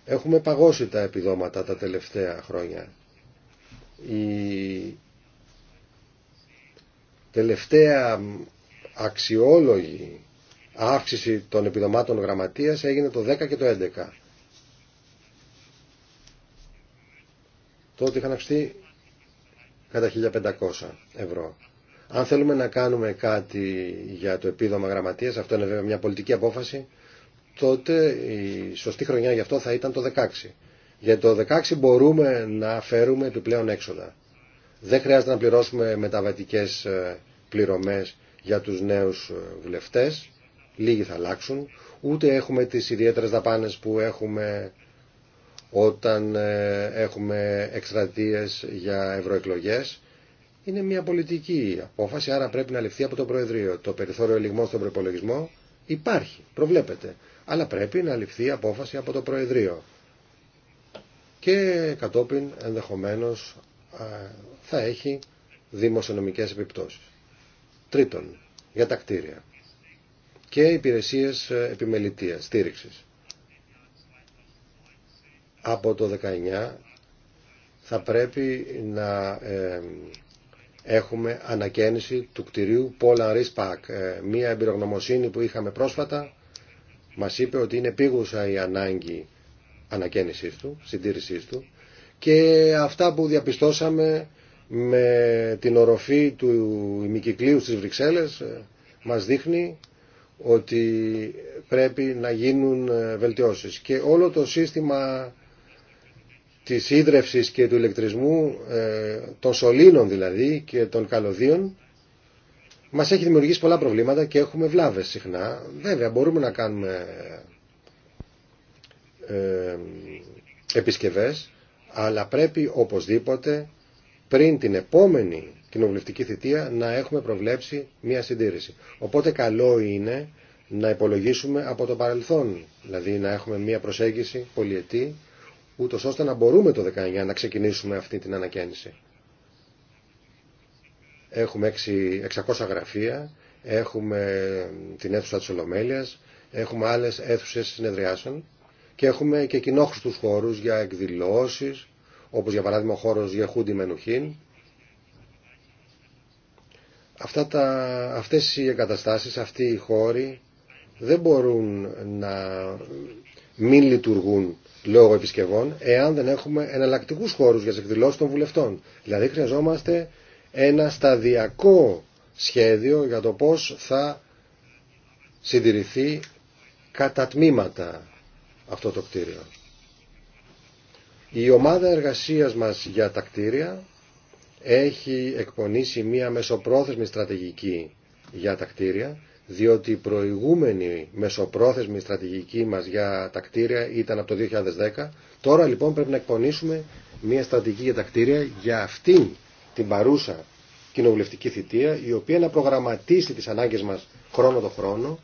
Έχουμε παγώσει τα επιδόματα τα τελευταία χρόνια. Η τελευταία αξιόλογη αύξηση των επιδομάτων γραμματείας έγινε το 10 και το 11. Τότε είχαν αυξηθεί κατά 1500 ευρώ. Αν θέλουμε να κάνουμε κάτι για το επίδομα γραμματείας, αυτό είναι βέβαια μια πολιτική απόφαση, τότε η σωστή χρονιά γι' αυτό θα ήταν το 16. Για το 16 μπορούμε να φέρουμε επιπλέον έξοδα. Δεν χρειάζεται να πληρώσουμε μεταβατικές ε, πληρωμές για τους νέους ε, βουλευτές, λίγοι θα αλλάξουν, ούτε έχουμε τις ιδιαίτερες δαπάνες που έχουμε όταν ε, έχουμε εκστρατείες για ευρωεκλογές είναι μια πολιτική απόφαση, άρα πρέπει να ληφθεί από το Προεδρείο. Το περιθώριο ελιγμό στον προπολογισμό υπάρχει, προβλέπεται. Αλλά πρέπει να ληφθεί απόφαση από το Προεδρείο. Και κατόπιν ενδεχομένω θα έχει δημοσιονομικέ επιπτώσει. Τρίτον, για τα κτίρια και υπηρεσίε επιμελητία, στήριξη. Από το 19 θα πρέπει να ε, έχουμε ανακαίνιση του κτηρίου Polan ε, Μία εμπειρογνωμοσύνη που είχαμε πρόσφατα μας είπε ότι είναι πήγουσα η ανάγκη ανακαίνισής του, συντήρησής του και αυτά που διαπιστώσαμε με την οροφή του ημικυκλίου στις Βρυξέλλες ε, μας δείχνει ότι πρέπει να γίνουν ε, βελτιώσεις. Και όλο το σύστημα της ίδρευσης και του ηλεκτρισμού, ε, των σωλήνων δηλαδή και των καλωδίων, μας έχει δημιουργήσει πολλά προβλήματα και έχουμε βλάβες συχνά. Βέβαια μπορούμε να κάνουμε ε, επισκευές, αλλά πρέπει οπωσδήποτε πριν την επόμενη κοινοβουλευτική θητεία να έχουμε προβλέψει μία συντήρηση. Οπότε καλό είναι να υπολογίσουμε από το παρελθόν, δηλαδή να έχουμε μία προσέγγιση πολυετή ούτω ώστε να μπορούμε το 19 να ξεκινήσουμε αυτή την ανακαίνιση. Έχουμε 600 γραφεία, έχουμε την αίθουσα της Ολομέλειας, έχουμε άλλες αίθουσες συνεδριάσεων και έχουμε και κοινόχρηστους χώρους για εκδηλώσεις, όπως για παράδειγμα ο χώρος για Χούντι Αυτά τα, αυτές οι εγκαταστάσεις, αυτοί οι χώροι δεν μπορούν να μην λειτουργούν λόγω επισκευών εάν δεν έχουμε εναλλακτικού χώρου για τι εκδηλώσει των βουλευτών. Δηλαδή χρειαζόμαστε ένα σταδιακό σχέδιο για το πώ θα συντηρηθεί κατά τμήματα αυτό το κτίριο. Η ομάδα εργασίας μας για τα κτίρια έχει εκπονήσει μία μεσοπρόθεσμη στρατηγική για τα κτίρια διότι η προηγούμενη μεσοπρόθεσμη στρατηγική μας για τα κτίρια ήταν από το 2010. Τώρα λοιπόν πρέπει να εκπονήσουμε μια στρατηγική για τα κτίρια για αυτήν την παρούσα κοινοβουλευτική θητεία, η οποία να προγραμματίσει τις ανάγκες μας χρόνο το χρόνο,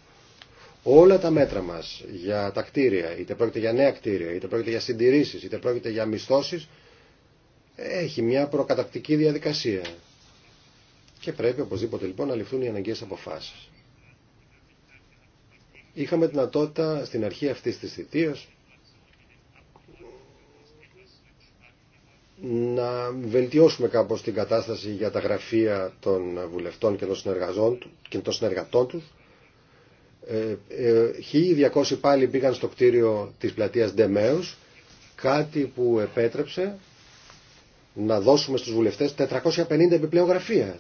όλα τα μέτρα μας για τα κτίρια, είτε πρόκειται για νέα κτίρια, είτε πρόκειται για συντηρήσεις, είτε πρόκειται για μισθώσεις, έχει μια προκατακτική διαδικασία. Και πρέπει οπωσδήποτε λοιπόν να ληφθούν οι αναγκαίε αποφάσει. Είχαμε δυνατότητα στην αρχή αυτή τη θητεία να βελτιώσουμε κάπως την κατάσταση για τα γραφεία των βουλευτών και των, συνεργαζών, και των συνεργατών τους. 1.200 ε, ε, πάλι πήγαν στο κτίριο της πλατείας Ντεμέους, κάτι που επέτρεψε να δώσουμε στους βουλευτές 450 επιπλέον γραφεία.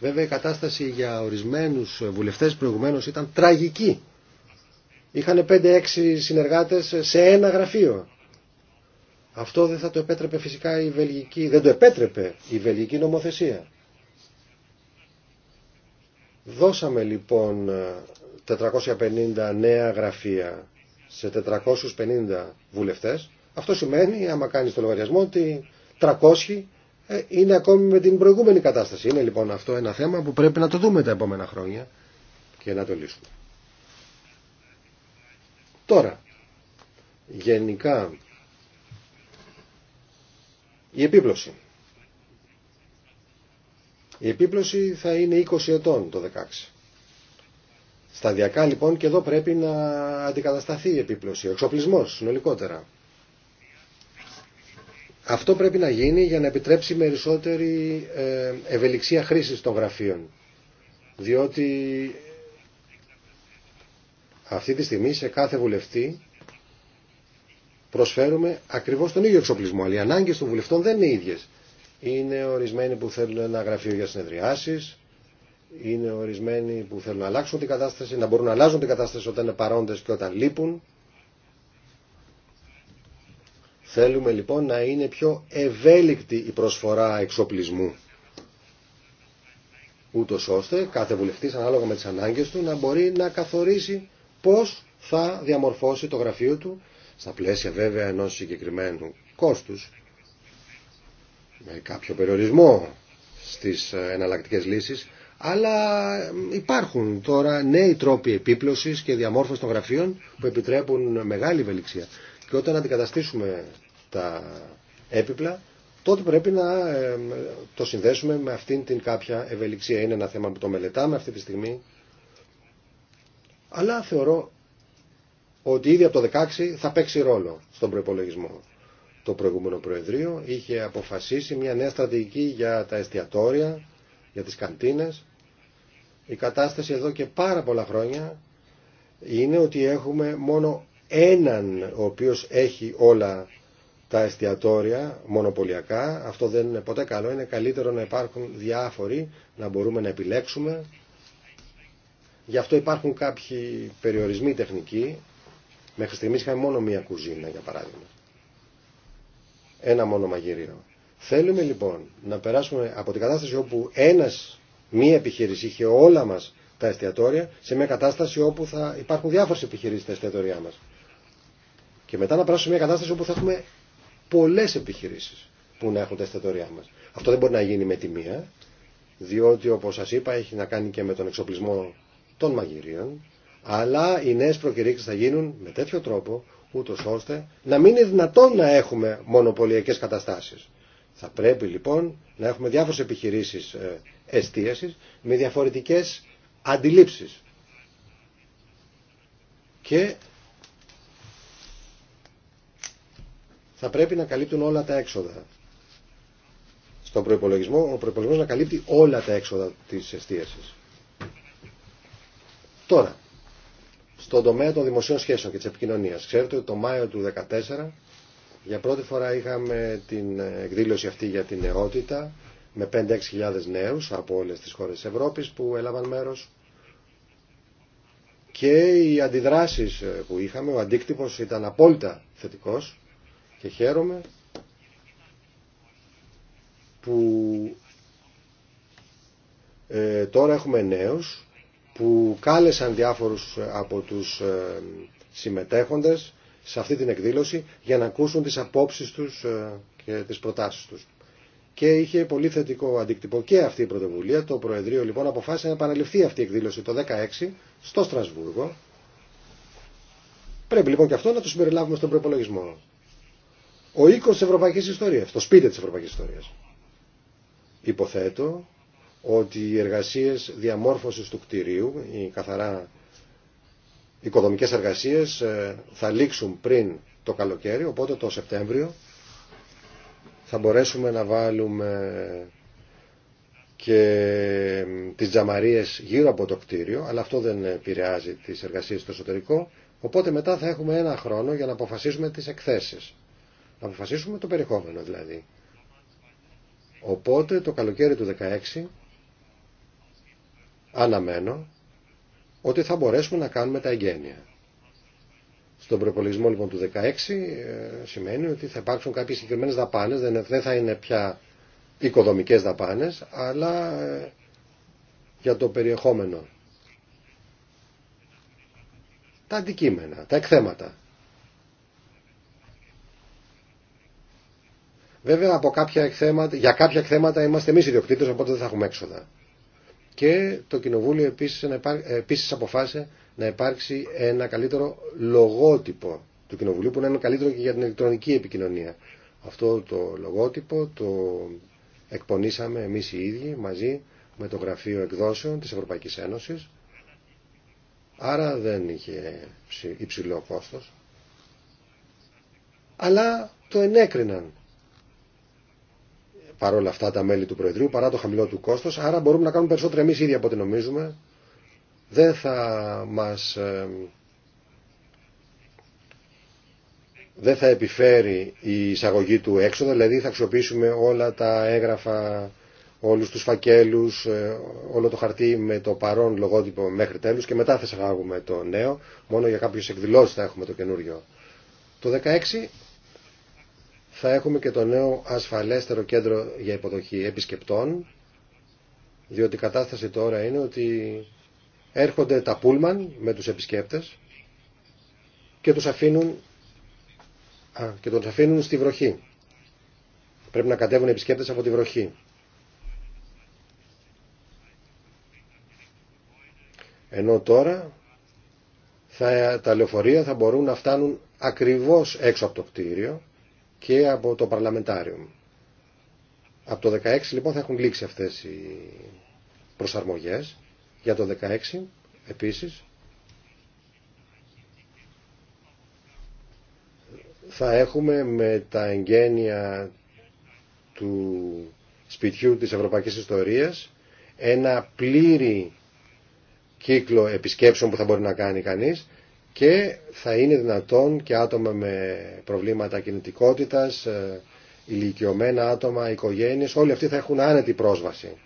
Βέβαια η κατάσταση για ορισμένους βουλευτές προηγουμένως ήταν τραγική είχαν 5-6 συνεργάτες σε ένα γραφείο. Αυτό δεν θα το επέτρεπε φυσικά η Βελγική, δεν το επέτρεπε η Βελγική νομοθεσία. Δώσαμε λοιπόν 450 ε, νέα γραφεία σε 450 βουλευτές. Αυτό σημαίνει, άμα κάνεις το λογαριασμό, ότι 300 ε, είναι ακόμη με την προηγούμενη κατάσταση. Είναι λοιπόν αυτό ένα θέμα που πρέπει να το δούμε τα επόμενα χρόνια και να το λύσουμε. Τώρα, γενικά η επίπλωση. Η επίπλωση θα είναι 20 ετών το 16. Σταδιακά λοιπόν και εδώ πρέπει να αντικατασταθεί η επίπλωση, ο εξοπλισμός συνολικότερα. Αυτό πρέπει να γίνει για να επιτρέψει περισσότερη ε, ευελιξία χρήσης των γραφείων. Διότι αυτή τη στιγμή σε κάθε βουλευτή προσφέρουμε ακριβώς τον ίδιο εξοπλισμό, αλλά οι ανάγκες των βουλευτών δεν είναι ίδιες. Είναι ορισμένοι που θέλουν ένα γραφείο για συνεδριάσεις, είναι ορισμένοι που θέλουν να αλλάξουν την κατάσταση, να μπορούν να αλλάζουν την κατάσταση όταν είναι παρόντες και όταν λείπουν. Θέλουμε λοιπόν να είναι πιο ευέλικτη η προσφορά εξοπλισμού. Ούτω ώστε κάθε βουλευτή ανάλογα με τι ανάγκε του να μπορεί να καθορίσει πώς θα διαμορφώσει το γραφείο του στα πλαίσια βέβαια ενός συγκεκριμένου κόστους με κάποιο περιορισμό στις εναλλακτικέ λύσεις αλλά υπάρχουν τώρα νέοι τρόποι επίπλωσης και διαμόρφωση των γραφείων που επιτρέπουν μεγάλη ευελιξία και όταν αντικαταστήσουμε τα έπιπλα τότε πρέπει να το συνδέσουμε με αυτήν την κάποια ευελιξία. Είναι ένα θέμα που το μελετάμε αυτή τη στιγμή αλλά θεωρώ ότι ήδη από το 16 θα παίξει ρόλο στον προπολογισμό. Το προηγούμενο Προεδρείο είχε αποφασίσει μια νέα στρατηγική για τα εστιατόρια, για τις καντίνες. Η κατάσταση εδώ και πάρα πολλά χρόνια είναι ότι έχουμε μόνο έναν ο οποίος έχει όλα τα εστιατόρια μονοπωλιακά. Αυτό δεν είναι ποτέ καλό. Είναι καλύτερο να υπάρχουν διάφοροι, να μπορούμε να επιλέξουμε Γι' αυτό υπάρχουν κάποιοι περιορισμοί τεχνικοί. Μέχρι στιγμή είχαμε μόνο μία κουζίνα, για παράδειγμα. Ένα μόνο μαγειρίο. Θέλουμε λοιπόν να περάσουμε από την κατάσταση όπου ένας, μία επιχείρηση είχε όλα μας τα εστιατόρια σε μια κατάσταση όπου θα υπάρχουν διάφορες επιχειρήσεις στα εστιατόρια μας. Και μετά να περάσουμε σε μια κατάσταση όπου θα έχουμε πολλές επιχειρήσεις που να έχουν τα εστιατόρια μας. Αυτό δεν μπορεί να γίνει με τη μία, διότι όπως σας είπα έχει να κάνει και με τον εξοπλισμό των μαγειρίων, αλλά οι νέες προκηρύξεις θα γίνουν με τέτοιο τρόπο, ούτω ώστε να μην είναι δυνατόν να έχουμε μονοπωλιακές καταστάσεις. Θα πρέπει λοιπόν να έχουμε διάφορες επιχειρήσεις ε, εστίασης με διαφορετικές αντιλήψεις. Και θα πρέπει να καλύπτουν όλα τα έξοδα. Στον προπολογισμό, ο προπολογισμό να καλύπτει όλα τα έξοδα τη εστίαση. Τώρα, στον τομέα των δημοσίων σχέσεων και της επικοινωνία, Ξέρετε ότι το Μάιο του 2014 για πρώτη φορά είχαμε την ε, εκδήλωση αυτή για την νεότητα με 5-6 νέου από όλε τι χώρε τη Ευρώπη που έλαβαν μέρος και οι αντιδράσεις ε, που είχαμε, ο αντίκτυπος ήταν απόλυτα θετικό και χαίρομαι που ε, τώρα έχουμε νέους που κάλεσαν διάφορους ε, από τους ε, συμμετέχοντες σε αυτή την εκδήλωση για να ακούσουν τις απόψεις τους ε, και τις προτάσεις τους. Και είχε πολύ θετικό αντίκτυπο και αυτή η πρωτοβουλία. Το Προεδρείο λοιπόν αποφάσισε να επαναληφθεί αυτή η εκδήλωση το 2016 στο Στρασβούργο. Πρέπει λοιπόν και αυτό να το συμπεριλάβουμε στον προπολογισμό. Ο οίκος της Ευρωπαϊκής Ιστορίας, το σπίτι της Ευρωπαϊκής Ιστορίας. Υποθέτω ότι οι εργασίες διαμόρφωσης του κτηρίου, οι καθαρά οικοδομικές εργασίες ε, θα λήξουν πριν το καλοκαίρι, οπότε το Σεπτέμβριο θα μπορέσουμε να βάλουμε και τις τζαμαρίες γύρω από το κτίριο, αλλά αυτό δεν επηρεάζει τις εργασίες στο εσωτερικό, οπότε μετά θα έχουμε ένα χρόνο για να αποφασίσουμε τις εκθέσεις. Να αποφασίσουμε το περιεχόμενο δηλαδή. Οπότε το καλοκαίρι του 2016 αναμένω ότι θα μπορέσουμε να κάνουμε τα εγγένεια. Στον προπολογισμό λοιπόν του 2016 ε, σημαίνει ότι θα υπάρξουν κάποιες συγκεκριμένες δαπάνες, δεν θα είναι πια οικοδομικές δαπάνες, αλλά ε, για το περιεχόμενο. Τα αντικείμενα, τα εκθέματα. Βέβαια από κάποια εκθέματα, για κάποια εκθέματα είμαστε εμείς ιδιοκτήτες, οπότε δεν θα έχουμε έξοδα. Και το Κοινοβούλιο επίσης, ε, επίσης αποφάσισε να υπάρξει ένα καλύτερο λογότυπο του Κοινοβουλίου που να είναι καλύτερο και για την ηλεκτρονική επικοινωνία. Αυτό το λογότυπο το εκπονήσαμε εμείς οι ίδιοι μαζί με το Γραφείο Εκδόσεων της Ευρωπαϊκής Ένωσης. Άρα δεν είχε υψηλό κόστος. Αλλά το ενέκριναν παρόλα αυτά τα μέλη του Προεδρείου, παρά το χαμηλό του κόστος, άρα μπορούμε να κάνουμε περισσότερο εμεί ίδια από ό,τι νομίζουμε. Δεν θα μας... Ε, δεν θα επιφέρει η εισαγωγή του έξοδα, δηλαδή θα αξιοποιήσουμε όλα τα έγγραφα, όλους τους φακέλους, ε, όλο το χαρτί με το παρόν λογότυπο μέχρι τέλους και μετά θα εισαγάγουμε το νέο, μόνο για κάποιες εκδηλώσεις θα έχουμε το καινούριο. Το θα έχουμε και το νέο ασφαλέστερο κέντρο για υποδοχή επισκεπτών, διότι η κατάσταση τώρα είναι ότι έρχονται τα πούλμαν με τους επισκέπτες και τους αφήνουν, και τους αφήνουν στη βροχή. Πρέπει να κατέβουν οι επισκέπτες από τη βροχή. Ενώ τώρα θα, τα λεωφορεία θα μπορούν να φτάνουν ακριβώς έξω από το κτίριο και από το Παρλαμεντάριο. Από το 16 λοιπόν θα έχουν λήξει αυτές οι προσαρμογές. Για το 16 επίσης θα έχουμε με τα εγγένεια του σπιτιού της Ευρωπαϊκής Ιστορίας ένα πλήρη κύκλο επισκέψεων που θα μπορεί να κάνει κανείς και θα είναι δυνατόν και άτομα με προβλήματα κινητικότητας, ε, ηλικιωμένα άτομα, οικογένειες, όλοι αυτοί θα έχουν άνετη πρόσβαση.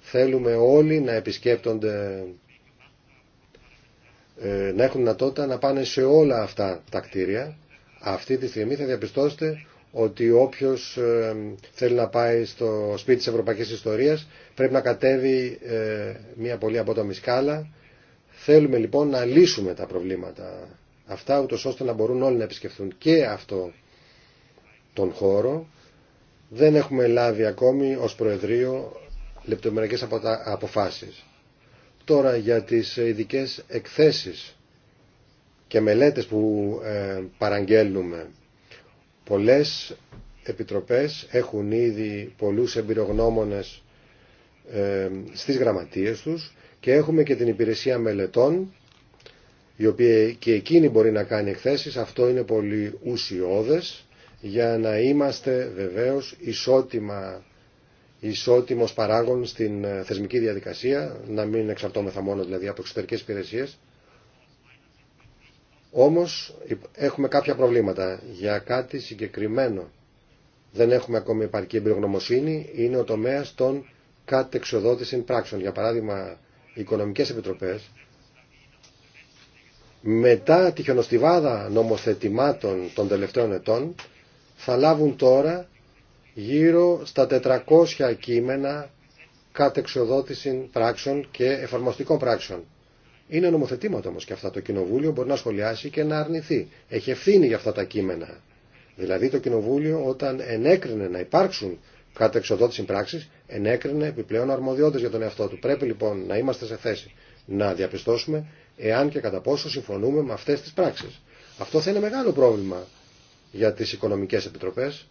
Θέλουμε όλοι να επισκέπτονται, ε, να έχουν δυνατότητα να πάνε σε όλα αυτά τα κτίρια. Αυτή τη στιγμή θα διαπιστώσετε ότι όποιος ε, θέλει να πάει στο σπίτι της Ευρωπαϊκής Ιστορίας πρέπει να κατέβει μια πολύ απότομη σκάλα Θέλουμε λοιπόν να λύσουμε τα προβλήματα αυτά, ούτως ώστε να μπορούν όλοι να επισκεφθούν και αυτό τον χώρο. Δεν έχουμε λάβει ακόμη ως Προεδρείο λεπτομερικές αποφάσεις. Τώρα για τις ειδικέ εκθέσεις και μελέτες που ε, παραγγέλνουμε. Πολλές επιτροπές έχουν ήδη πολλούς εμπειρογνώμονες ε, στις γραμματείες τους και έχουμε και την υπηρεσία μελετών, η οποία και εκείνη μπορεί να κάνει εκθέσεις. Αυτό είναι πολύ ουσιώδες για να είμαστε βεβαίως ισότιμα, ισότιμος παράγων στην ε, θεσμική διαδικασία, να μην εξαρτώμεθα μόνο δηλαδή από εξωτερικές υπηρεσίες. Όμως έχουμε κάποια προβλήματα για κάτι συγκεκριμένο. Δεν έχουμε ακόμη επαρκή εμπειρογνωμοσύνη, είναι ο τομέας των κατεξοδότηση πράξεων. Για παράδειγμα, οι οικονομικές επιτροπές μετά τη χιονοστιβάδα νομοθετημάτων των τελευταίων ετών θα λάβουν τώρα γύρω στα 400 κείμενα κατεξοδότηση πράξεων και εφαρμοστικών πράξεων. Είναι νομοθετήματα όμως και αυτά. Το Κοινοβούλιο μπορεί να σχολιάσει και να αρνηθεί. Έχει ευθύνη για αυτά τα κείμενα. Δηλαδή το Κοινοβούλιο όταν ενέκρινε να υπάρξουν εξοδότηση πράξης ενέκρινε επιπλέον αρμοδιότητες για τον εαυτό του. Πρέπει λοιπόν να είμαστε σε θέση να διαπιστώσουμε εάν και κατά πόσο συμφωνούμε με αυτές τις πράξεις. Αυτό θα είναι μεγάλο πρόβλημα για τις οικονομικές επιτροπές,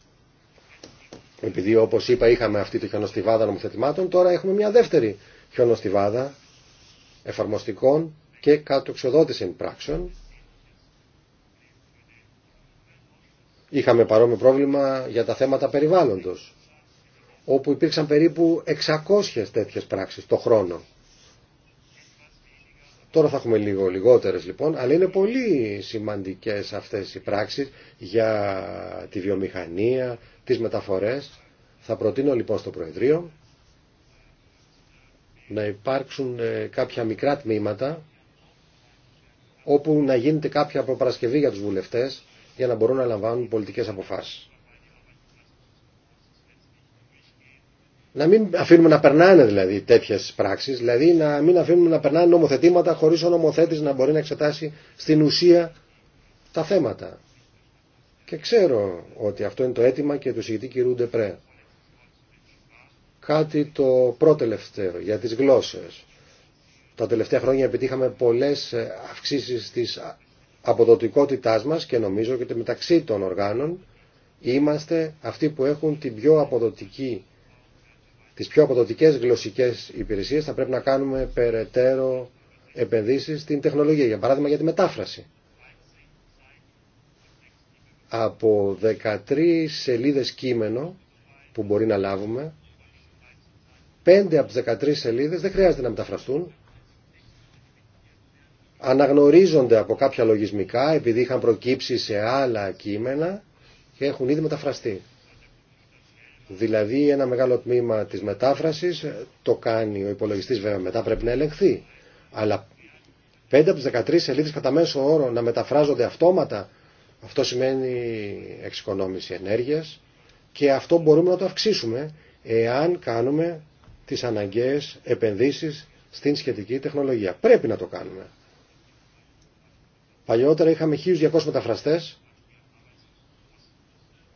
επειδή όπως είπα είχαμε αυτή τη χιονοστιβάδα νομοθετημάτων, τώρα έχουμε μια δεύτερη χιονοστιβάδα εφαρμοστικών και κατοξιοδότηση πράξεων. Είχαμε παρόμοιο πρόβλημα για τα θέματα περιβάλλοντος όπου υπήρξαν περίπου 600 τέτοιες πράξεις το χρόνο. Τώρα θα έχουμε λίγο λιγότερες λοιπόν, αλλά είναι πολύ σημαντικές αυτές οι πράξεις για τη βιομηχανία, τις μεταφορές. Θα προτείνω λοιπόν στο Προεδρείο να υπάρξουν ε, κάποια μικρά τμήματα όπου να γίνεται κάποια προπαρασκευή για τους βουλευτές για να μπορούν να λαμβάνουν πολιτικές αποφάσεις. να μην αφήνουμε να περνάνε δηλαδή τέτοιε πράξει, δηλαδή να μην αφήνουμε να περνάνε νομοθετήματα χωρί ο νομοθέτη να μπορεί να εξετάσει στην ουσία τα θέματα. Και ξέρω ότι αυτό είναι το αίτημα και του συγκεκριτή κυρίου Ντεπρέ. Κάτι το πρώτελευταίο για τι γλώσσε. Τα τελευταία χρόνια επιτύχαμε πολλέ αυξήσει τη αποδοτικότητά μα και νομίζω ότι μεταξύ των οργάνων είμαστε αυτοί που έχουν την πιο αποδοτική τις πιο αποδοτικές γλωσσικές υπηρεσίες θα πρέπει να κάνουμε περαιτέρω επενδύσεις στην τεχνολογία, για παράδειγμα για τη μετάφραση. Από 13 σελίδες κείμενο που μπορεί να λάβουμε, 5 από τις 13 σελίδες δεν χρειάζεται να μεταφραστούν, αναγνωρίζονται από κάποια λογισμικά επειδή είχαν προκύψει σε άλλα κείμενα και έχουν ήδη μεταφραστεί. Δηλαδή ένα μεγάλο τμήμα της μετάφρασης ε, το κάνει ο υπολογιστής βέβαια μετά πρέπει να ελεγχθεί. Αλλά 5 από τις 13 σελίδες κατά μέσο όρο να μεταφράζονται αυτόματα αυτό σημαίνει εξοικονόμηση ενέργειας και αυτό μπορούμε να το αυξήσουμε εάν κάνουμε τις αναγκαίες επενδύσεις στην σχετική τεχνολογία. Πρέπει να το κάνουμε. Παλιότερα είχαμε 1200 μεταφραστές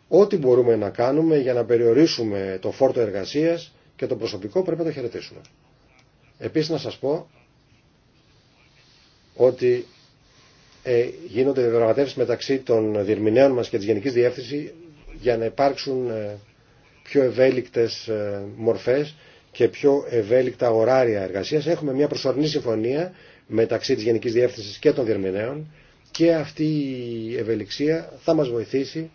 Ό,τι μπορούμε να κάνουμε για να περιορίσουμε το φόρτο εργασίας και το προσωπικό πρέπει να το χαιρετήσουμε. Επίσης να σας πω ότι ε, γίνονται διαπραγματεύσεις μεταξύ των διερμηνέων μας και της Γενικής Διεύθυνσης για να υπάρξουν ε, πιο ευέλικτες ε, μορφές και πιο ευέλικτα ωράρια εργασίας. Έχουμε μια προσωρινή συμφωνία μεταξύ της Γενικής Διεύθυνσης και των διερμηνέων και αυτή η ευελιξία θα μας βοηθήσει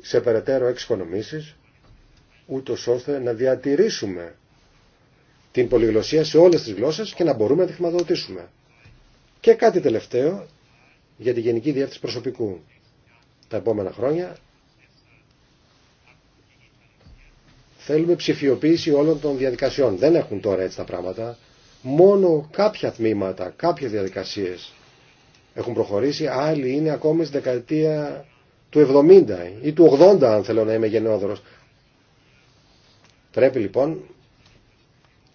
σε περαιτέρω εξοικονομήσεις ούτω ώστε να διατηρήσουμε την πολυγλωσία σε όλες τις γλώσσες και να μπορούμε να τη χρηματοδοτήσουμε. Και κάτι τελευταίο για τη Γενική Διεύθυνση Προσωπικού. Τα επόμενα χρόνια θέλουμε ψηφιοποίηση όλων των διαδικασιών. Δεν έχουν τώρα έτσι τα πράγματα. Μόνο κάποια τμήματα, κάποιες διαδικασίες έχουν προχωρήσει. Άλλοι είναι ακόμη στη δεκαετία του 70 ή του 80 αν θέλω να είμαι γενναιόδωρος. Πρέπει λοιπόν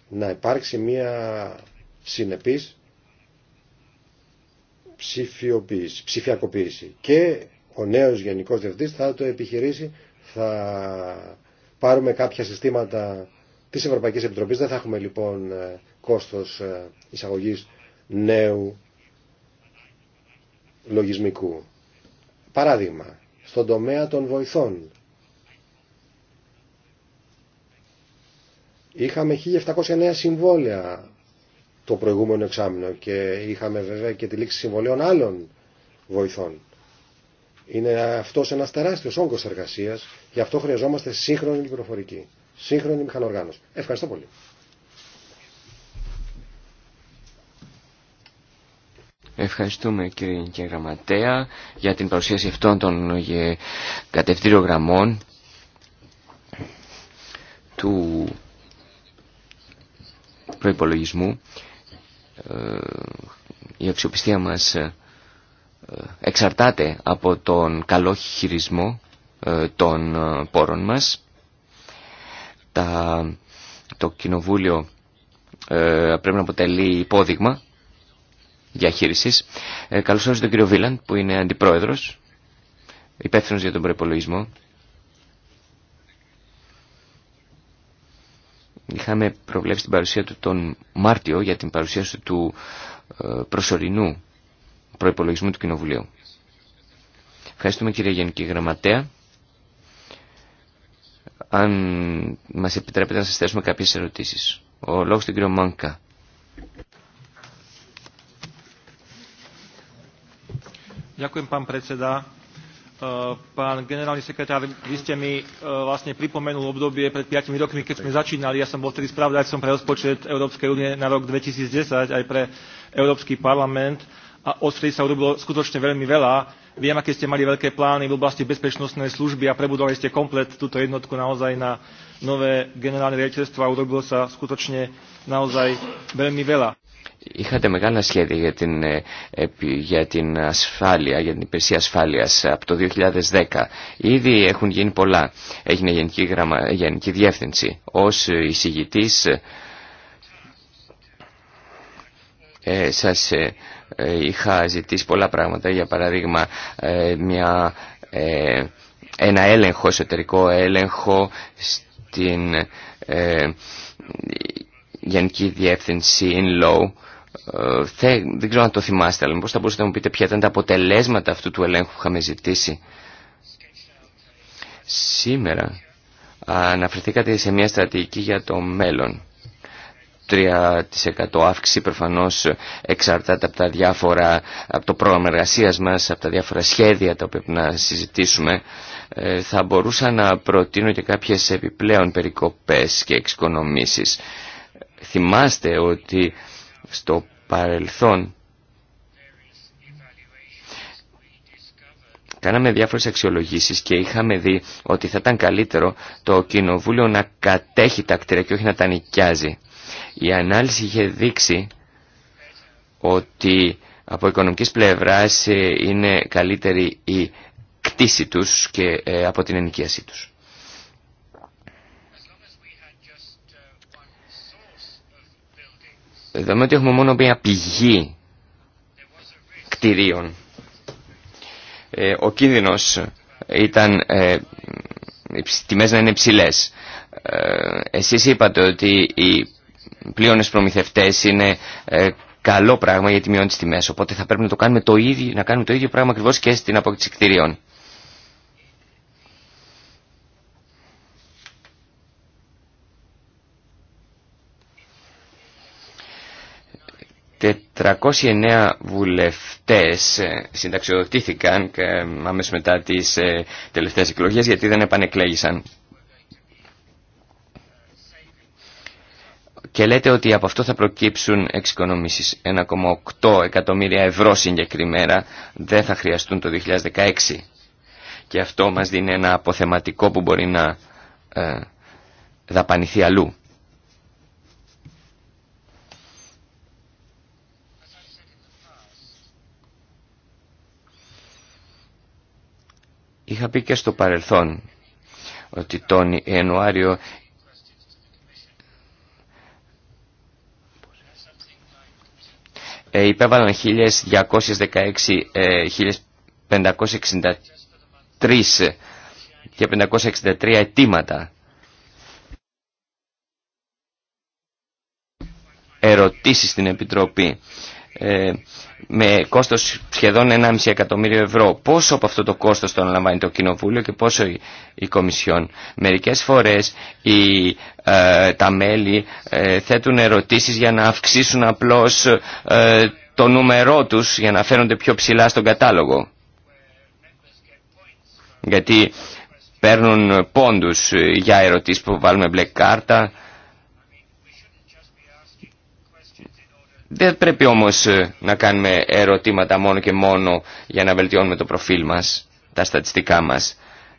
να υπάρξει μια συνεπής ψηφιοποίηση, ψηφιακοποίηση και ο νέος γενικός διευθυντής θα το επιχειρήσει, θα πάρουμε κάποια συστήματα της Ευρωπαϊκής Επιτροπής, δεν θα έχουμε λοιπόν κόστος ε, εισαγωγής νέου λογισμικού. Παράδειγμα, στον τομέα των βοηθών. Είχαμε 1.709 συμβόλαια το προηγούμενο εξάμεινο και είχαμε βέβαια και τη λήξη συμβολέων άλλων βοηθών. Είναι αυτός ένας τεράστιος όγκος εργασίας, γι' αυτό χρειαζόμαστε σύγχρονη πληροφορική, σύγχρονη μηχανοργάνωση. Ευχαριστώ πολύ.
Ευχαριστούμε κύριε και Γραμματέα για την παρουσίαση αυτών των ε, κατευθύνων γραμμών του προϋπολογισμού. Ε, η αξιοπιστία μας ε, εξαρτάται από τον καλό χειρισμό των πόρων μας. το Κοινοβούλιο πρέπει να αποτελεί υπόδειγμα διαχείριση. Ε, τον κύριο Βίλαντ που είναι αντιπρόεδρο, υπεύθυνο για τον προπολογισμό. Είχαμε προβλέψει την παρουσία του τον Μάρτιο για την παρουσίαση του ε, προσωρινού προπολογισμού του Κοινοβουλίου. Ευχαριστούμε κύριε Γενική Γραμματέα. Αν μας επιτρέπετε να σας θέσουμε κάποιες ερωτήσεις. Ο λόγος του κύριο Μάνκα.
Ďakujem, pán predseda. Pán generálny sekretár, vy ste mi vlastne pripomenul obdobie pred 5 rokmi, keď sme začínali. Ja som bol vtedy spravodajcom pre rozpočet Európskej únie na rok 2010 aj pre Európsky parlament a odvtedy sa urobilo skutočne veľmi veľa. Viem, aké ste mali veľké plány v oblasti bezpečnostnej služby a prebudovali ste komplet túto jednotku naozaj na nové generálne riaditeľstvo a urobilo sa skutočne naozaj veľmi veľa.
Είχατε μεγάλα σχέδια για την, ε, για την ασφάλεια, για την υπηρεσία ασφάλειας από το 2010. Ήδη έχουν γίνει πολλά. Έγινε γενική, γραμμα, γενική διεύθυνση. Ως εισηγητής ε, σας ε, ε, είχα ζητήσει πολλά πράγματα. Για παράδειγμα, μια, ένα έλεγχο, εσωτερικό έλεγχο στην Γενική Διεύθυνση in Law. Ε, δεν ξέρω αν το θυμάστε, αλλά μήπως θα μπορούσατε να μου πείτε ποια ήταν τα αποτελέσματα αυτού του ελέγχου που είχαμε ζητήσει. Σήμερα αναφερθήκατε σε μια στρατηγική για το μέλλον. 3% αύξηση προφανώς εξαρτάται από τα διάφορα, από το πρόγραμμα εργασίας μας, από τα διάφορα σχέδια τα οποία να συζητήσουμε. Ε, θα μπορούσα να προτείνω και κάποιες επιπλέον περικοπές και εξοικονομήσεις θυμάστε ότι στο παρελθόν κάναμε διάφορες αξιολογήσεις και είχαμε δει ότι θα ήταν καλύτερο το κοινοβούλιο να κατέχει τα κτίρια και όχι να τα νοικιάζει. Η ανάλυση είχε δείξει ότι από οικονομικής πλευράς ε, είναι καλύτερη η κτίση τους και ε, από την ενοικίασή τους. Δεδομένου ότι έχουμε μόνο μια πηγή κτηρίων. Ε, ο κίνδυνος ήταν ε, οι τιμές να είναι υψηλές. Ε, εσείς είπατε ότι οι πλειώνες προμηθευτές είναι ε, καλό πράγμα γιατί μειώνει τις τιμές. Οπότε θα πρέπει να, το κάνουμε το ίδιο, να κάνουμε το ίδιο πράγμα ακριβώς και στην απόκτηση κτηρίων. 409 βουλευτές ε, συνταξιοδοτήθηκαν ε, αμέσως μετά τις ε, τελευταίες εκλογές γιατί δεν επανεκλέγησαν. Και λέτε ότι από αυτό θα προκύψουν εξοικονομήσεις 1,8 εκατομμύρια ευρώ συγκεκριμένα δεν θα χρειαστούν το 2016. Και αυτό μας δίνει ένα αποθεματικό που μπορεί να δαπανηθεί αλλού. Είχα πει και στο παρελθόν ότι τον Ιανουάριο ε, υπέβαλαν 1.216, 1.563 ε, και 563 αιτήματα. Ερωτήσεις στην Επιτροπή. Ε, με κόστος σχεδόν 1,5 εκατομμύριο ευρώ. Πόσο από αυτό το κόστος το αναλαμβάνει το Κοινοβούλιο και πόσο η, η Κομισιόν. Μερικές φορές ε, τα μέλη ε, θέτουν ερωτήσεις για να αυξήσουν απλώς ε, το νούμερό τους για να φαίνονται πιο ψηλά στον κατάλογο. Γιατί παίρνουν πόντους για ερωτήσεις που βάλουμε μπλε κάρτα Δεν πρέπει όμως ε, να κάνουμε ερωτήματα μόνο και μόνο για να βελτιώνουμε το προφίλ μας, τα στατιστικά μας.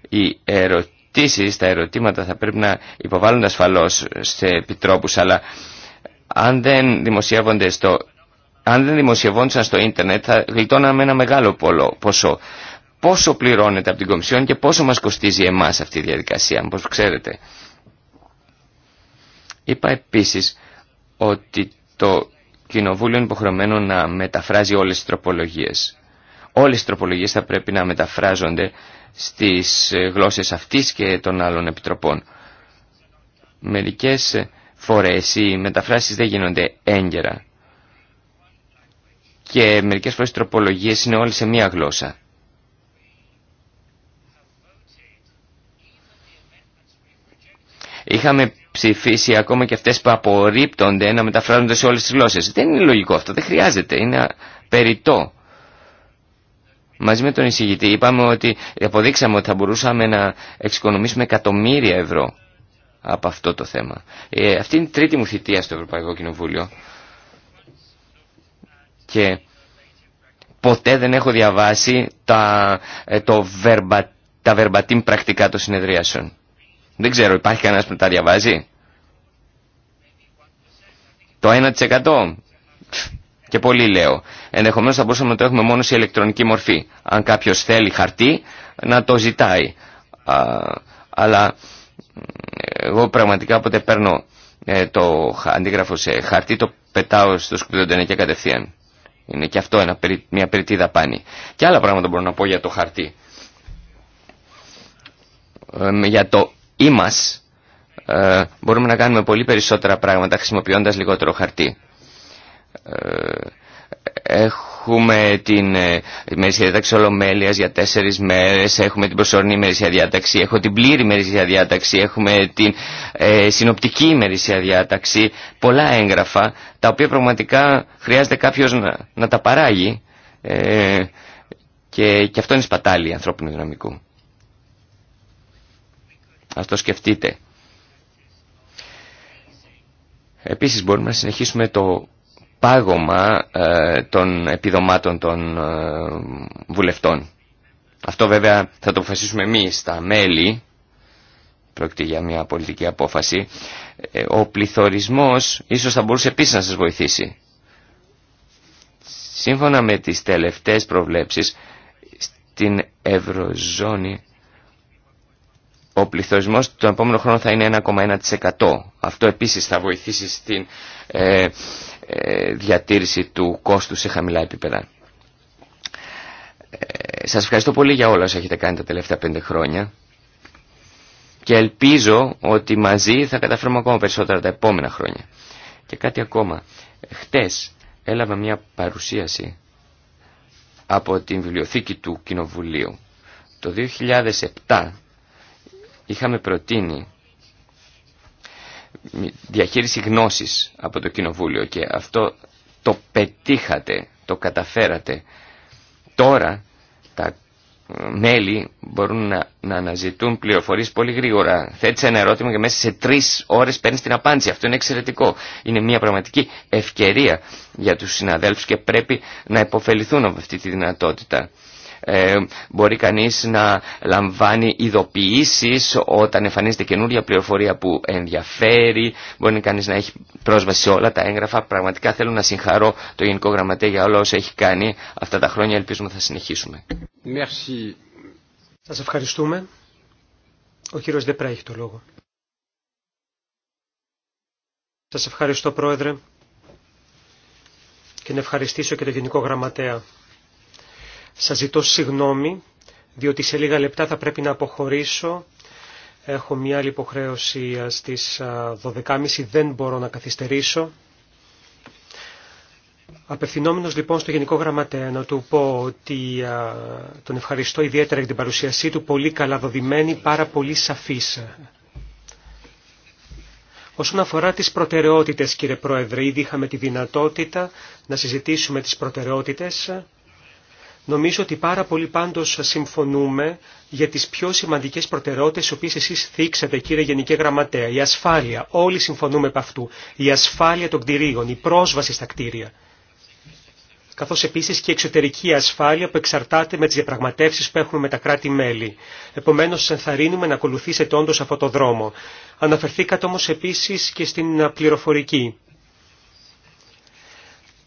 Οι ερωτήσεις, τα ερωτήματα θα πρέπει να υποβάλλονται ασφαλώς ε, σε επιτρόπους, αλλά αν δεν δημοσιεύονται στο... Αν δεν δημοσιευόντουσαν στο ίντερνετ θα γλιτώναμε ένα μεγάλο ποσό. Πόσο πληρώνεται από την Κομισιόν και πόσο μας κοστίζει εμάς αυτή η διαδικασία, όπως ξέρετε. Είπα επίσης ότι το Κοινοβούλιο είναι υποχρεωμένο να μεταφράζει όλες τις τροπολογίες. Όλες τις τροπολογίες θα πρέπει να μεταφράζονται στις γλώσσες αυτής και των άλλων επιτροπών. Μερικές φορές οι μεταφράσεις δεν γίνονται έγκαιρα. Και μερικές φορές οι τροπολογίες είναι όλες σε μία γλώσσα. Είχαμε ψηφίσει ακόμα και αυτές που απορρίπτονται να μεταφράζονται σε όλες τις γλώσσες. Δεν είναι λογικό αυτό, δεν χρειάζεται, είναι περιττό. Μαζί με τον εισηγητή είπαμε ότι αποδείξαμε ότι θα μπορούσαμε να εξοικονομήσουμε εκατομμύρια ευρώ από αυτό το θέμα. Ε, αυτή είναι η τρίτη μου θητεία στο Ευρωπαϊκό Κοινοβούλιο και ποτέ δεν έχω διαβάσει τα, ε, το τα verbatim πρακτικά των συνεδρίασεων. Δεν ξέρω, υπάρχει κανένα που τα διαβάζει. Το 1% και πολύ λέω. Ενδεχομένως θα μπορούσαμε να το έχουμε μόνο σε ηλεκτρονική μορφή. Αν κάποιος θέλει χαρτί να το ζητάει. Α, αλλά εγώ πραγματικά όποτε παίρνω ε, το αντίγραφο σε χαρτί το πετάω στο είναι και κατευθείαν. Είναι και αυτό ένα, μια περιττή δαπάνη. Και άλλα πράγματα μπορώ να πω για το χαρτί. Ε, για το ή ε, μπορούμε να κάνουμε πολύ περισσότερα πράγματα χρησιμοποιώντας λιγότερο χαρτί. Ε, έχουμε την ε, διάταξη ολομέλειας για τέσσερις μέρες, έχουμε την προσωρινή ημερησία διάταξη, έχω την πλήρη μερίσια διάταξη, έχουμε την ε, συνοπτική ημερησία διάταξη, πολλά έγγραφα, τα οποία πραγματικά χρειάζεται κάποιος να, τα παράγει ε, και, και αυτό είναι σπατάλη ανθρώπινου δυναμικού. Ας το σκεφτείτε. Επίσης μπορούμε να συνεχίσουμε το πάγωμα ε, των επιδομάτων των ε, βουλευτών. Αυτό βέβαια θα το αποφασίσουμε εμείς, τα μέλη, πρόκειται για μια πολιτική απόφαση. Ε, ο πληθωρισμός ίσως θα μπορούσε επίσης να σας βοηθήσει. Σύμφωνα με τις τελευταίες προβλέψεις, στην Ευρωζώνη ο πληθωρισμός τον επόμενο χρόνο θα είναι 1,1%. Αυτό επίσης θα βοηθήσει στη ε, ε, διατήρηση του κόστου σε χαμηλά επίπεδα. Ε, σας ευχαριστώ πολύ για όλα όσα έχετε κάνει τα τελευταία πέντε χρόνια και ελπίζω ότι μαζί θα καταφέρουμε ακόμα περισσότερα τα επόμενα χρόνια. Και κάτι ακόμα. Χτες έλαβα μια παρουσίαση από την βιβλιοθήκη του Κοινοβουλίου. Το 2007 είχαμε προτείνει διαχείριση γνώσης από το Κοινοβούλιο και αυτό το πετύχατε, το καταφέρατε. Τώρα τα ε, μέλη μπορούν να, να αναζητούν πληροφορίες πολύ γρήγορα. Θέτεις ένα ερώτημα και μέσα σε τρεις ώρες παίρνει την απάντηση. Αυτό είναι εξαιρετικό. Είναι μια πραγματική ευκαιρία για τους συναδέλφους και πρέπει να υποφεληθούν από αυτή τη δυνατότητα. Ε, μπορεί κανείς να λαμβάνει ειδοποιήσεις όταν εμφανίζεται καινούρια πληροφορία που ενδιαφέρει. Μπορεί κανείς να έχει πρόσβαση σε όλα τα έγγραφα. Πραγματικά θέλω να συγχαρώ το Γενικό Γραμματέα για όλα όσα έχει κάνει αυτά τα χρόνια. Ελπίζουμε θα συνεχίσουμε.
Merci. Σας ευχαριστούμε. Ο κύριος Δεπρά έχει το λόγο. Σας ευχαριστώ Πρόεδρε και να ευχαριστήσω και το Γενικό Γραμματέα. Σας ζητώ συγγνώμη, διότι σε λίγα λεπτά θα πρέπει να αποχωρήσω. Έχω μια άλλη υποχρέωση στις 12.30, δεν μπορώ να καθυστερήσω. Απευθυνόμενος λοιπόν στο Γενικό Γραμματέα να του πω ότι τον ευχαριστώ ιδιαίτερα για την παρουσίασή του, πολύ καλά δοδημένη, πάρα πολύ σαφής. Όσον αφορά τις προτεραιότητες κύριε Πρόεδρε, ήδη είχαμε τη δυνατότητα να συζητήσουμε τις προτεραιότητες Νομίζω ότι πάρα πολύ πάντως συμφωνούμε για τις πιο σημαντικές προτεραιότητες οι οποίες εσείς θίξατε κύριε Γενική Γραμματέα. Η ασφάλεια, όλοι συμφωνούμε επ' αυτού. Η ασφάλεια των κτηρίων, η πρόσβαση στα κτίρια. Καθώς επίσης και η εξωτερική ασφάλεια που εξαρτάται με τις διαπραγματεύσεις που έχουμε με τα κράτη-μέλη. Επομένως, σας ενθαρρύνουμε να ακολουθήσετε όντως αυτό το δρόμο. Αναφερθήκατε όμως επίσης και στην πληροφορική.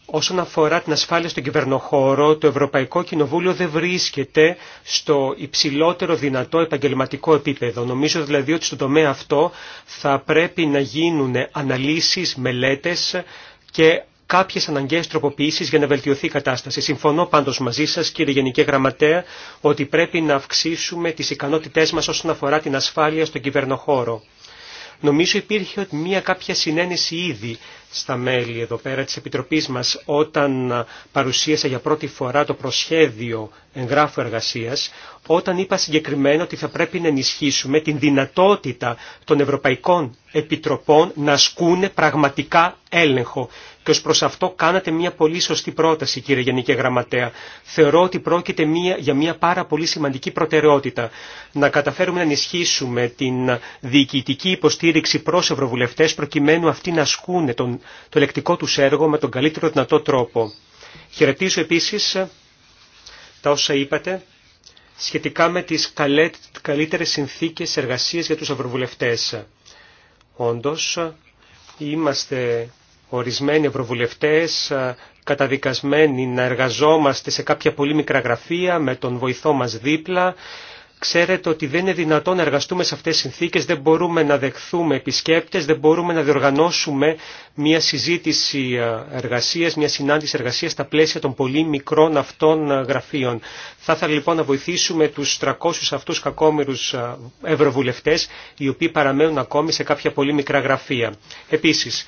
Όσον αφορά την ασφάλεια στον κυβερνοχώρο, το Ευρωπαϊκό Κοινοβούλιο δεν βρίσκεται στο υψηλότερο δυνατό επαγγελματικό επίπεδο. Νομίζω δηλαδή ότι στον τομέα αυτό θα πρέπει να γίνουν αναλύσεις, μελέτες και κάποιε αναγκαίε τροποποιήσει για να βελτιωθεί η κατάσταση. Συμφωνώ πάντως μαζί σα, κύριε Γενική Γραμματέα, ότι πρέπει να αυξήσουμε τι ικανότητέ μα όσον αφορά την ασφάλεια στον κυβερνοχώρο. Νομίζω υπήρχε μια κάποια συνένεση ήδη στα μέλη εδώ πέρα της Επιτροπής μας όταν παρουσίασα για πρώτη φορά το προσχέδιο εγγράφου εργασίας, όταν είπα συγκεκριμένα ότι θα πρέπει να ενισχύσουμε την δυνατότητα των Ευρωπαϊκών Επιτροπών να ασκούν πραγματικά έλεγχο. Και ως προς αυτό κάνατε μια πολύ σωστή πρόταση κύριε Γενική Γραμματέα. Θεωρώ ότι πρόκειται μια, για μια πάρα πολύ σημαντική προτεραιότητα. Να καταφέρουμε να ενισχύσουμε την διοικητική υποστήριξη προς ευρωβουλευτές προκειμένου αυτοί να ασκούν τον, το ελεκτικό τους έργο με τον καλύτερο δυνατό τρόπο. Χαιρετίζω επίσης τα όσα είπατε σχετικά με τις καλύτερες συνθήκες εργασίας για τους ευρωβουλευτές. Όντως, είμαστε ορισμένοι ευρωβουλευτές καταδικασμένοι να εργαζόμαστε σε κάποια πολύ μικρά γραφεία με τον βοηθό μας δίπλα. Ξέρετε ότι δεν είναι δυνατόν να εργαστούμε σε αυτές τις συνθήκες, δεν μπορούμε να δεχθούμε επισκέπτες, δεν μπορούμε να διοργανώσουμε μια συζήτηση εργασίας, μια συνάντηση εργασίας στα πλαίσια των πολύ μικρών αυτών γραφείων. Θα ήθελα λοιπόν να βοηθήσουμε τους 300 αυτούς κακόμερους ευρωβουλευτές, οι οποίοι παραμένουν ακόμη σε κάποια πολύ μικρά γραφεία. Επίσης,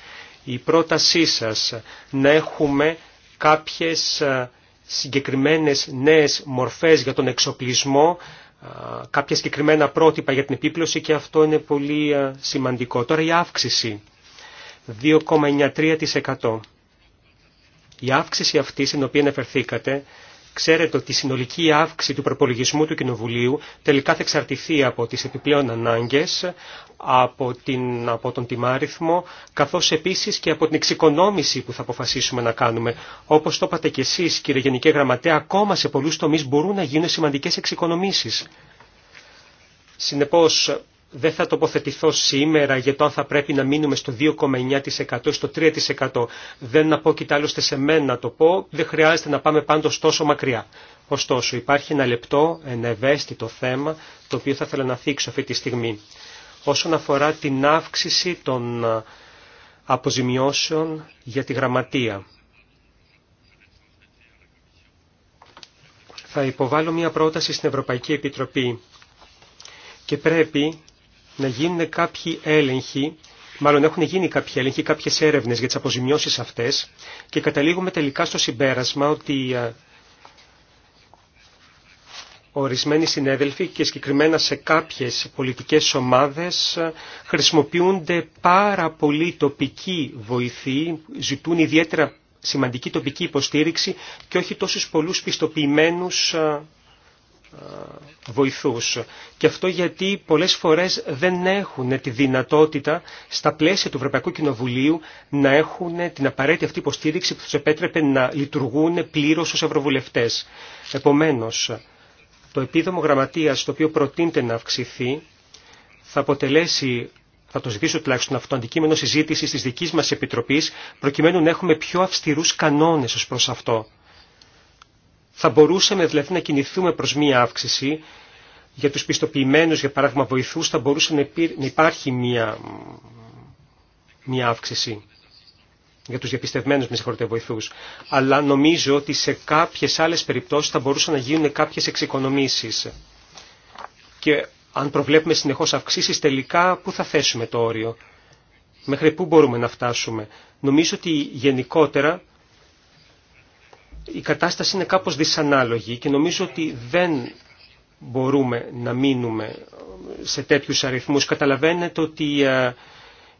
η πρότασή σας να έχουμε κάποιες ε, συγκεκριμένες νέες μορφές για τον εξοπλισμό, ε, κάποια συγκεκριμένα πρότυπα για την επίπλωση και αυτό είναι πολύ ε, σημαντικό. Τώρα η αύξηση, 2,93%. Η αύξηση αυτή στην οποία αναφερθήκατε Ξέρετε ότι η συνολική αύξηση του προπολογισμού του Κοινοβουλίου τελικά θα εξαρτηθεί από τις επιπλέον ανάγκες, από, την, από τον τιμάριθμο, καθώς επίσης και από την εξοικονόμηση που θα αποφασίσουμε να κάνουμε. Όπως το είπατε και εσείς κύριε Γενική Γραμματέα, ακόμα σε πολλούς τομείς μπορούν να γίνουν σημαντικές εξοικονομήσεις. Συνεπώς, δεν θα τοποθετηθώ σήμερα για το αν θα πρέπει να μείνουμε στο 2,9% ή στο 3%. Δεν απόκειται άλλωστε σε μένα να το πω, δεν χρειάζεται να πάμε πάντως τόσο μακριά. Ωστόσο υπάρχει ένα λεπτό, ένα ευαίσθητο θέμα το οποίο θα ήθελα να θίξω αυτή τη στιγμή. Όσον αφορά την αύξηση των αποζημιώσεων για τη γραμματεία. Θα υποβάλω μια πρόταση στην Ευρωπαϊκή Επιτροπή και πρέπει να γίνουν κάποιοι έλεγχοι, μάλλον έχουν γίνει κάποιοι έλεγχοι, κάποιες έρευνες για τις αποζημιώσεις αυτές και καταλήγουμε τελικά στο συμπέρασμα ότι ε, ορισμένοι συνέδελφοι και συγκεκριμένα σε κάποιες πολιτικές ομάδες ε, χρησιμοποιούνται πάρα πολύ τοπική βοηθή, ζητούν ιδιαίτερα σημαντική τοπική υποστήριξη και όχι τόσους πολλούς πιστοποιημένους ε, ε, βοηθούς. Και αυτό γιατί πολλές φορές δεν έχουν τη δυνατότητα στα πλαίσια του Ευρωπαϊκού Κοινοβουλίου να έχουν την απαραίτητη αυτή υποστήριξη που τους επέτρεπε να λειτουργούν πλήρως ως ευρωβουλευτές. Επομένως, το επίδομο γραμματείας το οποίο προτείνεται να αυξηθεί θα αποτελέσει θα το ζητήσω τουλάχιστον αυτό αντικείμενο συζήτηση τη δική μα επιτροπή, προκειμένου να έχουμε πιο αυστηρού κανόνε ω προ αυτό. Θα μπορούσαμε δηλαδή να κινηθούμε προς μία αύξηση. Για τους πιστοποιημένους, για παράδειγμα βοηθούς, θα μπορούσε να υπάρχει μία, μία αύξηση για τους διαπιστευμένους με συγχωρείτε βοηθούς. Αλλά νομίζω ότι σε κάποιες άλλες περιπτώσεις θα μπορούσαν να γίνουν κάποιες εξοικονομήσεις. Και αν προβλέπουμε συνεχώς αυξήσεις τελικά πού θα θέσουμε το όριο. Μέχρι πού μπορούμε να φτάσουμε. Νομίζω ότι γενικότερα η κατάσταση είναι κάπως δυσανάλογη και νομίζω ότι δεν μπορούμε να μείνουμε σε τέτοιους αριθμούς. Καταλαβαίνετε ότι ε,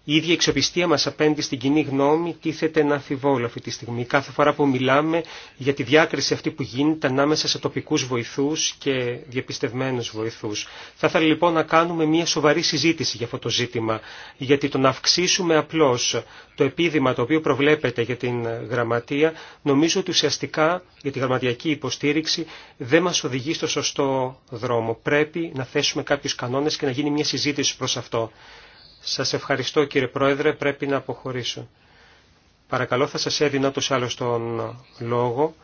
η ίδια εξοπιστία μας απέντη στην κοινή γνώμη τίθεται ένα αφιβόλο αυτή τη στιγμή. Κάθε φορά που μιλάμε για τη διάκριση αυτή που γίνεται ανάμεσα σε τοπικούς βοηθούς και διαπιστευμένους βοηθούς. Θα ήθελα λοιπόν να κάνουμε μια σοβαρή συζήτηση για αυτό το ζήτημα, γιατί το να αυξήσουμε απλώς το επίδημα το οποίο προβλέπεται για την γραμματεία, νομίζω ότι ουσιαστικά για τη γραμματιακή υποστήριξη δεν μας οδηγεί στο σωστό δρόμο. Πρέπει να θέσουμε κάποιους κανόνες και να γίνει μια συζήτηση προς αυτό. Σας ευχαριστώ κύριε Πρόεδρε, πρέπει να αποχωρήσω. Παρακαλώ θα σας έδινα τους άλλους τον λόγο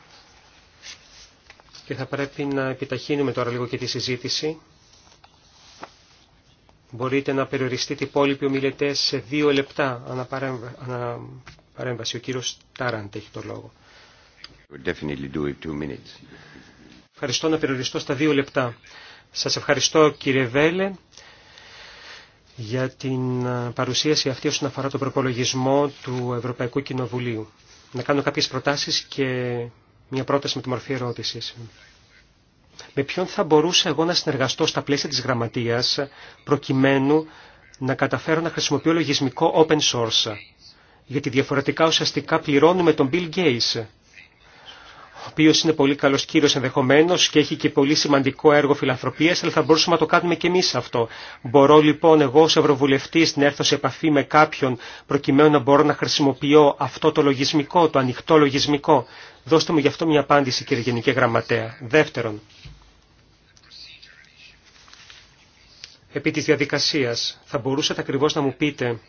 και θα πρέπει να επιταχύνουμε τώρα λίγο και τη συζήτηση. Μπορείτε να περιοριστείτε οι υπόλοιποι ομιλητέ σε δύο λεπτά αναπαρέμβαση. Ο κύριος Τάραντ έχει το λόγο. ευχαριστώ να περιοριστώ στα δύο λεπτά. Σας ευχαριστώ κύριε Βέλε για την ε, παρουσίαση αυτή όσον αφορά τον προπολογισμό του Ευρωπαϊκού Κοινοβουλίου. Να κάνω κάποιες προτάσεις και μια πρόταση με τη μορφή ερώτησης. Με ποιον θα μπορούσα εγώ να συνεργαστώ στα πλαίσια της γραμματείας προκειμένου να καταφέρω να χρησιμοποιώ λογισμικό open source. Γιατί διαφορετικά ουσιαστικά πληρώνουμε τον Bill Gates ο οποίο είναι πολύ καλό κύριο ενδεχομένω και έχει και πολύ σημαντικό έργο φιλανθρωπία, αλλά θα μπορούσαμε να το κάνουμε και εμεί αυτό. Μπορώ λοιπόν εγώ ω Ευρωβουλευτή να έρθω σε επαφή με κάποιον προκειμένου να μπορώ να χρησιμοποιώ αυτό το λογισμικό, το ανοιχτό λογισμικό. Δώστε μου γι' αυτό μια απάντηση κύριε Γενική Γραμματέα. Δεύτερον, επί της διαδικασίας θα μπορούσατε ακριβώ να μου πείτε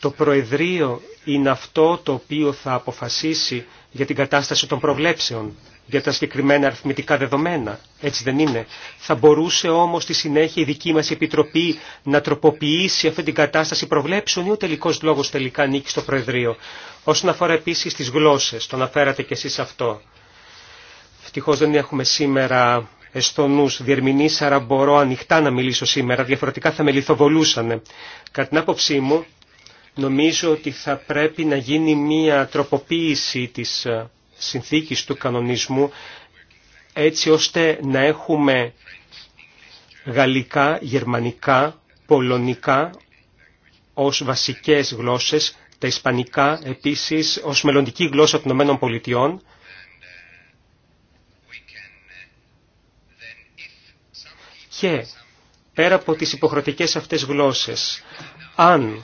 το Προεδρείο είναι αυτό το οποίο θα αποφασίσει για την κατάσταση των προβλέψεων, για τα συγκεκριμένα αριθμητικά δεδομένα. Έτσι δεν είναι. Θα μπορούσε όμως στη συνέχεια η δική μας Επιτροπή να τροποποιήσει αυτή την κατάσταση προβλέψεων ή ο τελικός λόγος τελικά νίκη στο Προεδρείο. Όσον αφορά επίσης τις γλώσσες, το αναφέρατε κι εσείς αυτό. φτυχώς δεν έχουμε σήμερα Εστονούς διερμηνείς, άρα μπορώ ανοιχτά να μιλήσω σήμερα, διαφορετικά θα με λιθοβολούσανε. Κατά την άποψή μου, νομίζω ότι θα πρέπει να γίνει μία τροποποίηση της ε, συνθήκης του κανονισμού έτσι ώστε να έχουμε γαλλικά, γερμανικά, πολωνικά ως βασικές γλώσσες, τα ισπανικά επίσης ως μελλοντική γλώσσα των ΗΠΑ και πέρα από τις υποχρεωτικές αυτές γλώσσες, αν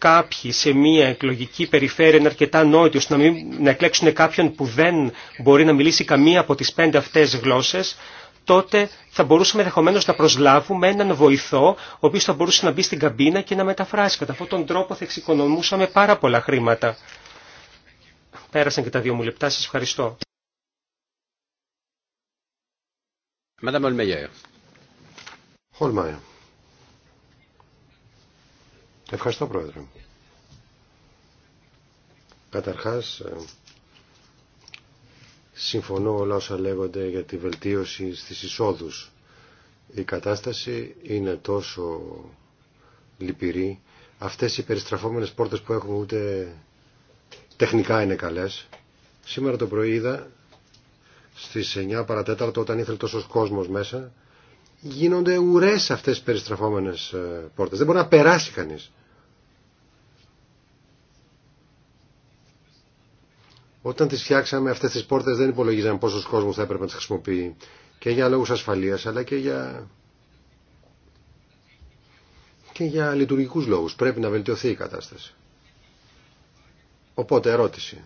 κάποιοι σε μια εκλογική περιφέρεια είναι αρκετά νόητοι ώστε να, μην, να εκλέξουν κάποιον που δεν μπορεί να μιλήσει καμία από τις πέντε αυτές γλώσσες, τότε θα μπορούσαμε ενδεχομένω να προσλάβουμε έναν βοηθό, ο οποίος θα μπορούσε να μπει στην καμπίνα και να μεταφράσει. Κατά αυτόν τον τρόπο θα εξοικονομούσαμε πάρα πολλά χρήματα. Πέρασαν και τα δύο μου λεπτά. Σας ευχαριστώ.
Madame Ευχαριστώ Πρόεδρε. Καταρχάς, ε, συμφωνώ όλα όσα λέγονται για τη βελτίωση στις εισόδους. Η κατάσταση είναι τόσο λυπηρή. Αυτές οι περιστραφόμενες πόρτες που έχουμε ούτε τεχνικά είναι καλές. Σήμερα το πρωί είδα στις 9 παρατέταρτο όταν ήθελε τόσος κόσμος μέσα γίνονται ουρές αυτές οι περιστραφόμενες ε, πόρτες. Δεν μπορεί να περάσει κανείς. Όταν τις φτιάξαμε αυτές τι πόρτες δεν υπολογίζαμε πόσο κόσμος θα έπρεπε να τι χρησιμοποιεί και για λόγους ασφαλείας αλλά και για, και για λειτουργικούς λόγους. Πρέπει να βελτιωθεί η κατάσταση. Οπότε ερώτηση.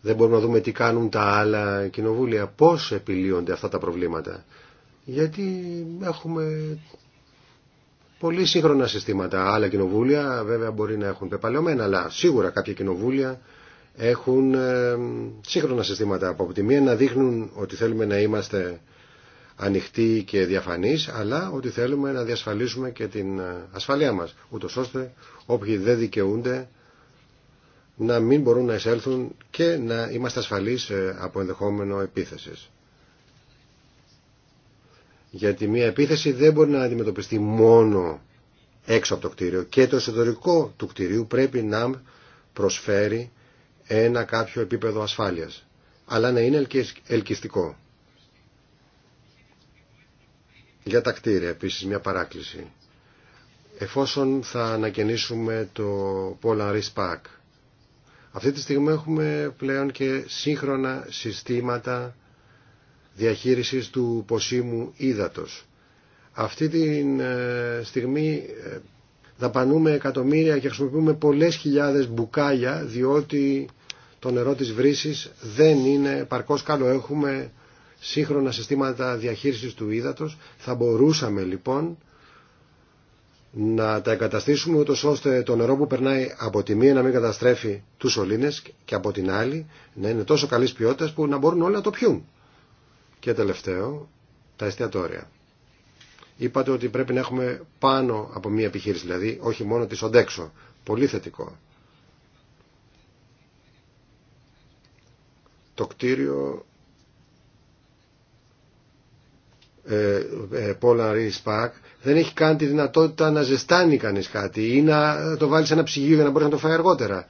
Δεν μπορούμε να δούμε τι κάνουν τα άλλα κοινοβούλια, πώς επιλύονται αυτά τα προβλήματα. Γιατί έχουμε πολύ σύγχρονα συστήματα. Άλλα κοινοβούλια βέβαια μπορεί να έχουν πεπαλαιωμένα, αλλά σίγουρα κάποια κοινοβούλια έχουν ε, σύγχρονα συστήματα από τη μία να δείχνουν ότι θέλουμε να είμαστε ανοιχτοί και διαφανείς αλλά ότι θέλουμε να διασφαλίσουμε και την ε, ασφαλεία μας ούτως ώστε όποιοι δεν δικαιούνται να μην μπορούν να εισέλθουν και να είμαστε ασφαλείς ε, από ενδεχόμενο επίθεσης. Γιατί μια επίθεση δεν μπορεί να αντιμετωπιστεί μόνο έξω από το κτίριο και το εσωτερικό του κτιρίου πρέπει να προσφέρει ένα κάποιο επίπεδο ασφάλειας, αλλά να είναι ελκυστικό. Για τα κτίρια, επίσης, μια παράκληση. Εφόσον θα ανακαινήσουμε το Polaris Risk Park, αυτή τη στιγμή έχουμε πλέον και σύγχρονα συστήματα διαχείρισης του ποσίμου ύδατος. Αυτή τη ε, στιγμή ε, δαπανούμε εκατομμύρια και χρησιμοποιούμε πολλές χιλιάδες μπουκάλια διότι το νερό της βρύσης δεν είναι παρκώς καλό. Έχουμε σύγχρονα συστήματα διαχείρισης του ύδατος. Θα μπορούσαμε λοιπόν να τα εγκαταστήσουμε ούτως ώστε το νερό που περνάει από τη μία να μην καταστρέφει τους σωλήνες και από την άλλη να είναι τόσο καλής ποιότητας που να μπορούν όλοι να το πιούν. Και τελευταίο, τα εστιατόρια. Είπατε ότι πρέπει να έχουμε πάνω από μία επιχείρηση, δηλαδή όχι μόνο τη οντέξω. Πολύ θετικό. Το κτίριο ε, ε, Park δεν έχει καν τη δυνατότητα να ζεστάνει κανείς κάτι ή να το βάλει σε ένα ψυγείο για να μπορεί να το φάει αργότερα.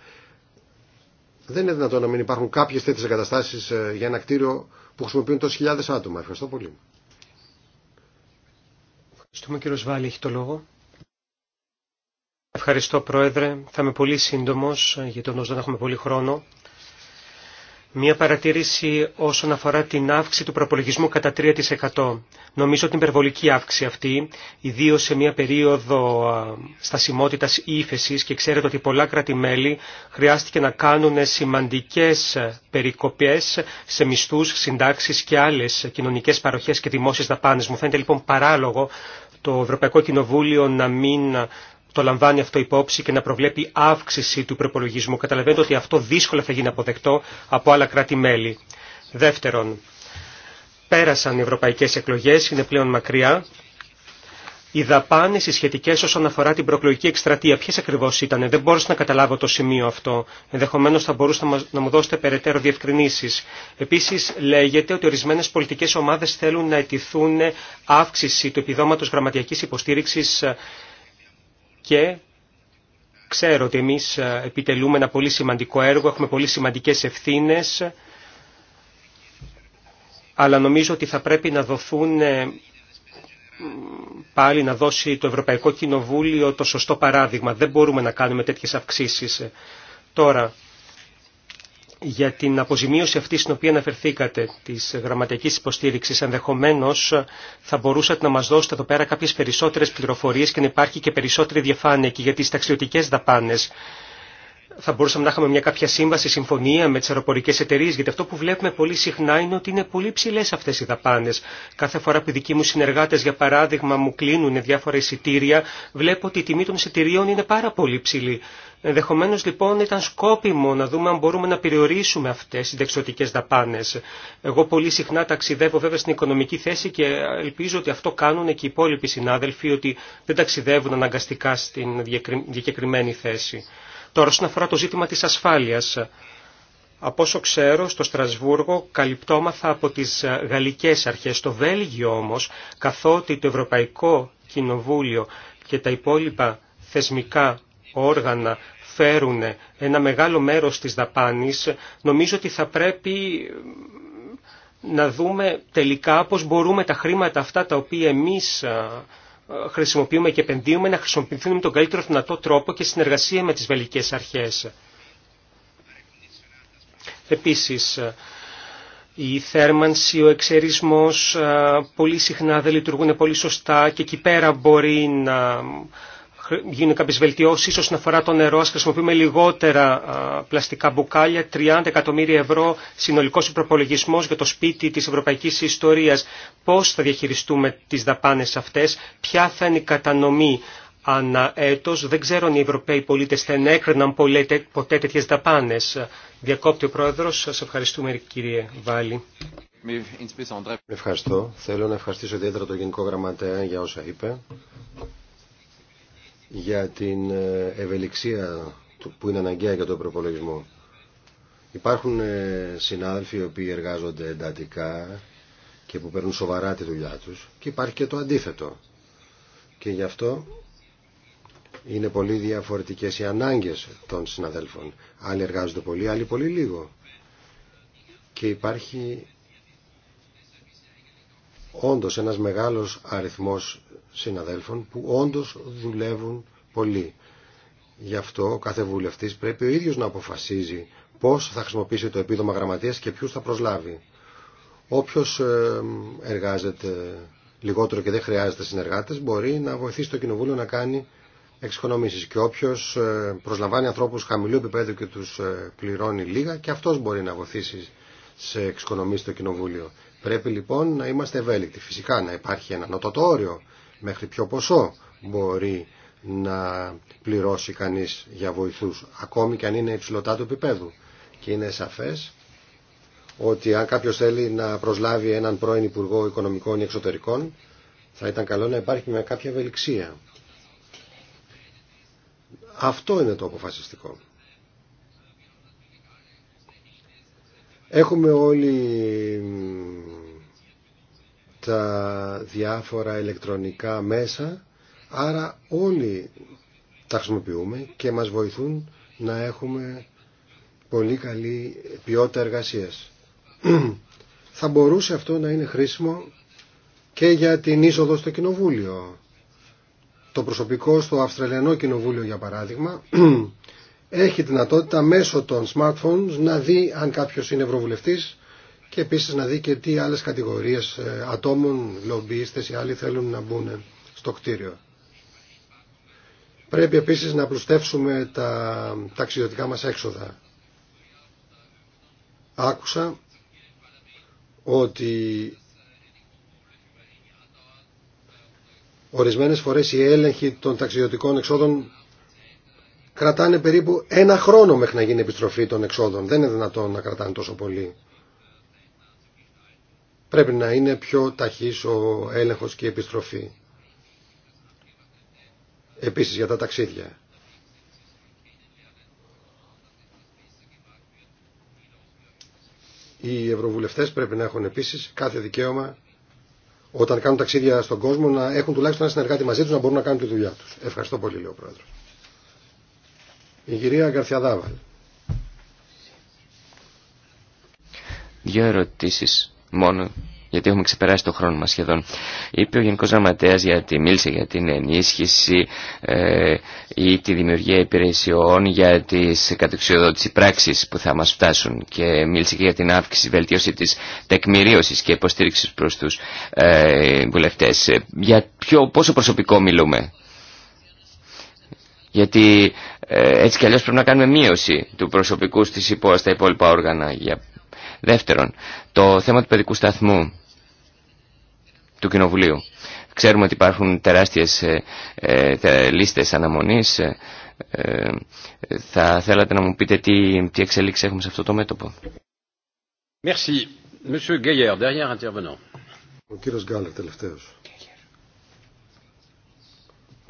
Δεν είναι δυνατόν να μην υπάρχουν κάποιες τέτοιες εγκαταστάσεις ε, για ένα κτίριο που χρησιμοποιούν τόσες χιλιάδες άτομα. Ευχαριστώ πολύ.
Ευχαριστούμε κύριο Βάλη έχει το λόγο.
Ευχαριστώ Πρόεδρε.
Θα είμαι πολύ σύντομος, ε, γιατί όμω δεν έχουμε πολύ χρόνο. Μία παρατήρηση όσον αφορά την αύξηση του προπολογισμού κατά 3%. Νομίζω την υπερβολική αύξηση αυτή, ιδίω σε μια περίοδο στασιμότητα ύφεση και ξέρετε ότι πολλά κράτη-μέλη χρειάστηκε να κάνουν σημαντικέ περικοπέ σε μισθού, συντάξει και άλλε κοινωνικέ παροχέ και δημόσιε δαπάνε. Μου φαίνεται λοιπόν παράλογο το Ευρωπαϊκό Κοινοβούλιο να μην το λαμβάνει αυτό υπόψη και να προβλέπει αύξηση του προπολογισμού. Καταλαβαίνετε ότι αυτό δύσκολα θα γίνει αποδεκτό από άλλα κράτη-μέλη. Δεύτερον, πέρασαν οι ευρωπαϊκές εκλογές, είναι πλέον μακριά. Οι δαπάνε, οι σχετικέ όσον αφορά την προκλογική εκστρατεία, ποιε ακριβώ ήταν, δεν μπορούσα να καταλάβω το σημείο αυτό. Ενδεχομένω θα μπορούσατε να μου δώσετε περαιτέρω διευκρινήσει. Επίση, λέγεται ότι ορισμένε πολιτικέ ομάδε θέλουν να αιτηθούν αύξηση του επιδόματο γραμματιακή υποστήριξη ε, και ξέρω ότι εμείς ε, επιτελούμε ένα πολύ σημαντικό έργο, έχουμε πολύ σημαντικές ευθύνες, αλλά νομίζω ότι θα πρέπει να δοθούν ε, πάλι να δώσει το Ευρωπαϊκό Κοινοβούλιο το σωστό παράδειγμα. Δεν μπορούμε να κάνουμε τέτοιες αυξήσεις. Τώρα, για την αποζημίωση αυτή στην οποία αναφερθήκατε της γραμματικής υποστήριξης ενδεχομένως θα μπορούσατε να μας δώσετε εδώ πέρα κάποιες περισσότερες πληροφορίες και να υπάρχει και περισσότερη διαφάνεια και για τις ταξιδιωτικέ δαπάνες θα μπορούσαμε να είχαμε μια κάποια σύμβαση, συμφωνία με τι αεροπορικέ εταιρείε, γιατί αυτό που βλέπουμε πολύ συχνά είναι ότι είναι πολύ ψηλέ αυτέ οι δαπάνε. Κάθε φορά που οι δικοί μου συνεργάτε, για παράδειγμα, μου κλείνουν διάφορα εισιτήρια, βλέπω ότι η τιμή των εισιτηρίων είναι πάρα πολύ ψηλή. Ενδεχομένω λοιπόν ήταν σκόπιμο να δούμε αν μπορούμε να περιορίσουμε αυτέ τι δεξιωτικέ δαπάνε. Εγώ πολύ συχνά ταξιδεύω βέβαια στην οικονομική θέση και ελπίζω ότι αυτό κάνουν και οι υπόλοιποι συνάδελφοι, ότι δεν ταξιδεύουν αναγκαστικά στην διακεκριμένη θέση. Τώρα, όσον αφορά το ζήτημα της ασφάλειας, από όσο ξέρω, στο Στρασβούργο καλυπτόμαθα από τις ε, γαλλικές αρχές. Στο Βέλγιο όμως, καθότι το Ευρωπαϊκό Κοινοβούλιο και τα υπόλοιπα θεσμικά όργανα φέρουν ένα μεγάλο μέρος της δαπάνης, νομίζω ότι θα πρέπει ε, να δούμε τελικά πώς μπορούμε τα χρήματα αυτά τα οποία εμείς ε, χρησιμοποιούμε και επενδύουμε να χρησιμοποιηθούν με τον καλύτερο δυνατό τρόπο και συνεργασία με τις βελικές αρχές. Επίσης, η θέρμανση, ο εξαιρισμός ε, πολύ συχνά δεν λειτουργούν πολύ σωστά και εκεί πέρα μπορεί να γίνουν κάποιες βελτιώσεις όσον αφορά το νερό, ας χρησιμοποιούμε λιγότερα πλαστικά μπουκάλια, 30 εκατομμύρια ευρώ συνολικός υπροπολογισμός για το σπίτι της ευρωπαϊκής ιστορίας. Πώς θα διαχειριστούμε τις δαπάνες αυτές, ποια θα είναι η κατανομή ανά έτος. Δεν ξέρω αν οι Ευρωπαίοι πολίτες θα ενέκριναν ποτέ τέτοιε δαπάνες. Διακόπτει ο Πρόεδρος. Σας ευχαριστούμε κύριε
Βάλη. Ευχαριστώ. Θέλω να ευχαριστήσω ιδιαίτερα τον Γενικό Γραμματέα για όσα είπε για την ε, ευελιξία που είναι αναγκαία για τον προπολογισμό. Υπάρχουν ε, συνάδελφοι οι οποίοι εργάζονται εντατικά και που παίρνουν σοβαρά τη δουλειά τους και υπάρχει και το αντίθετο. Και γι' αυτό είναι πολύ διαφορετικές οι ανάγκες των συναδέλφων. Άλλοι εργάζονται πολύ, άλλοι πολύ λίγο. Και υπάρχει όντως ένας μεγάλος αριθμός συναδέλφων που όντως δουλεύουν πολύ. Γι' αυτό ο κάθε βουλευτής πρέπει ο ίδιος να αποφασίζει πώς θα χρησιμοποιήσει το επίδομα γραμματείας και ποιους θα προσλάβει. Όποιος ε, εργάζεται λιγότερο και δεν χρειάζεται συνεργάτες μπορεί να βοηθήσει το κοινοβούλιο να κάνει εξοικονομήσεις και όποιος ε, προσλαμβάνει ανθρώπους χαμηλού επίπεδου και τους ε, πληρώνει λίγα και αυτός μπορεί να βοηθήσει σε εξοικονομήσει το κοινοβούλιο. Πρέπει λοιπόν να είμαστε ευέλικτοι. Φυσικά να υπάρχει ένα νοτοτόριο μέχρι ποιο ποσό μπορεί να πληρώσει κανείς για βοηθούς, ακόμη και αν είναι υψηλωτά του επίπεδου. Και είναι σαφές ότι αν κάποιος θέλει να προσλάβει έναν πρώην Υπουργό Οικονομικών ή Εξωτερικών, θα ήταν καλό να υπάρχει με κάποια ευελιξία. Αυτό είναι το αποφασιστικό. Έχουμε όλοι τα διάφορα ηλεκτρονικά μέσα, άρα όλοι τα χρησιμοποιούμε και μας βοηθούν να έχουμε πολύ καλή ποιότητα εργασίας. Θα μπορούσε αυτό να είναι χρήσιμο και για την είσοδο στο κοινοβούλιο. Το προσωπικό στο Αυστραλιανό Κοινοβούλιο, για παράδειγμα, έχει δυνατότητα μέσω των smartphones να δει αν κάποιος είναι ευρωβουλευτής και επίσης να δει και τι άλλες κατηγορίες ε, ατόμων, λομπίστες ή άλλοι θέλουν να μπουν στο κτίριο. Πρέπει επίσης να πλουστεύσουμε τα ταξιδιωτικά μας έξοδα. Άκουσα ότι ορισμένες φορές οι έλεγχοι των ταξιδιωτικών εξόδων κρατάνε περίπου ένα χρόνο μέχρι να γίνει επιστροφή των εξόδων. Δεν είναι δυνατόν να κρατάνε τόσο πολύ. Πρέπει να είναι πιο ταχύς ο έλεγχος και η επιστροφή. Επίσης για τα ταξίδια. Οι ευρωβουλευτές πρέπει να έχουν επίσης κάθε δικαίωμα όταν κάνουν ταξίδια στον κόσμο να έχουν τουλάχιστον ένα συνεργάτη μαζί τους να μπορούν να κάνουν τη δουλειά τους. Ευχαριστώ πολύ, λέω ο Η κυρία Γκαρθιαδάβαλ.
Δύο ερωτήσεις μόνο γιατί έχουμε ξεπεράσει το χρόνο μας σχεδόν. Είπε ο Γενικός Γραμματέας γιατί μίλησε για την ενίσχυση ε, ή τη δημιουργία υπηρεσιών για τις κατεξιοδότηση πράξεις που θα μας φτάσουν και μίλησε και για την αύξηση, βελτίωση της τεκμηρίωσης και υποστήριξης προς τους ε, βουλευτές. Ε, για πόσο προσωπικό μιλούμε. Γιατί ε, έτσι κι αλλιώς πρέπει να κάνουμε μείωση του προσωπικού στις υπό, στα υπόλοιπα όργανα για Δεύτερον, το θέμα του παιδικού σταθμού του Κοινοβουλίου. Ξέρουμε ότι υπάρχουν τεράστιες ε, ε λίστες αναμονής. Ε, ε, θα θέλατε να μου πείτε τι, τι εξέλιξη έχουμε σε αυτό το μέτωπο.
Merci.
Monsieur Gaillard, derrière intervenant. Ο κύριος Γκάλερ, τελευταίος.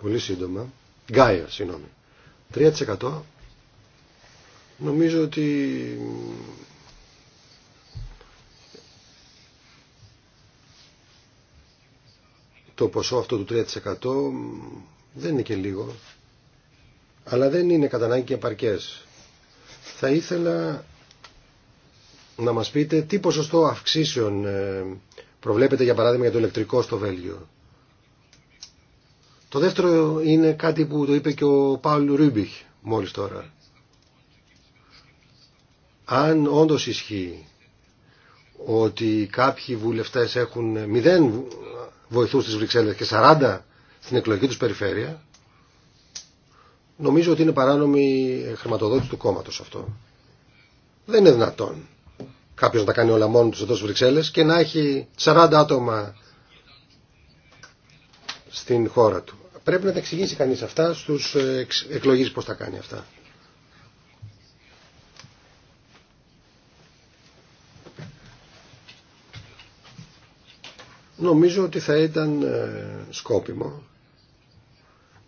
Πολύ σύντομα. Γκάιερ, συγγνώμη. 3% νομίζω ότι το ποσό αυτό του 3% δεν είναι και λίγο, αλλά δεν είναι κατά ανάγκη και επαρκές. Θα ήθελα να μας πείτε τι ποσοστό αυξήσεων ε, προβλέπετε για παράδειγμα για το ηλεκτρικό στο Βέλγιο. Το δεύτερο είναι κάτι που το είπε και ο Πάουλ Ρούμπιχ μόλις τώρα. Αν όντως ισχύει ότι κάποιοι βουλευτές έχουν μηδέν βοηθούς της Βρυξέλλες και 40 στην εκλογική τους περιφέρεια, νομίζω ότι είναι παράνομη χρηματοδότηση του κόμματος αυτό. Δεν είναι δυνατόν κάποιος να τα κάνει όλα μόνο του εδώ στις Βρυξέλλες και να έχει 40 άτομα στην χώρα του. Πρέπει να τα εξηγήσει κανείς αυτά στους ε, εκλογείς πώς τα κάνει αυτά. Νομίζω ότι θα ήταν ε, σκόπιμο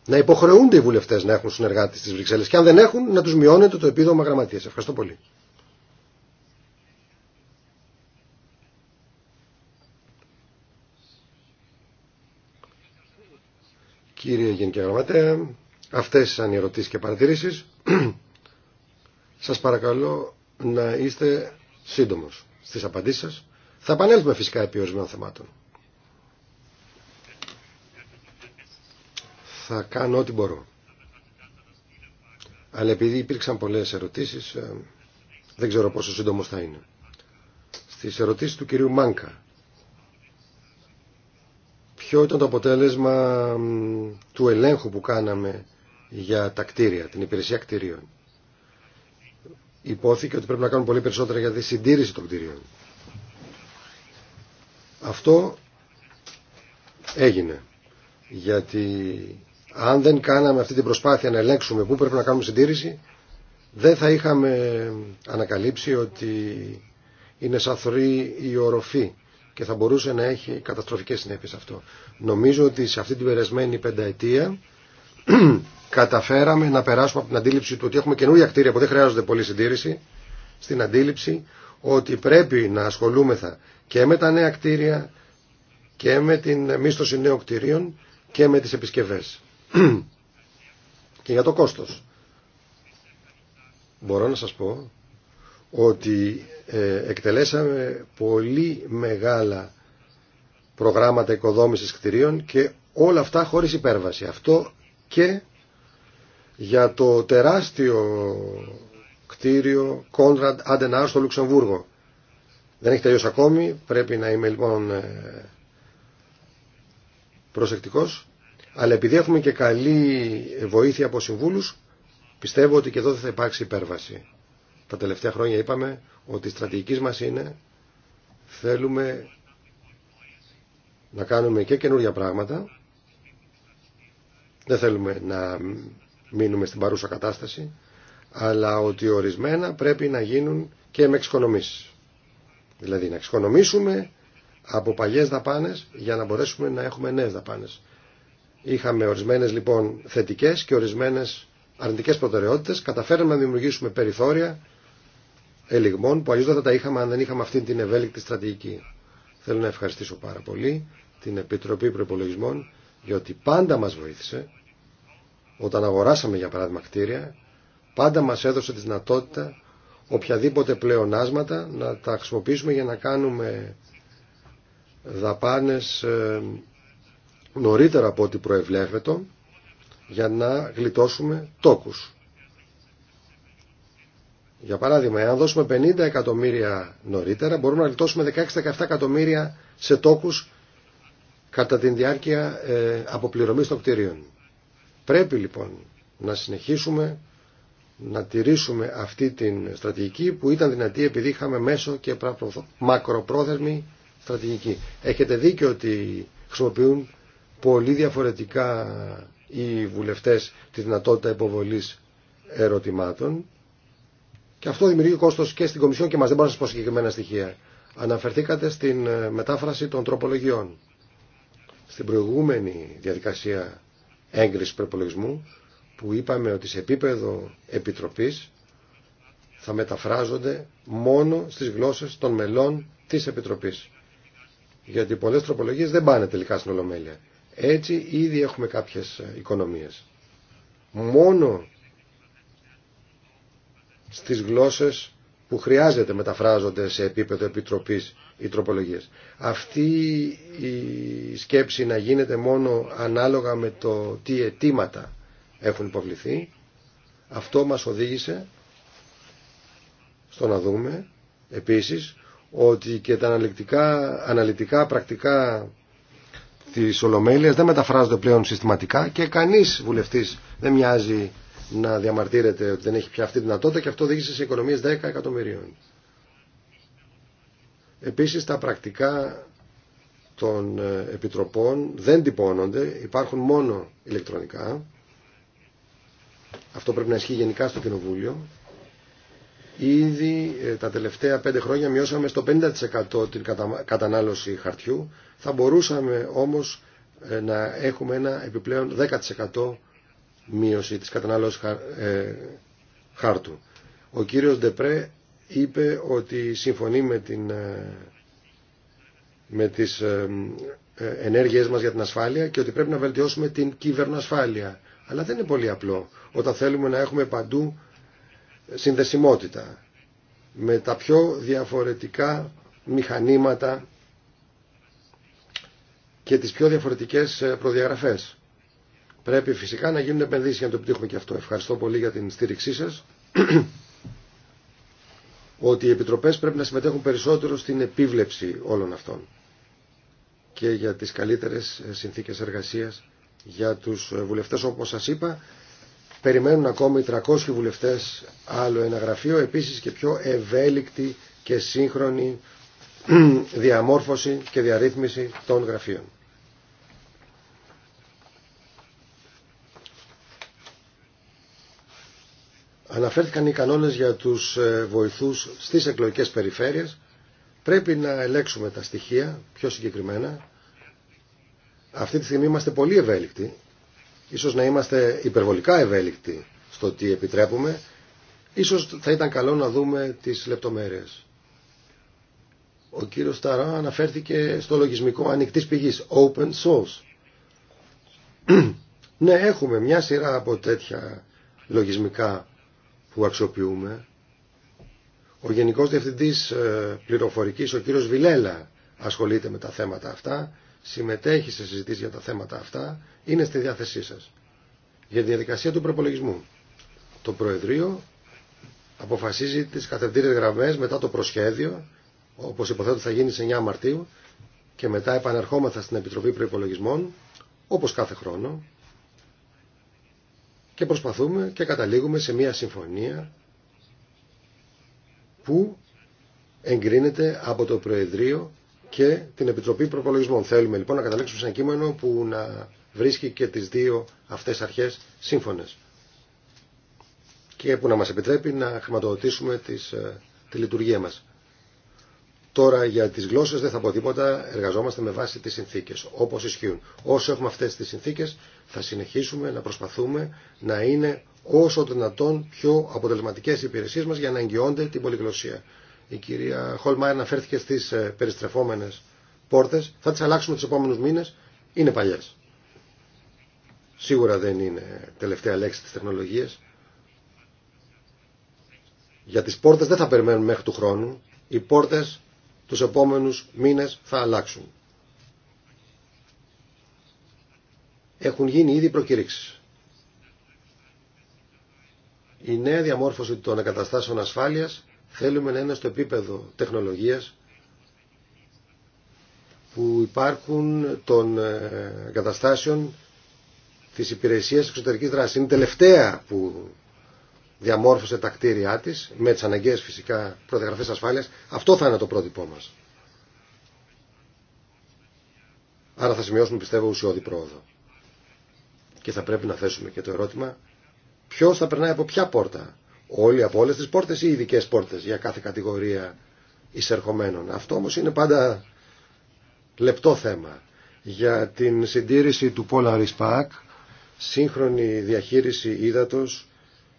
να υποχρεούνται οι βουλευτές να έχουν συνεργάτες στις Βρυξέλλες και αν δεν έχουν να τους μειώνεται το επίδομα γραμματείας. Ευχαριστώ πολύ. Κύριε Γενική Γραμματέα, αυτές ήταν οι ερωτήσεις και παρατηρήσεις. σας παρακαλώ να είστε σύντομος στις απαντήσεις σας. Θα επανέλθουμε φυσικά επί ορισμένων θεμάτων. Θα κάνω ό,τι μπορώ. Αλλά επειδή υπήρξαν πολλές ερωτήσεις, ε, δεν ξέρω πόσο σύντομο θα είναι. Στις ερωτήσεις του κυρίου Μάνκα. Ποιο ήταν το αποτέλεσμα του ελέγχου που κάναμε για τα κτίρια, την υπηρεσία κτίριων. Υπόθηκε ότι πρέπει να κάνουμε πολύ περισσότερα για τη συντήρηση των κτίριων. Αυτό έγινε. Γιατί αν δεν κάναμε αυτή την προσπάθεια να ελέγξουμε πού πρέπει να κάνουμε συντήρηση, δεν θα είχαμε ανακαλύψει ότι είναι σαθροί η οροφή και θα μπορούσε να έχει καταστροφικές συνέπειες αυτό. Νομίζω ότι σε αυτή την περασμένη πενταετία καταφέραμε να περάσουμε από την αντίληψη του ότι έχουμε καινούργια κτίρια που δεν χρειάζονται πολύ συντήρηση, στην αντίληψη ότι πρέπει να ασχολούμεθα και με τα νέα κτίρια και με την μίσθωση νέων κτίριων και με τις επισκευές και για το κόστος. Μπορώ να σας πω ότι ε, εκτελέσαμε πολύ μεγάλα προγράμματα οικοδόμησης κτηρίων και όλα αυτά χωρίς υπέρβαση. Αυτό και για το τεράστιο κτίριο Κόντραντ Αντενάρ στο Λουξεμβούργο. Δεν έχει τελειώσει ακόμη, πρέπει να είμαι λοιπόν ε, προσεκτικός. Αλλά επειδή έχουμε και καλή βοήθεια από συμβούλους, πιστεύω ότι και εδώ δεν θα υπάρξει υπέρβαση. Τα τελευταία χρόνια είπαμε ότι η στρατηγική μας είναι θέλουμε να κάνουμε και καινούργια πράγματα. Δεν θέλουμε να μείνουμε στην παρούσα κατάσταση, αλλά ότι ορισμένα πρέπει να γίνουν και με εξοικονομήσεις. Δηλαδή να εξοικονομήσουμε από παλιές δαπάνες για να μπορέσουμε να έχουμε νέες δαπάνες. Είχαμε ορισμένες λοιπόν θετικές και ορισμένες αρνητικές προτεραιότητες. Καταφέραμε να δημιουργήσουμε περιθώρια ελιγμών που αλλιώς δεν θα τα είχαμε αν δεν είχαμε αυτή την ευέλικτη στρατηγική. Θέλω να ευχαριστήσω πάρα πολύ την Επιτροπή Προπολογισμών γιατί πάντα μας βοήθησε όταν αγοράσαμε για παράδειγμα κτίρια πάντα μας έδωσε τη δυνατότητα οποιαδήποτε πλεονάσματα να τα χρησιμοποιήσουμε για να κάνουμε δαπάνες ε, νωρίτερα από ό,τι προεβλέπετο για να γλιτώσουμε τόκους. Για παράδειγμα, εάν δώσουμε 50 εκατομμύρια νωρίτερα, μπορούμε να γλιτώσουμε 16-17 εκατομμύρια σε τόκους κατά την διάρκεια ε, αποπληρωμής των κτηρίων. Πρέπει λοιπόν να συνεχίσουμε να τηρήσουμε αυτή την στρατηγική που ήταν δυνατή επειδή είχαμε μέσο και μακροπρόθεσμη στρατηγική. Έχετε δίκιο ότι χρησιμοποιούν πολύ διαφορετικά οι βουλευτές τη δυνατότητα υποβολής ερωτημάτων και αυτό δημιουργεί κόστος και στην Κομισιόν και μας δεν μπορώ να σας πω συγκεκριμένα στοιχεία. Αναφερθήκατε στην ε, μετάφραση των τροπολογιών. Στην προηγούμενη διαδικασία έγκρισης προπολογισμού που είπαμε ότι σε επίπεδο επιτροπής θα μεταφράζονται μόνο στις γλώσσες των μελών της Επιτροπής. Γιατί πολλές τροπολογίες δεν πάνε τελικά στην Ολομέλεια. Έτσι ήδη έχουμε κάποιες ε, οικονομίες. Μόνο στις γλώσσες που χρειάζεται μεταφράζονται σε επίπεδο επιτροπής οι τροπολογίες. Αυτή η σκέψη να γίνεται μόνο ανάλογα με το τι αιτήματα έχουν υποβληθεί, αυτό μας οδήγησε στο να δούμε επίσης ότι και τα αναλυτικά, αναλυτικά πρακτικά τη Ολομέλεια δεν μεταφράζονται πλέον συστηματικά και κανεί βουλευτή δεν μοιάζει να διαμαρτύρεται ότι δεν έχει πια αυτή τη δυνατότητα και αυτό οδήγησε σε οικονομίε 10 εκατομμυρίων. Επίση, τα πρακτικά των ε, επιτροπών δεν τυπώνονται, υπάρχουν μόνο ηλεκτρονικά. Αυτό πρέπει να ισχύει γενικά στο Κοινοβούλιο Ήδη ε, τα τελευταία πέντε χρόνια μειώσαμε στο 50% την κατανάλωση χαρτιού. Θα μπορούσαμε όμως ε, να έχουμε ένα επιπλέον 10% μείωση της κατανάλωσης ε, χάρτου. Ο κύριος Ντεπρέ είπε ότι συμφωνεί με, την, με τις ενέργειές μας για την ασφάλεια και ότι πρέπει να βελτιώσουμε την κυβερνοασφάλεια. Αλλά δεν είναι πολύ απλό όταν θέλουμε να έχουμε παντού συνδεσιμότητα με τα πιο διαφορετικά μηχανήματα και τις πιο διαφορετικές ε, προδιαγραφές. Πρέπει φυσικά να γίνουν επενδύσεις για να το επιτύχουμε και αυτό. Ευχαριστώ πολύ για την στήριξή σας. Ότι οι επιτροπές πρέπει να συμμετέχουν περισσότερο στην επίβλεψη όλων αυτών και για τις καλύτερες συνθήκες εργασίας για τους βουλευτές όπως σας είπα Περιμένουν ακόμη 300 βουλευτές άλλο ένα γραφείο, επίσης και πιο ευέλικτη και σύγχρονη διαμόρφωση και διαρρύθμιση των γραφείων. Αναφέρθηκαν οι κανόνες για τους ε, βοηθούς στις εκλογικές περιφέρειες. Πρέπει να ελέξουμε τα στοιχεία πιο συγκεκριμένα. Αυτή τη στιγμή είμαστε πολύ ευέλικτοι Ίσως να είμαστε υπερβολικά ευέλικτοι στο τι επιτρέπουμε. Ίσως θα ήταν καλό να δούμε τις λεπτομέρειες. Ο κύριος Ταρά αναφέρθηκε στο λογισμικό ανοιχτή πηγής, open source. ναι, έχουμε μια σειρά από τέτοια λογισμικά που αξιοποιούμε. Ο Γενικός Διευθυντής ε, Πληροφορικής, ο κύριος Βιλέλα, ασχολείται με τα θέματα αυτά συμμετέχει σε συζητήσεις για τα θέματα αυτά είναι στη διάθεσή σας. Για τη διαδικασία του προπολογισμού. Το Προεδρείο αποφασίζει τις καθεντήρες γραμμές μετά το προσχέδιο, όπως υποθέτω θα γίνει σε 9 Μαρτίου, και μετά επανερχόμεθα στην Επιτροπή Προπολογισμών, όπως κάθε χρόνο, και προσπαθούμε και καταλήγουμε σε μια συμφωνία που εγκρίνεται από το Προεδρείο και την Επιτροπή Προπολογισμών. Θέλουμε λοιπόν να καταλήξουμε σε ένα κείμενο που να βρίσκει και τις δύο αυτές αρχές σύμφωνες και που να μας επιτρέπει να χρηματοδοτήσουμε τις, ε, τη λειτουργία μας. Τώρα για τις γλώσσες δεν θα πω τίποτα, εργαζόμαστε με βάση τις συνθήκες, όπως ισχύουν. Όσο έχουμε αυτές τις συνθήκες θα συνεχίσουμε να προσπαθούμε να είναι όσο δυνατόν πιο αποτελεσματικές οι υπηρεσίες μας για να εγγυώνται την πολυγλωσσία. Η κυρία Χολμάιρ αναφέρθηκε στις ε, περιστρεφόμενες πόρτες. Θα τι αλλάξουμε του επόμενους μήνε Είναι παλιέ. Σίγουρα δεν είναι τελευταία λέξη της τεχνολογίας. Για τις πόρτες δεν θα περιμένουν μέχρι του χρόνου. Οι πόρτες τους επόμενους μήνε θα αλλάξουν. Έχουν γίνει ήδη προκήρυξεις. Η νέα διαμόρφωση των εγκαταστάσεων ασφάλειας Θέλουμε να είναι στο επίπεδο τεχνολογίας που υπάρχουν των ε, καταστάσεων της υπηρεσίας εξωτερικής δράσης. Είναι τελευταία που διαμόρφωσε τα κτίρια της, με τις αναγκαίες φυσικά προδιαγραφές ασφάλειας. Αυτό θα είναι το πρότυπό μας. Άρα θα σημειώσουμε πιστεύω ουσιώδη πρόοδο. Και θα πρέπει να θέσουμε και το ερώτημα ποιος θα περνάει από ποια πόρτα όλοι από όλες τις πόρτες ή ειδικέ πόρτες για κάθε κατηγορία εισερχομένων. Αυτό όμως είναι πάντα λεπτό θέμα. Για την συντήρηση του Polaris Pack, σύγχρονη διαχείριση ύδατος,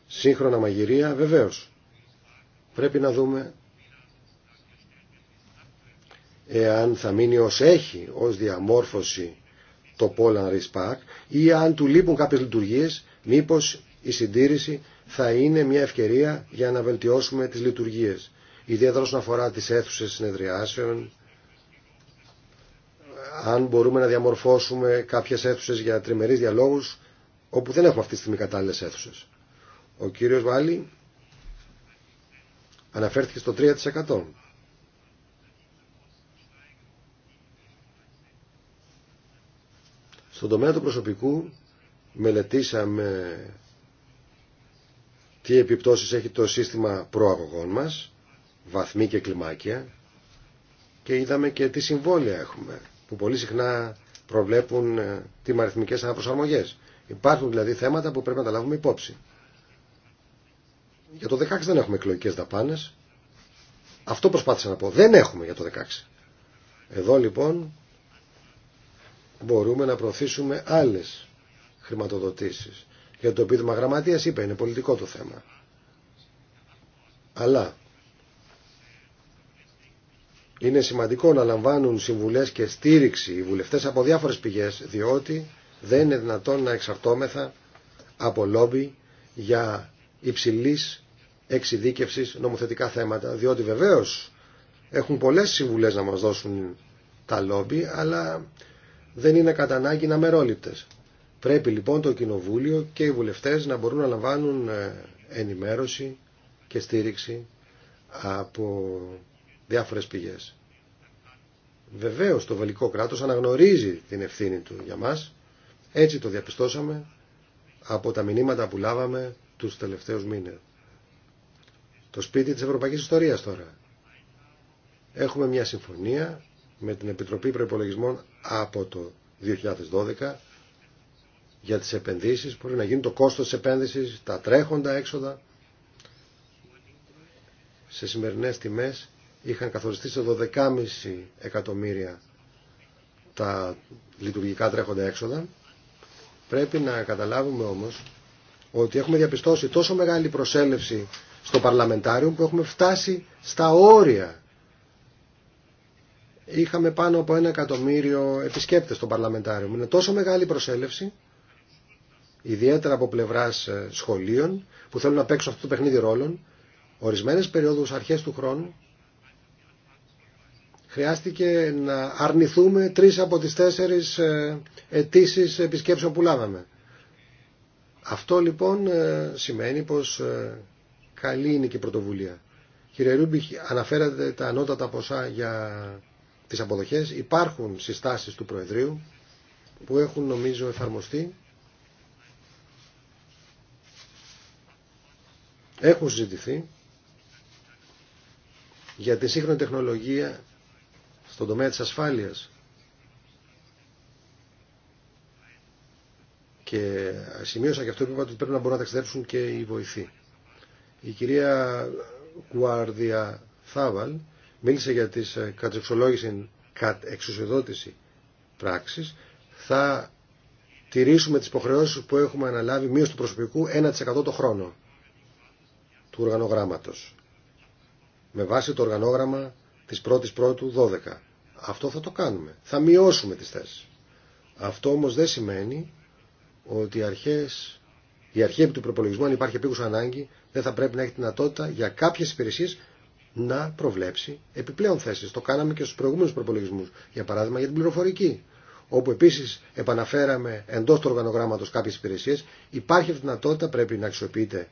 σύγχρονα μαγειρία, βεβαίως. Πρέπει να δούμε εάν θα μείνει ως έχει, ως διαμόρφωση το Polaris Pack ή αν του λείπουν κάποιες λειτουργίες, μήπως η συντήρηση θα είναι μια ευκαιρία για να βελτιώσουμε τις λειτουργίες. Ιδιαίτερα όσον αφορά τις αίθουσες συνεδριάσεων, αν μπορούμε να διαμορφώσουμε κάποιες αίθουσες για τριμερείς διαλόγους, όπου δεν έχουμε αυτή τη στιγμή κατάλληλες αίθουσες. Ο κύριος Βάλλη αναφέρθηκε στο 3%. Στον τομέα του προσωπικού μελετήσαμε τι επιπτώσεις έχει το σύστημα προαγωγών μας, βαθμοί και κλιμάκια και είδαμε και τι συμβόλαια έχουμε που πολύ συχνά προβλέπουν ε, τιμαριθμικές αναπροσαρμογές. Υπάρχουν δηλαδή θέματα που πρέπει να τα λάβουμε υπόψη. Για το 16 δεν έχουμε εκλογικέ δαπάνες. Αυτό προσπάθησα να πω. Δεν έχουμε για το 16. Εδώ λοιπόν μπορούμε να προωθήσουμε άλλες χρηματοδοτήσεις για το επίδομα γραμματείας είπα είναι πολιτικό το θέμα. Αλλά είναι σημαντικό να λαμβάνουν συμβουλές και στήριξη οι βουλευτές από διάφορες πηγές διότι δεν είναι δυνατόν να εξαρτώμεθα από λόμπι για υψηλής εξειδίκευσης νομοθετικά θέματα διότι βεβαίως έχουν πολλές συμβουλές να μας δώσουν τα λόμπι αλλά δεν είναι κατά ανάγκη να μερόληπτες. Πρέπει λοιπόν το Κοινοβούλιο και οι βουλευτές να μπορούν να λαμβάνουν ε, ενημέρωση και στήριξη από διάφορες πηγές. Βεβαίως το βαλικό κράτος αναγνωρίζει την ευθύνη του για μας. Έτσι το διαπιστώσαμε από τα μηνύματα που λάβαμε τους τελευταίους μήνες. Το σπίτι της Ευρωπαϊκής Ιστορίας τώρα. Έχουμε μια συμφωνία με την Επιτροπή Προϋπολογισμών από το 2012 για τις επενδύσεις, μπορεί να γίνει το κόστος της επένδυσης, τα τρέχοντα έξοδα. Σε σημερινές τιμές είχαν καθοριστεί σε 12,5 εκατομμύρια τα λειτουργικά τρέχοντα έξοδα. Πρέπει να καταλάβουμε όμως ότι έχουμε διαπιστώσει τόσο μεγάλη προσέλευση στο παρλαμεντάριο που έχουμε φτάσει στα όρια. Είχαμε πάνω από ένα εκατομμύριο επισκέπτες στο παρλαμεντάριο. Είναι τόσο μεγάλη προσέλευση ιδιαίτερα από πλευρά ε, σχολείων που θέλουν να παίξουν αυτό το παιχνίδι ρόλων, ορισμένε περιόδου αρχέ του χρόνου χρειάστηκε να αρνηθούμε τρει από τι τέσσερι ε, αιτήσει επισκέψεων που λάβαμε. Αυτό λοιπόν ε, σημαίνει πω καλή είναι και η πρωτοβουλία. Κύριε αναφέρατε τα ανώτατα ποσά για τις αποδοχές. Υπάρχουν συστάσεις του Προεδρείου που έχουν νομίζω εφαρμοστεί έχουν συζητηθεί για τη σύγχρονη τεχνολογία στον τομέα της ασφάλειας και σημείωσα και αυτό που ότι πρέπει να μπορούν να ταξιδέψουν και οι βοηθοί. Η κυρία Κουάρδια Θάβαλ μίλησε για τις ε, κατεξολόγηση κατ εξουσιοδότηση πράξης. Θα τηρήσουμε τις υποχρεώσεις που έχουμε αναλάβει μείωση του προσωπικού 1% το χρόνο του οργανογράμματος. Με βάση το οργανόγραμμα της 1ης πρώτου 12. Αυτό θα το κάνουμε. Θα μειώσουμε τις θέσεις. Αυτό όμως δεν σημαίνει ότι αρχές, η αρχή του προπολογισμού, αν υπάρχει επίγουσα ανάγκη, δεν θα πρέπει να έχει δυνατότητα για κάποιες υπηρεσίες να προβλέψει επιπλέον θέσεις. Το κάναμε και στους προηγούμενους προπολογισμούς, για παράδειγμα για την πληροφορική, όπου επίση επαναφέραμε εντό του οργανογράμματο κάποιε υπηρεσίε, υπάρχει δυνατότητα, πρέπει να αξιοποιείται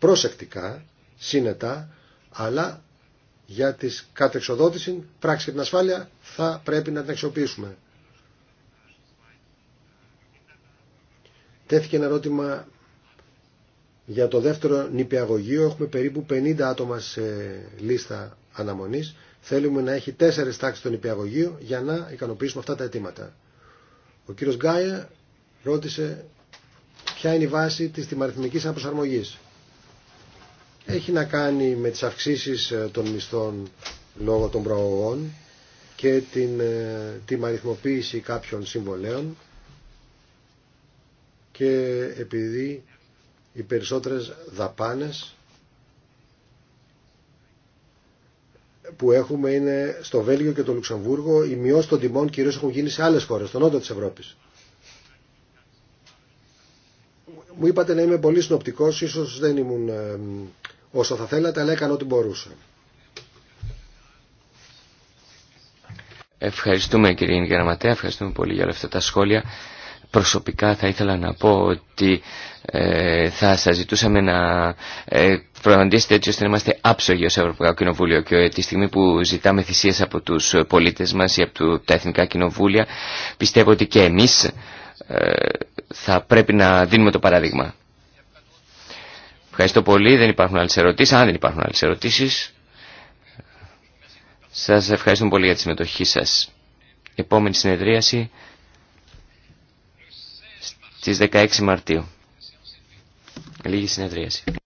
προσεκτικά, σύνετα, αλλά για τις κατεξοδότηση, πράξη και την ασφάλεια θα πρέπει να την αξιοποιήσουμε. Τέθηκε ένα ερώτημα για το δεύτερο νηπιαγωγείο. Έχουμε περίπου 50 άτομα σε λίστα αναμονής. Θέλουμε να έχει τέσσερις τάξεις το νηπιαγωγείο για να ικανοποιήσουμε αυτά τα αιτήματα. Ο κύριος Γκάια ρώτησε ποια είναι η βάση της τιμαριθμικής αναπροσαρμογής έχει να κάνει με τις αυξήσεις ε, των μισθών λόγω των προογών και την ε, τιμαριθμοποίηση κάποιων συμβολέων και επειδή οι περισσότερες δαπάνες που έχουμε είναι στο Βέλγιο και το Λουξεμβούργο, οι μειώσει των τιμών κυρίω έχουν γίνει σε άλλες χώρες, στον νότο της Ευρώπης. Μου είπατε να είμαι πολύ συνοπτικό, ίσως δεν ήμουν όσο θα θέλατε, αλλά έκανα ό,τι μπορούσα.
Ευχαριστούμε κύριε Γεραματέα, Γραμματέα, ευχαριστούμε πολύ για όλα αυτά τα σχόλια. Προσωπικά θα ήθελα να πω ότι ε, θα σας ζητούσαμε να ε, προγραμματίσετε έτσι ώστε να είμαστε άψογοι ως Ευρωπαϊκό Κοινοβούλιο και τη στιγμή που ζητάμε θυσίες από τους πολίτες μας ή από τα Εθνικά Κοινοβούλια πιστεύω ότι και εμείς ε, θα πρέπει να δίνουμε το παράδειγμα. Ευχαριστώ πολύ. Δεν υπάρχουν άλλες ερωτήσεις. Αν δεν υπάρχουν άλλες ερωτήσεις, σας ευχαριστούμε πολύ για τη συμμετοχή σας. Επόμενη συνεδρίαση στις 16 Μαρτίου. Λίγη συνεδρίαση.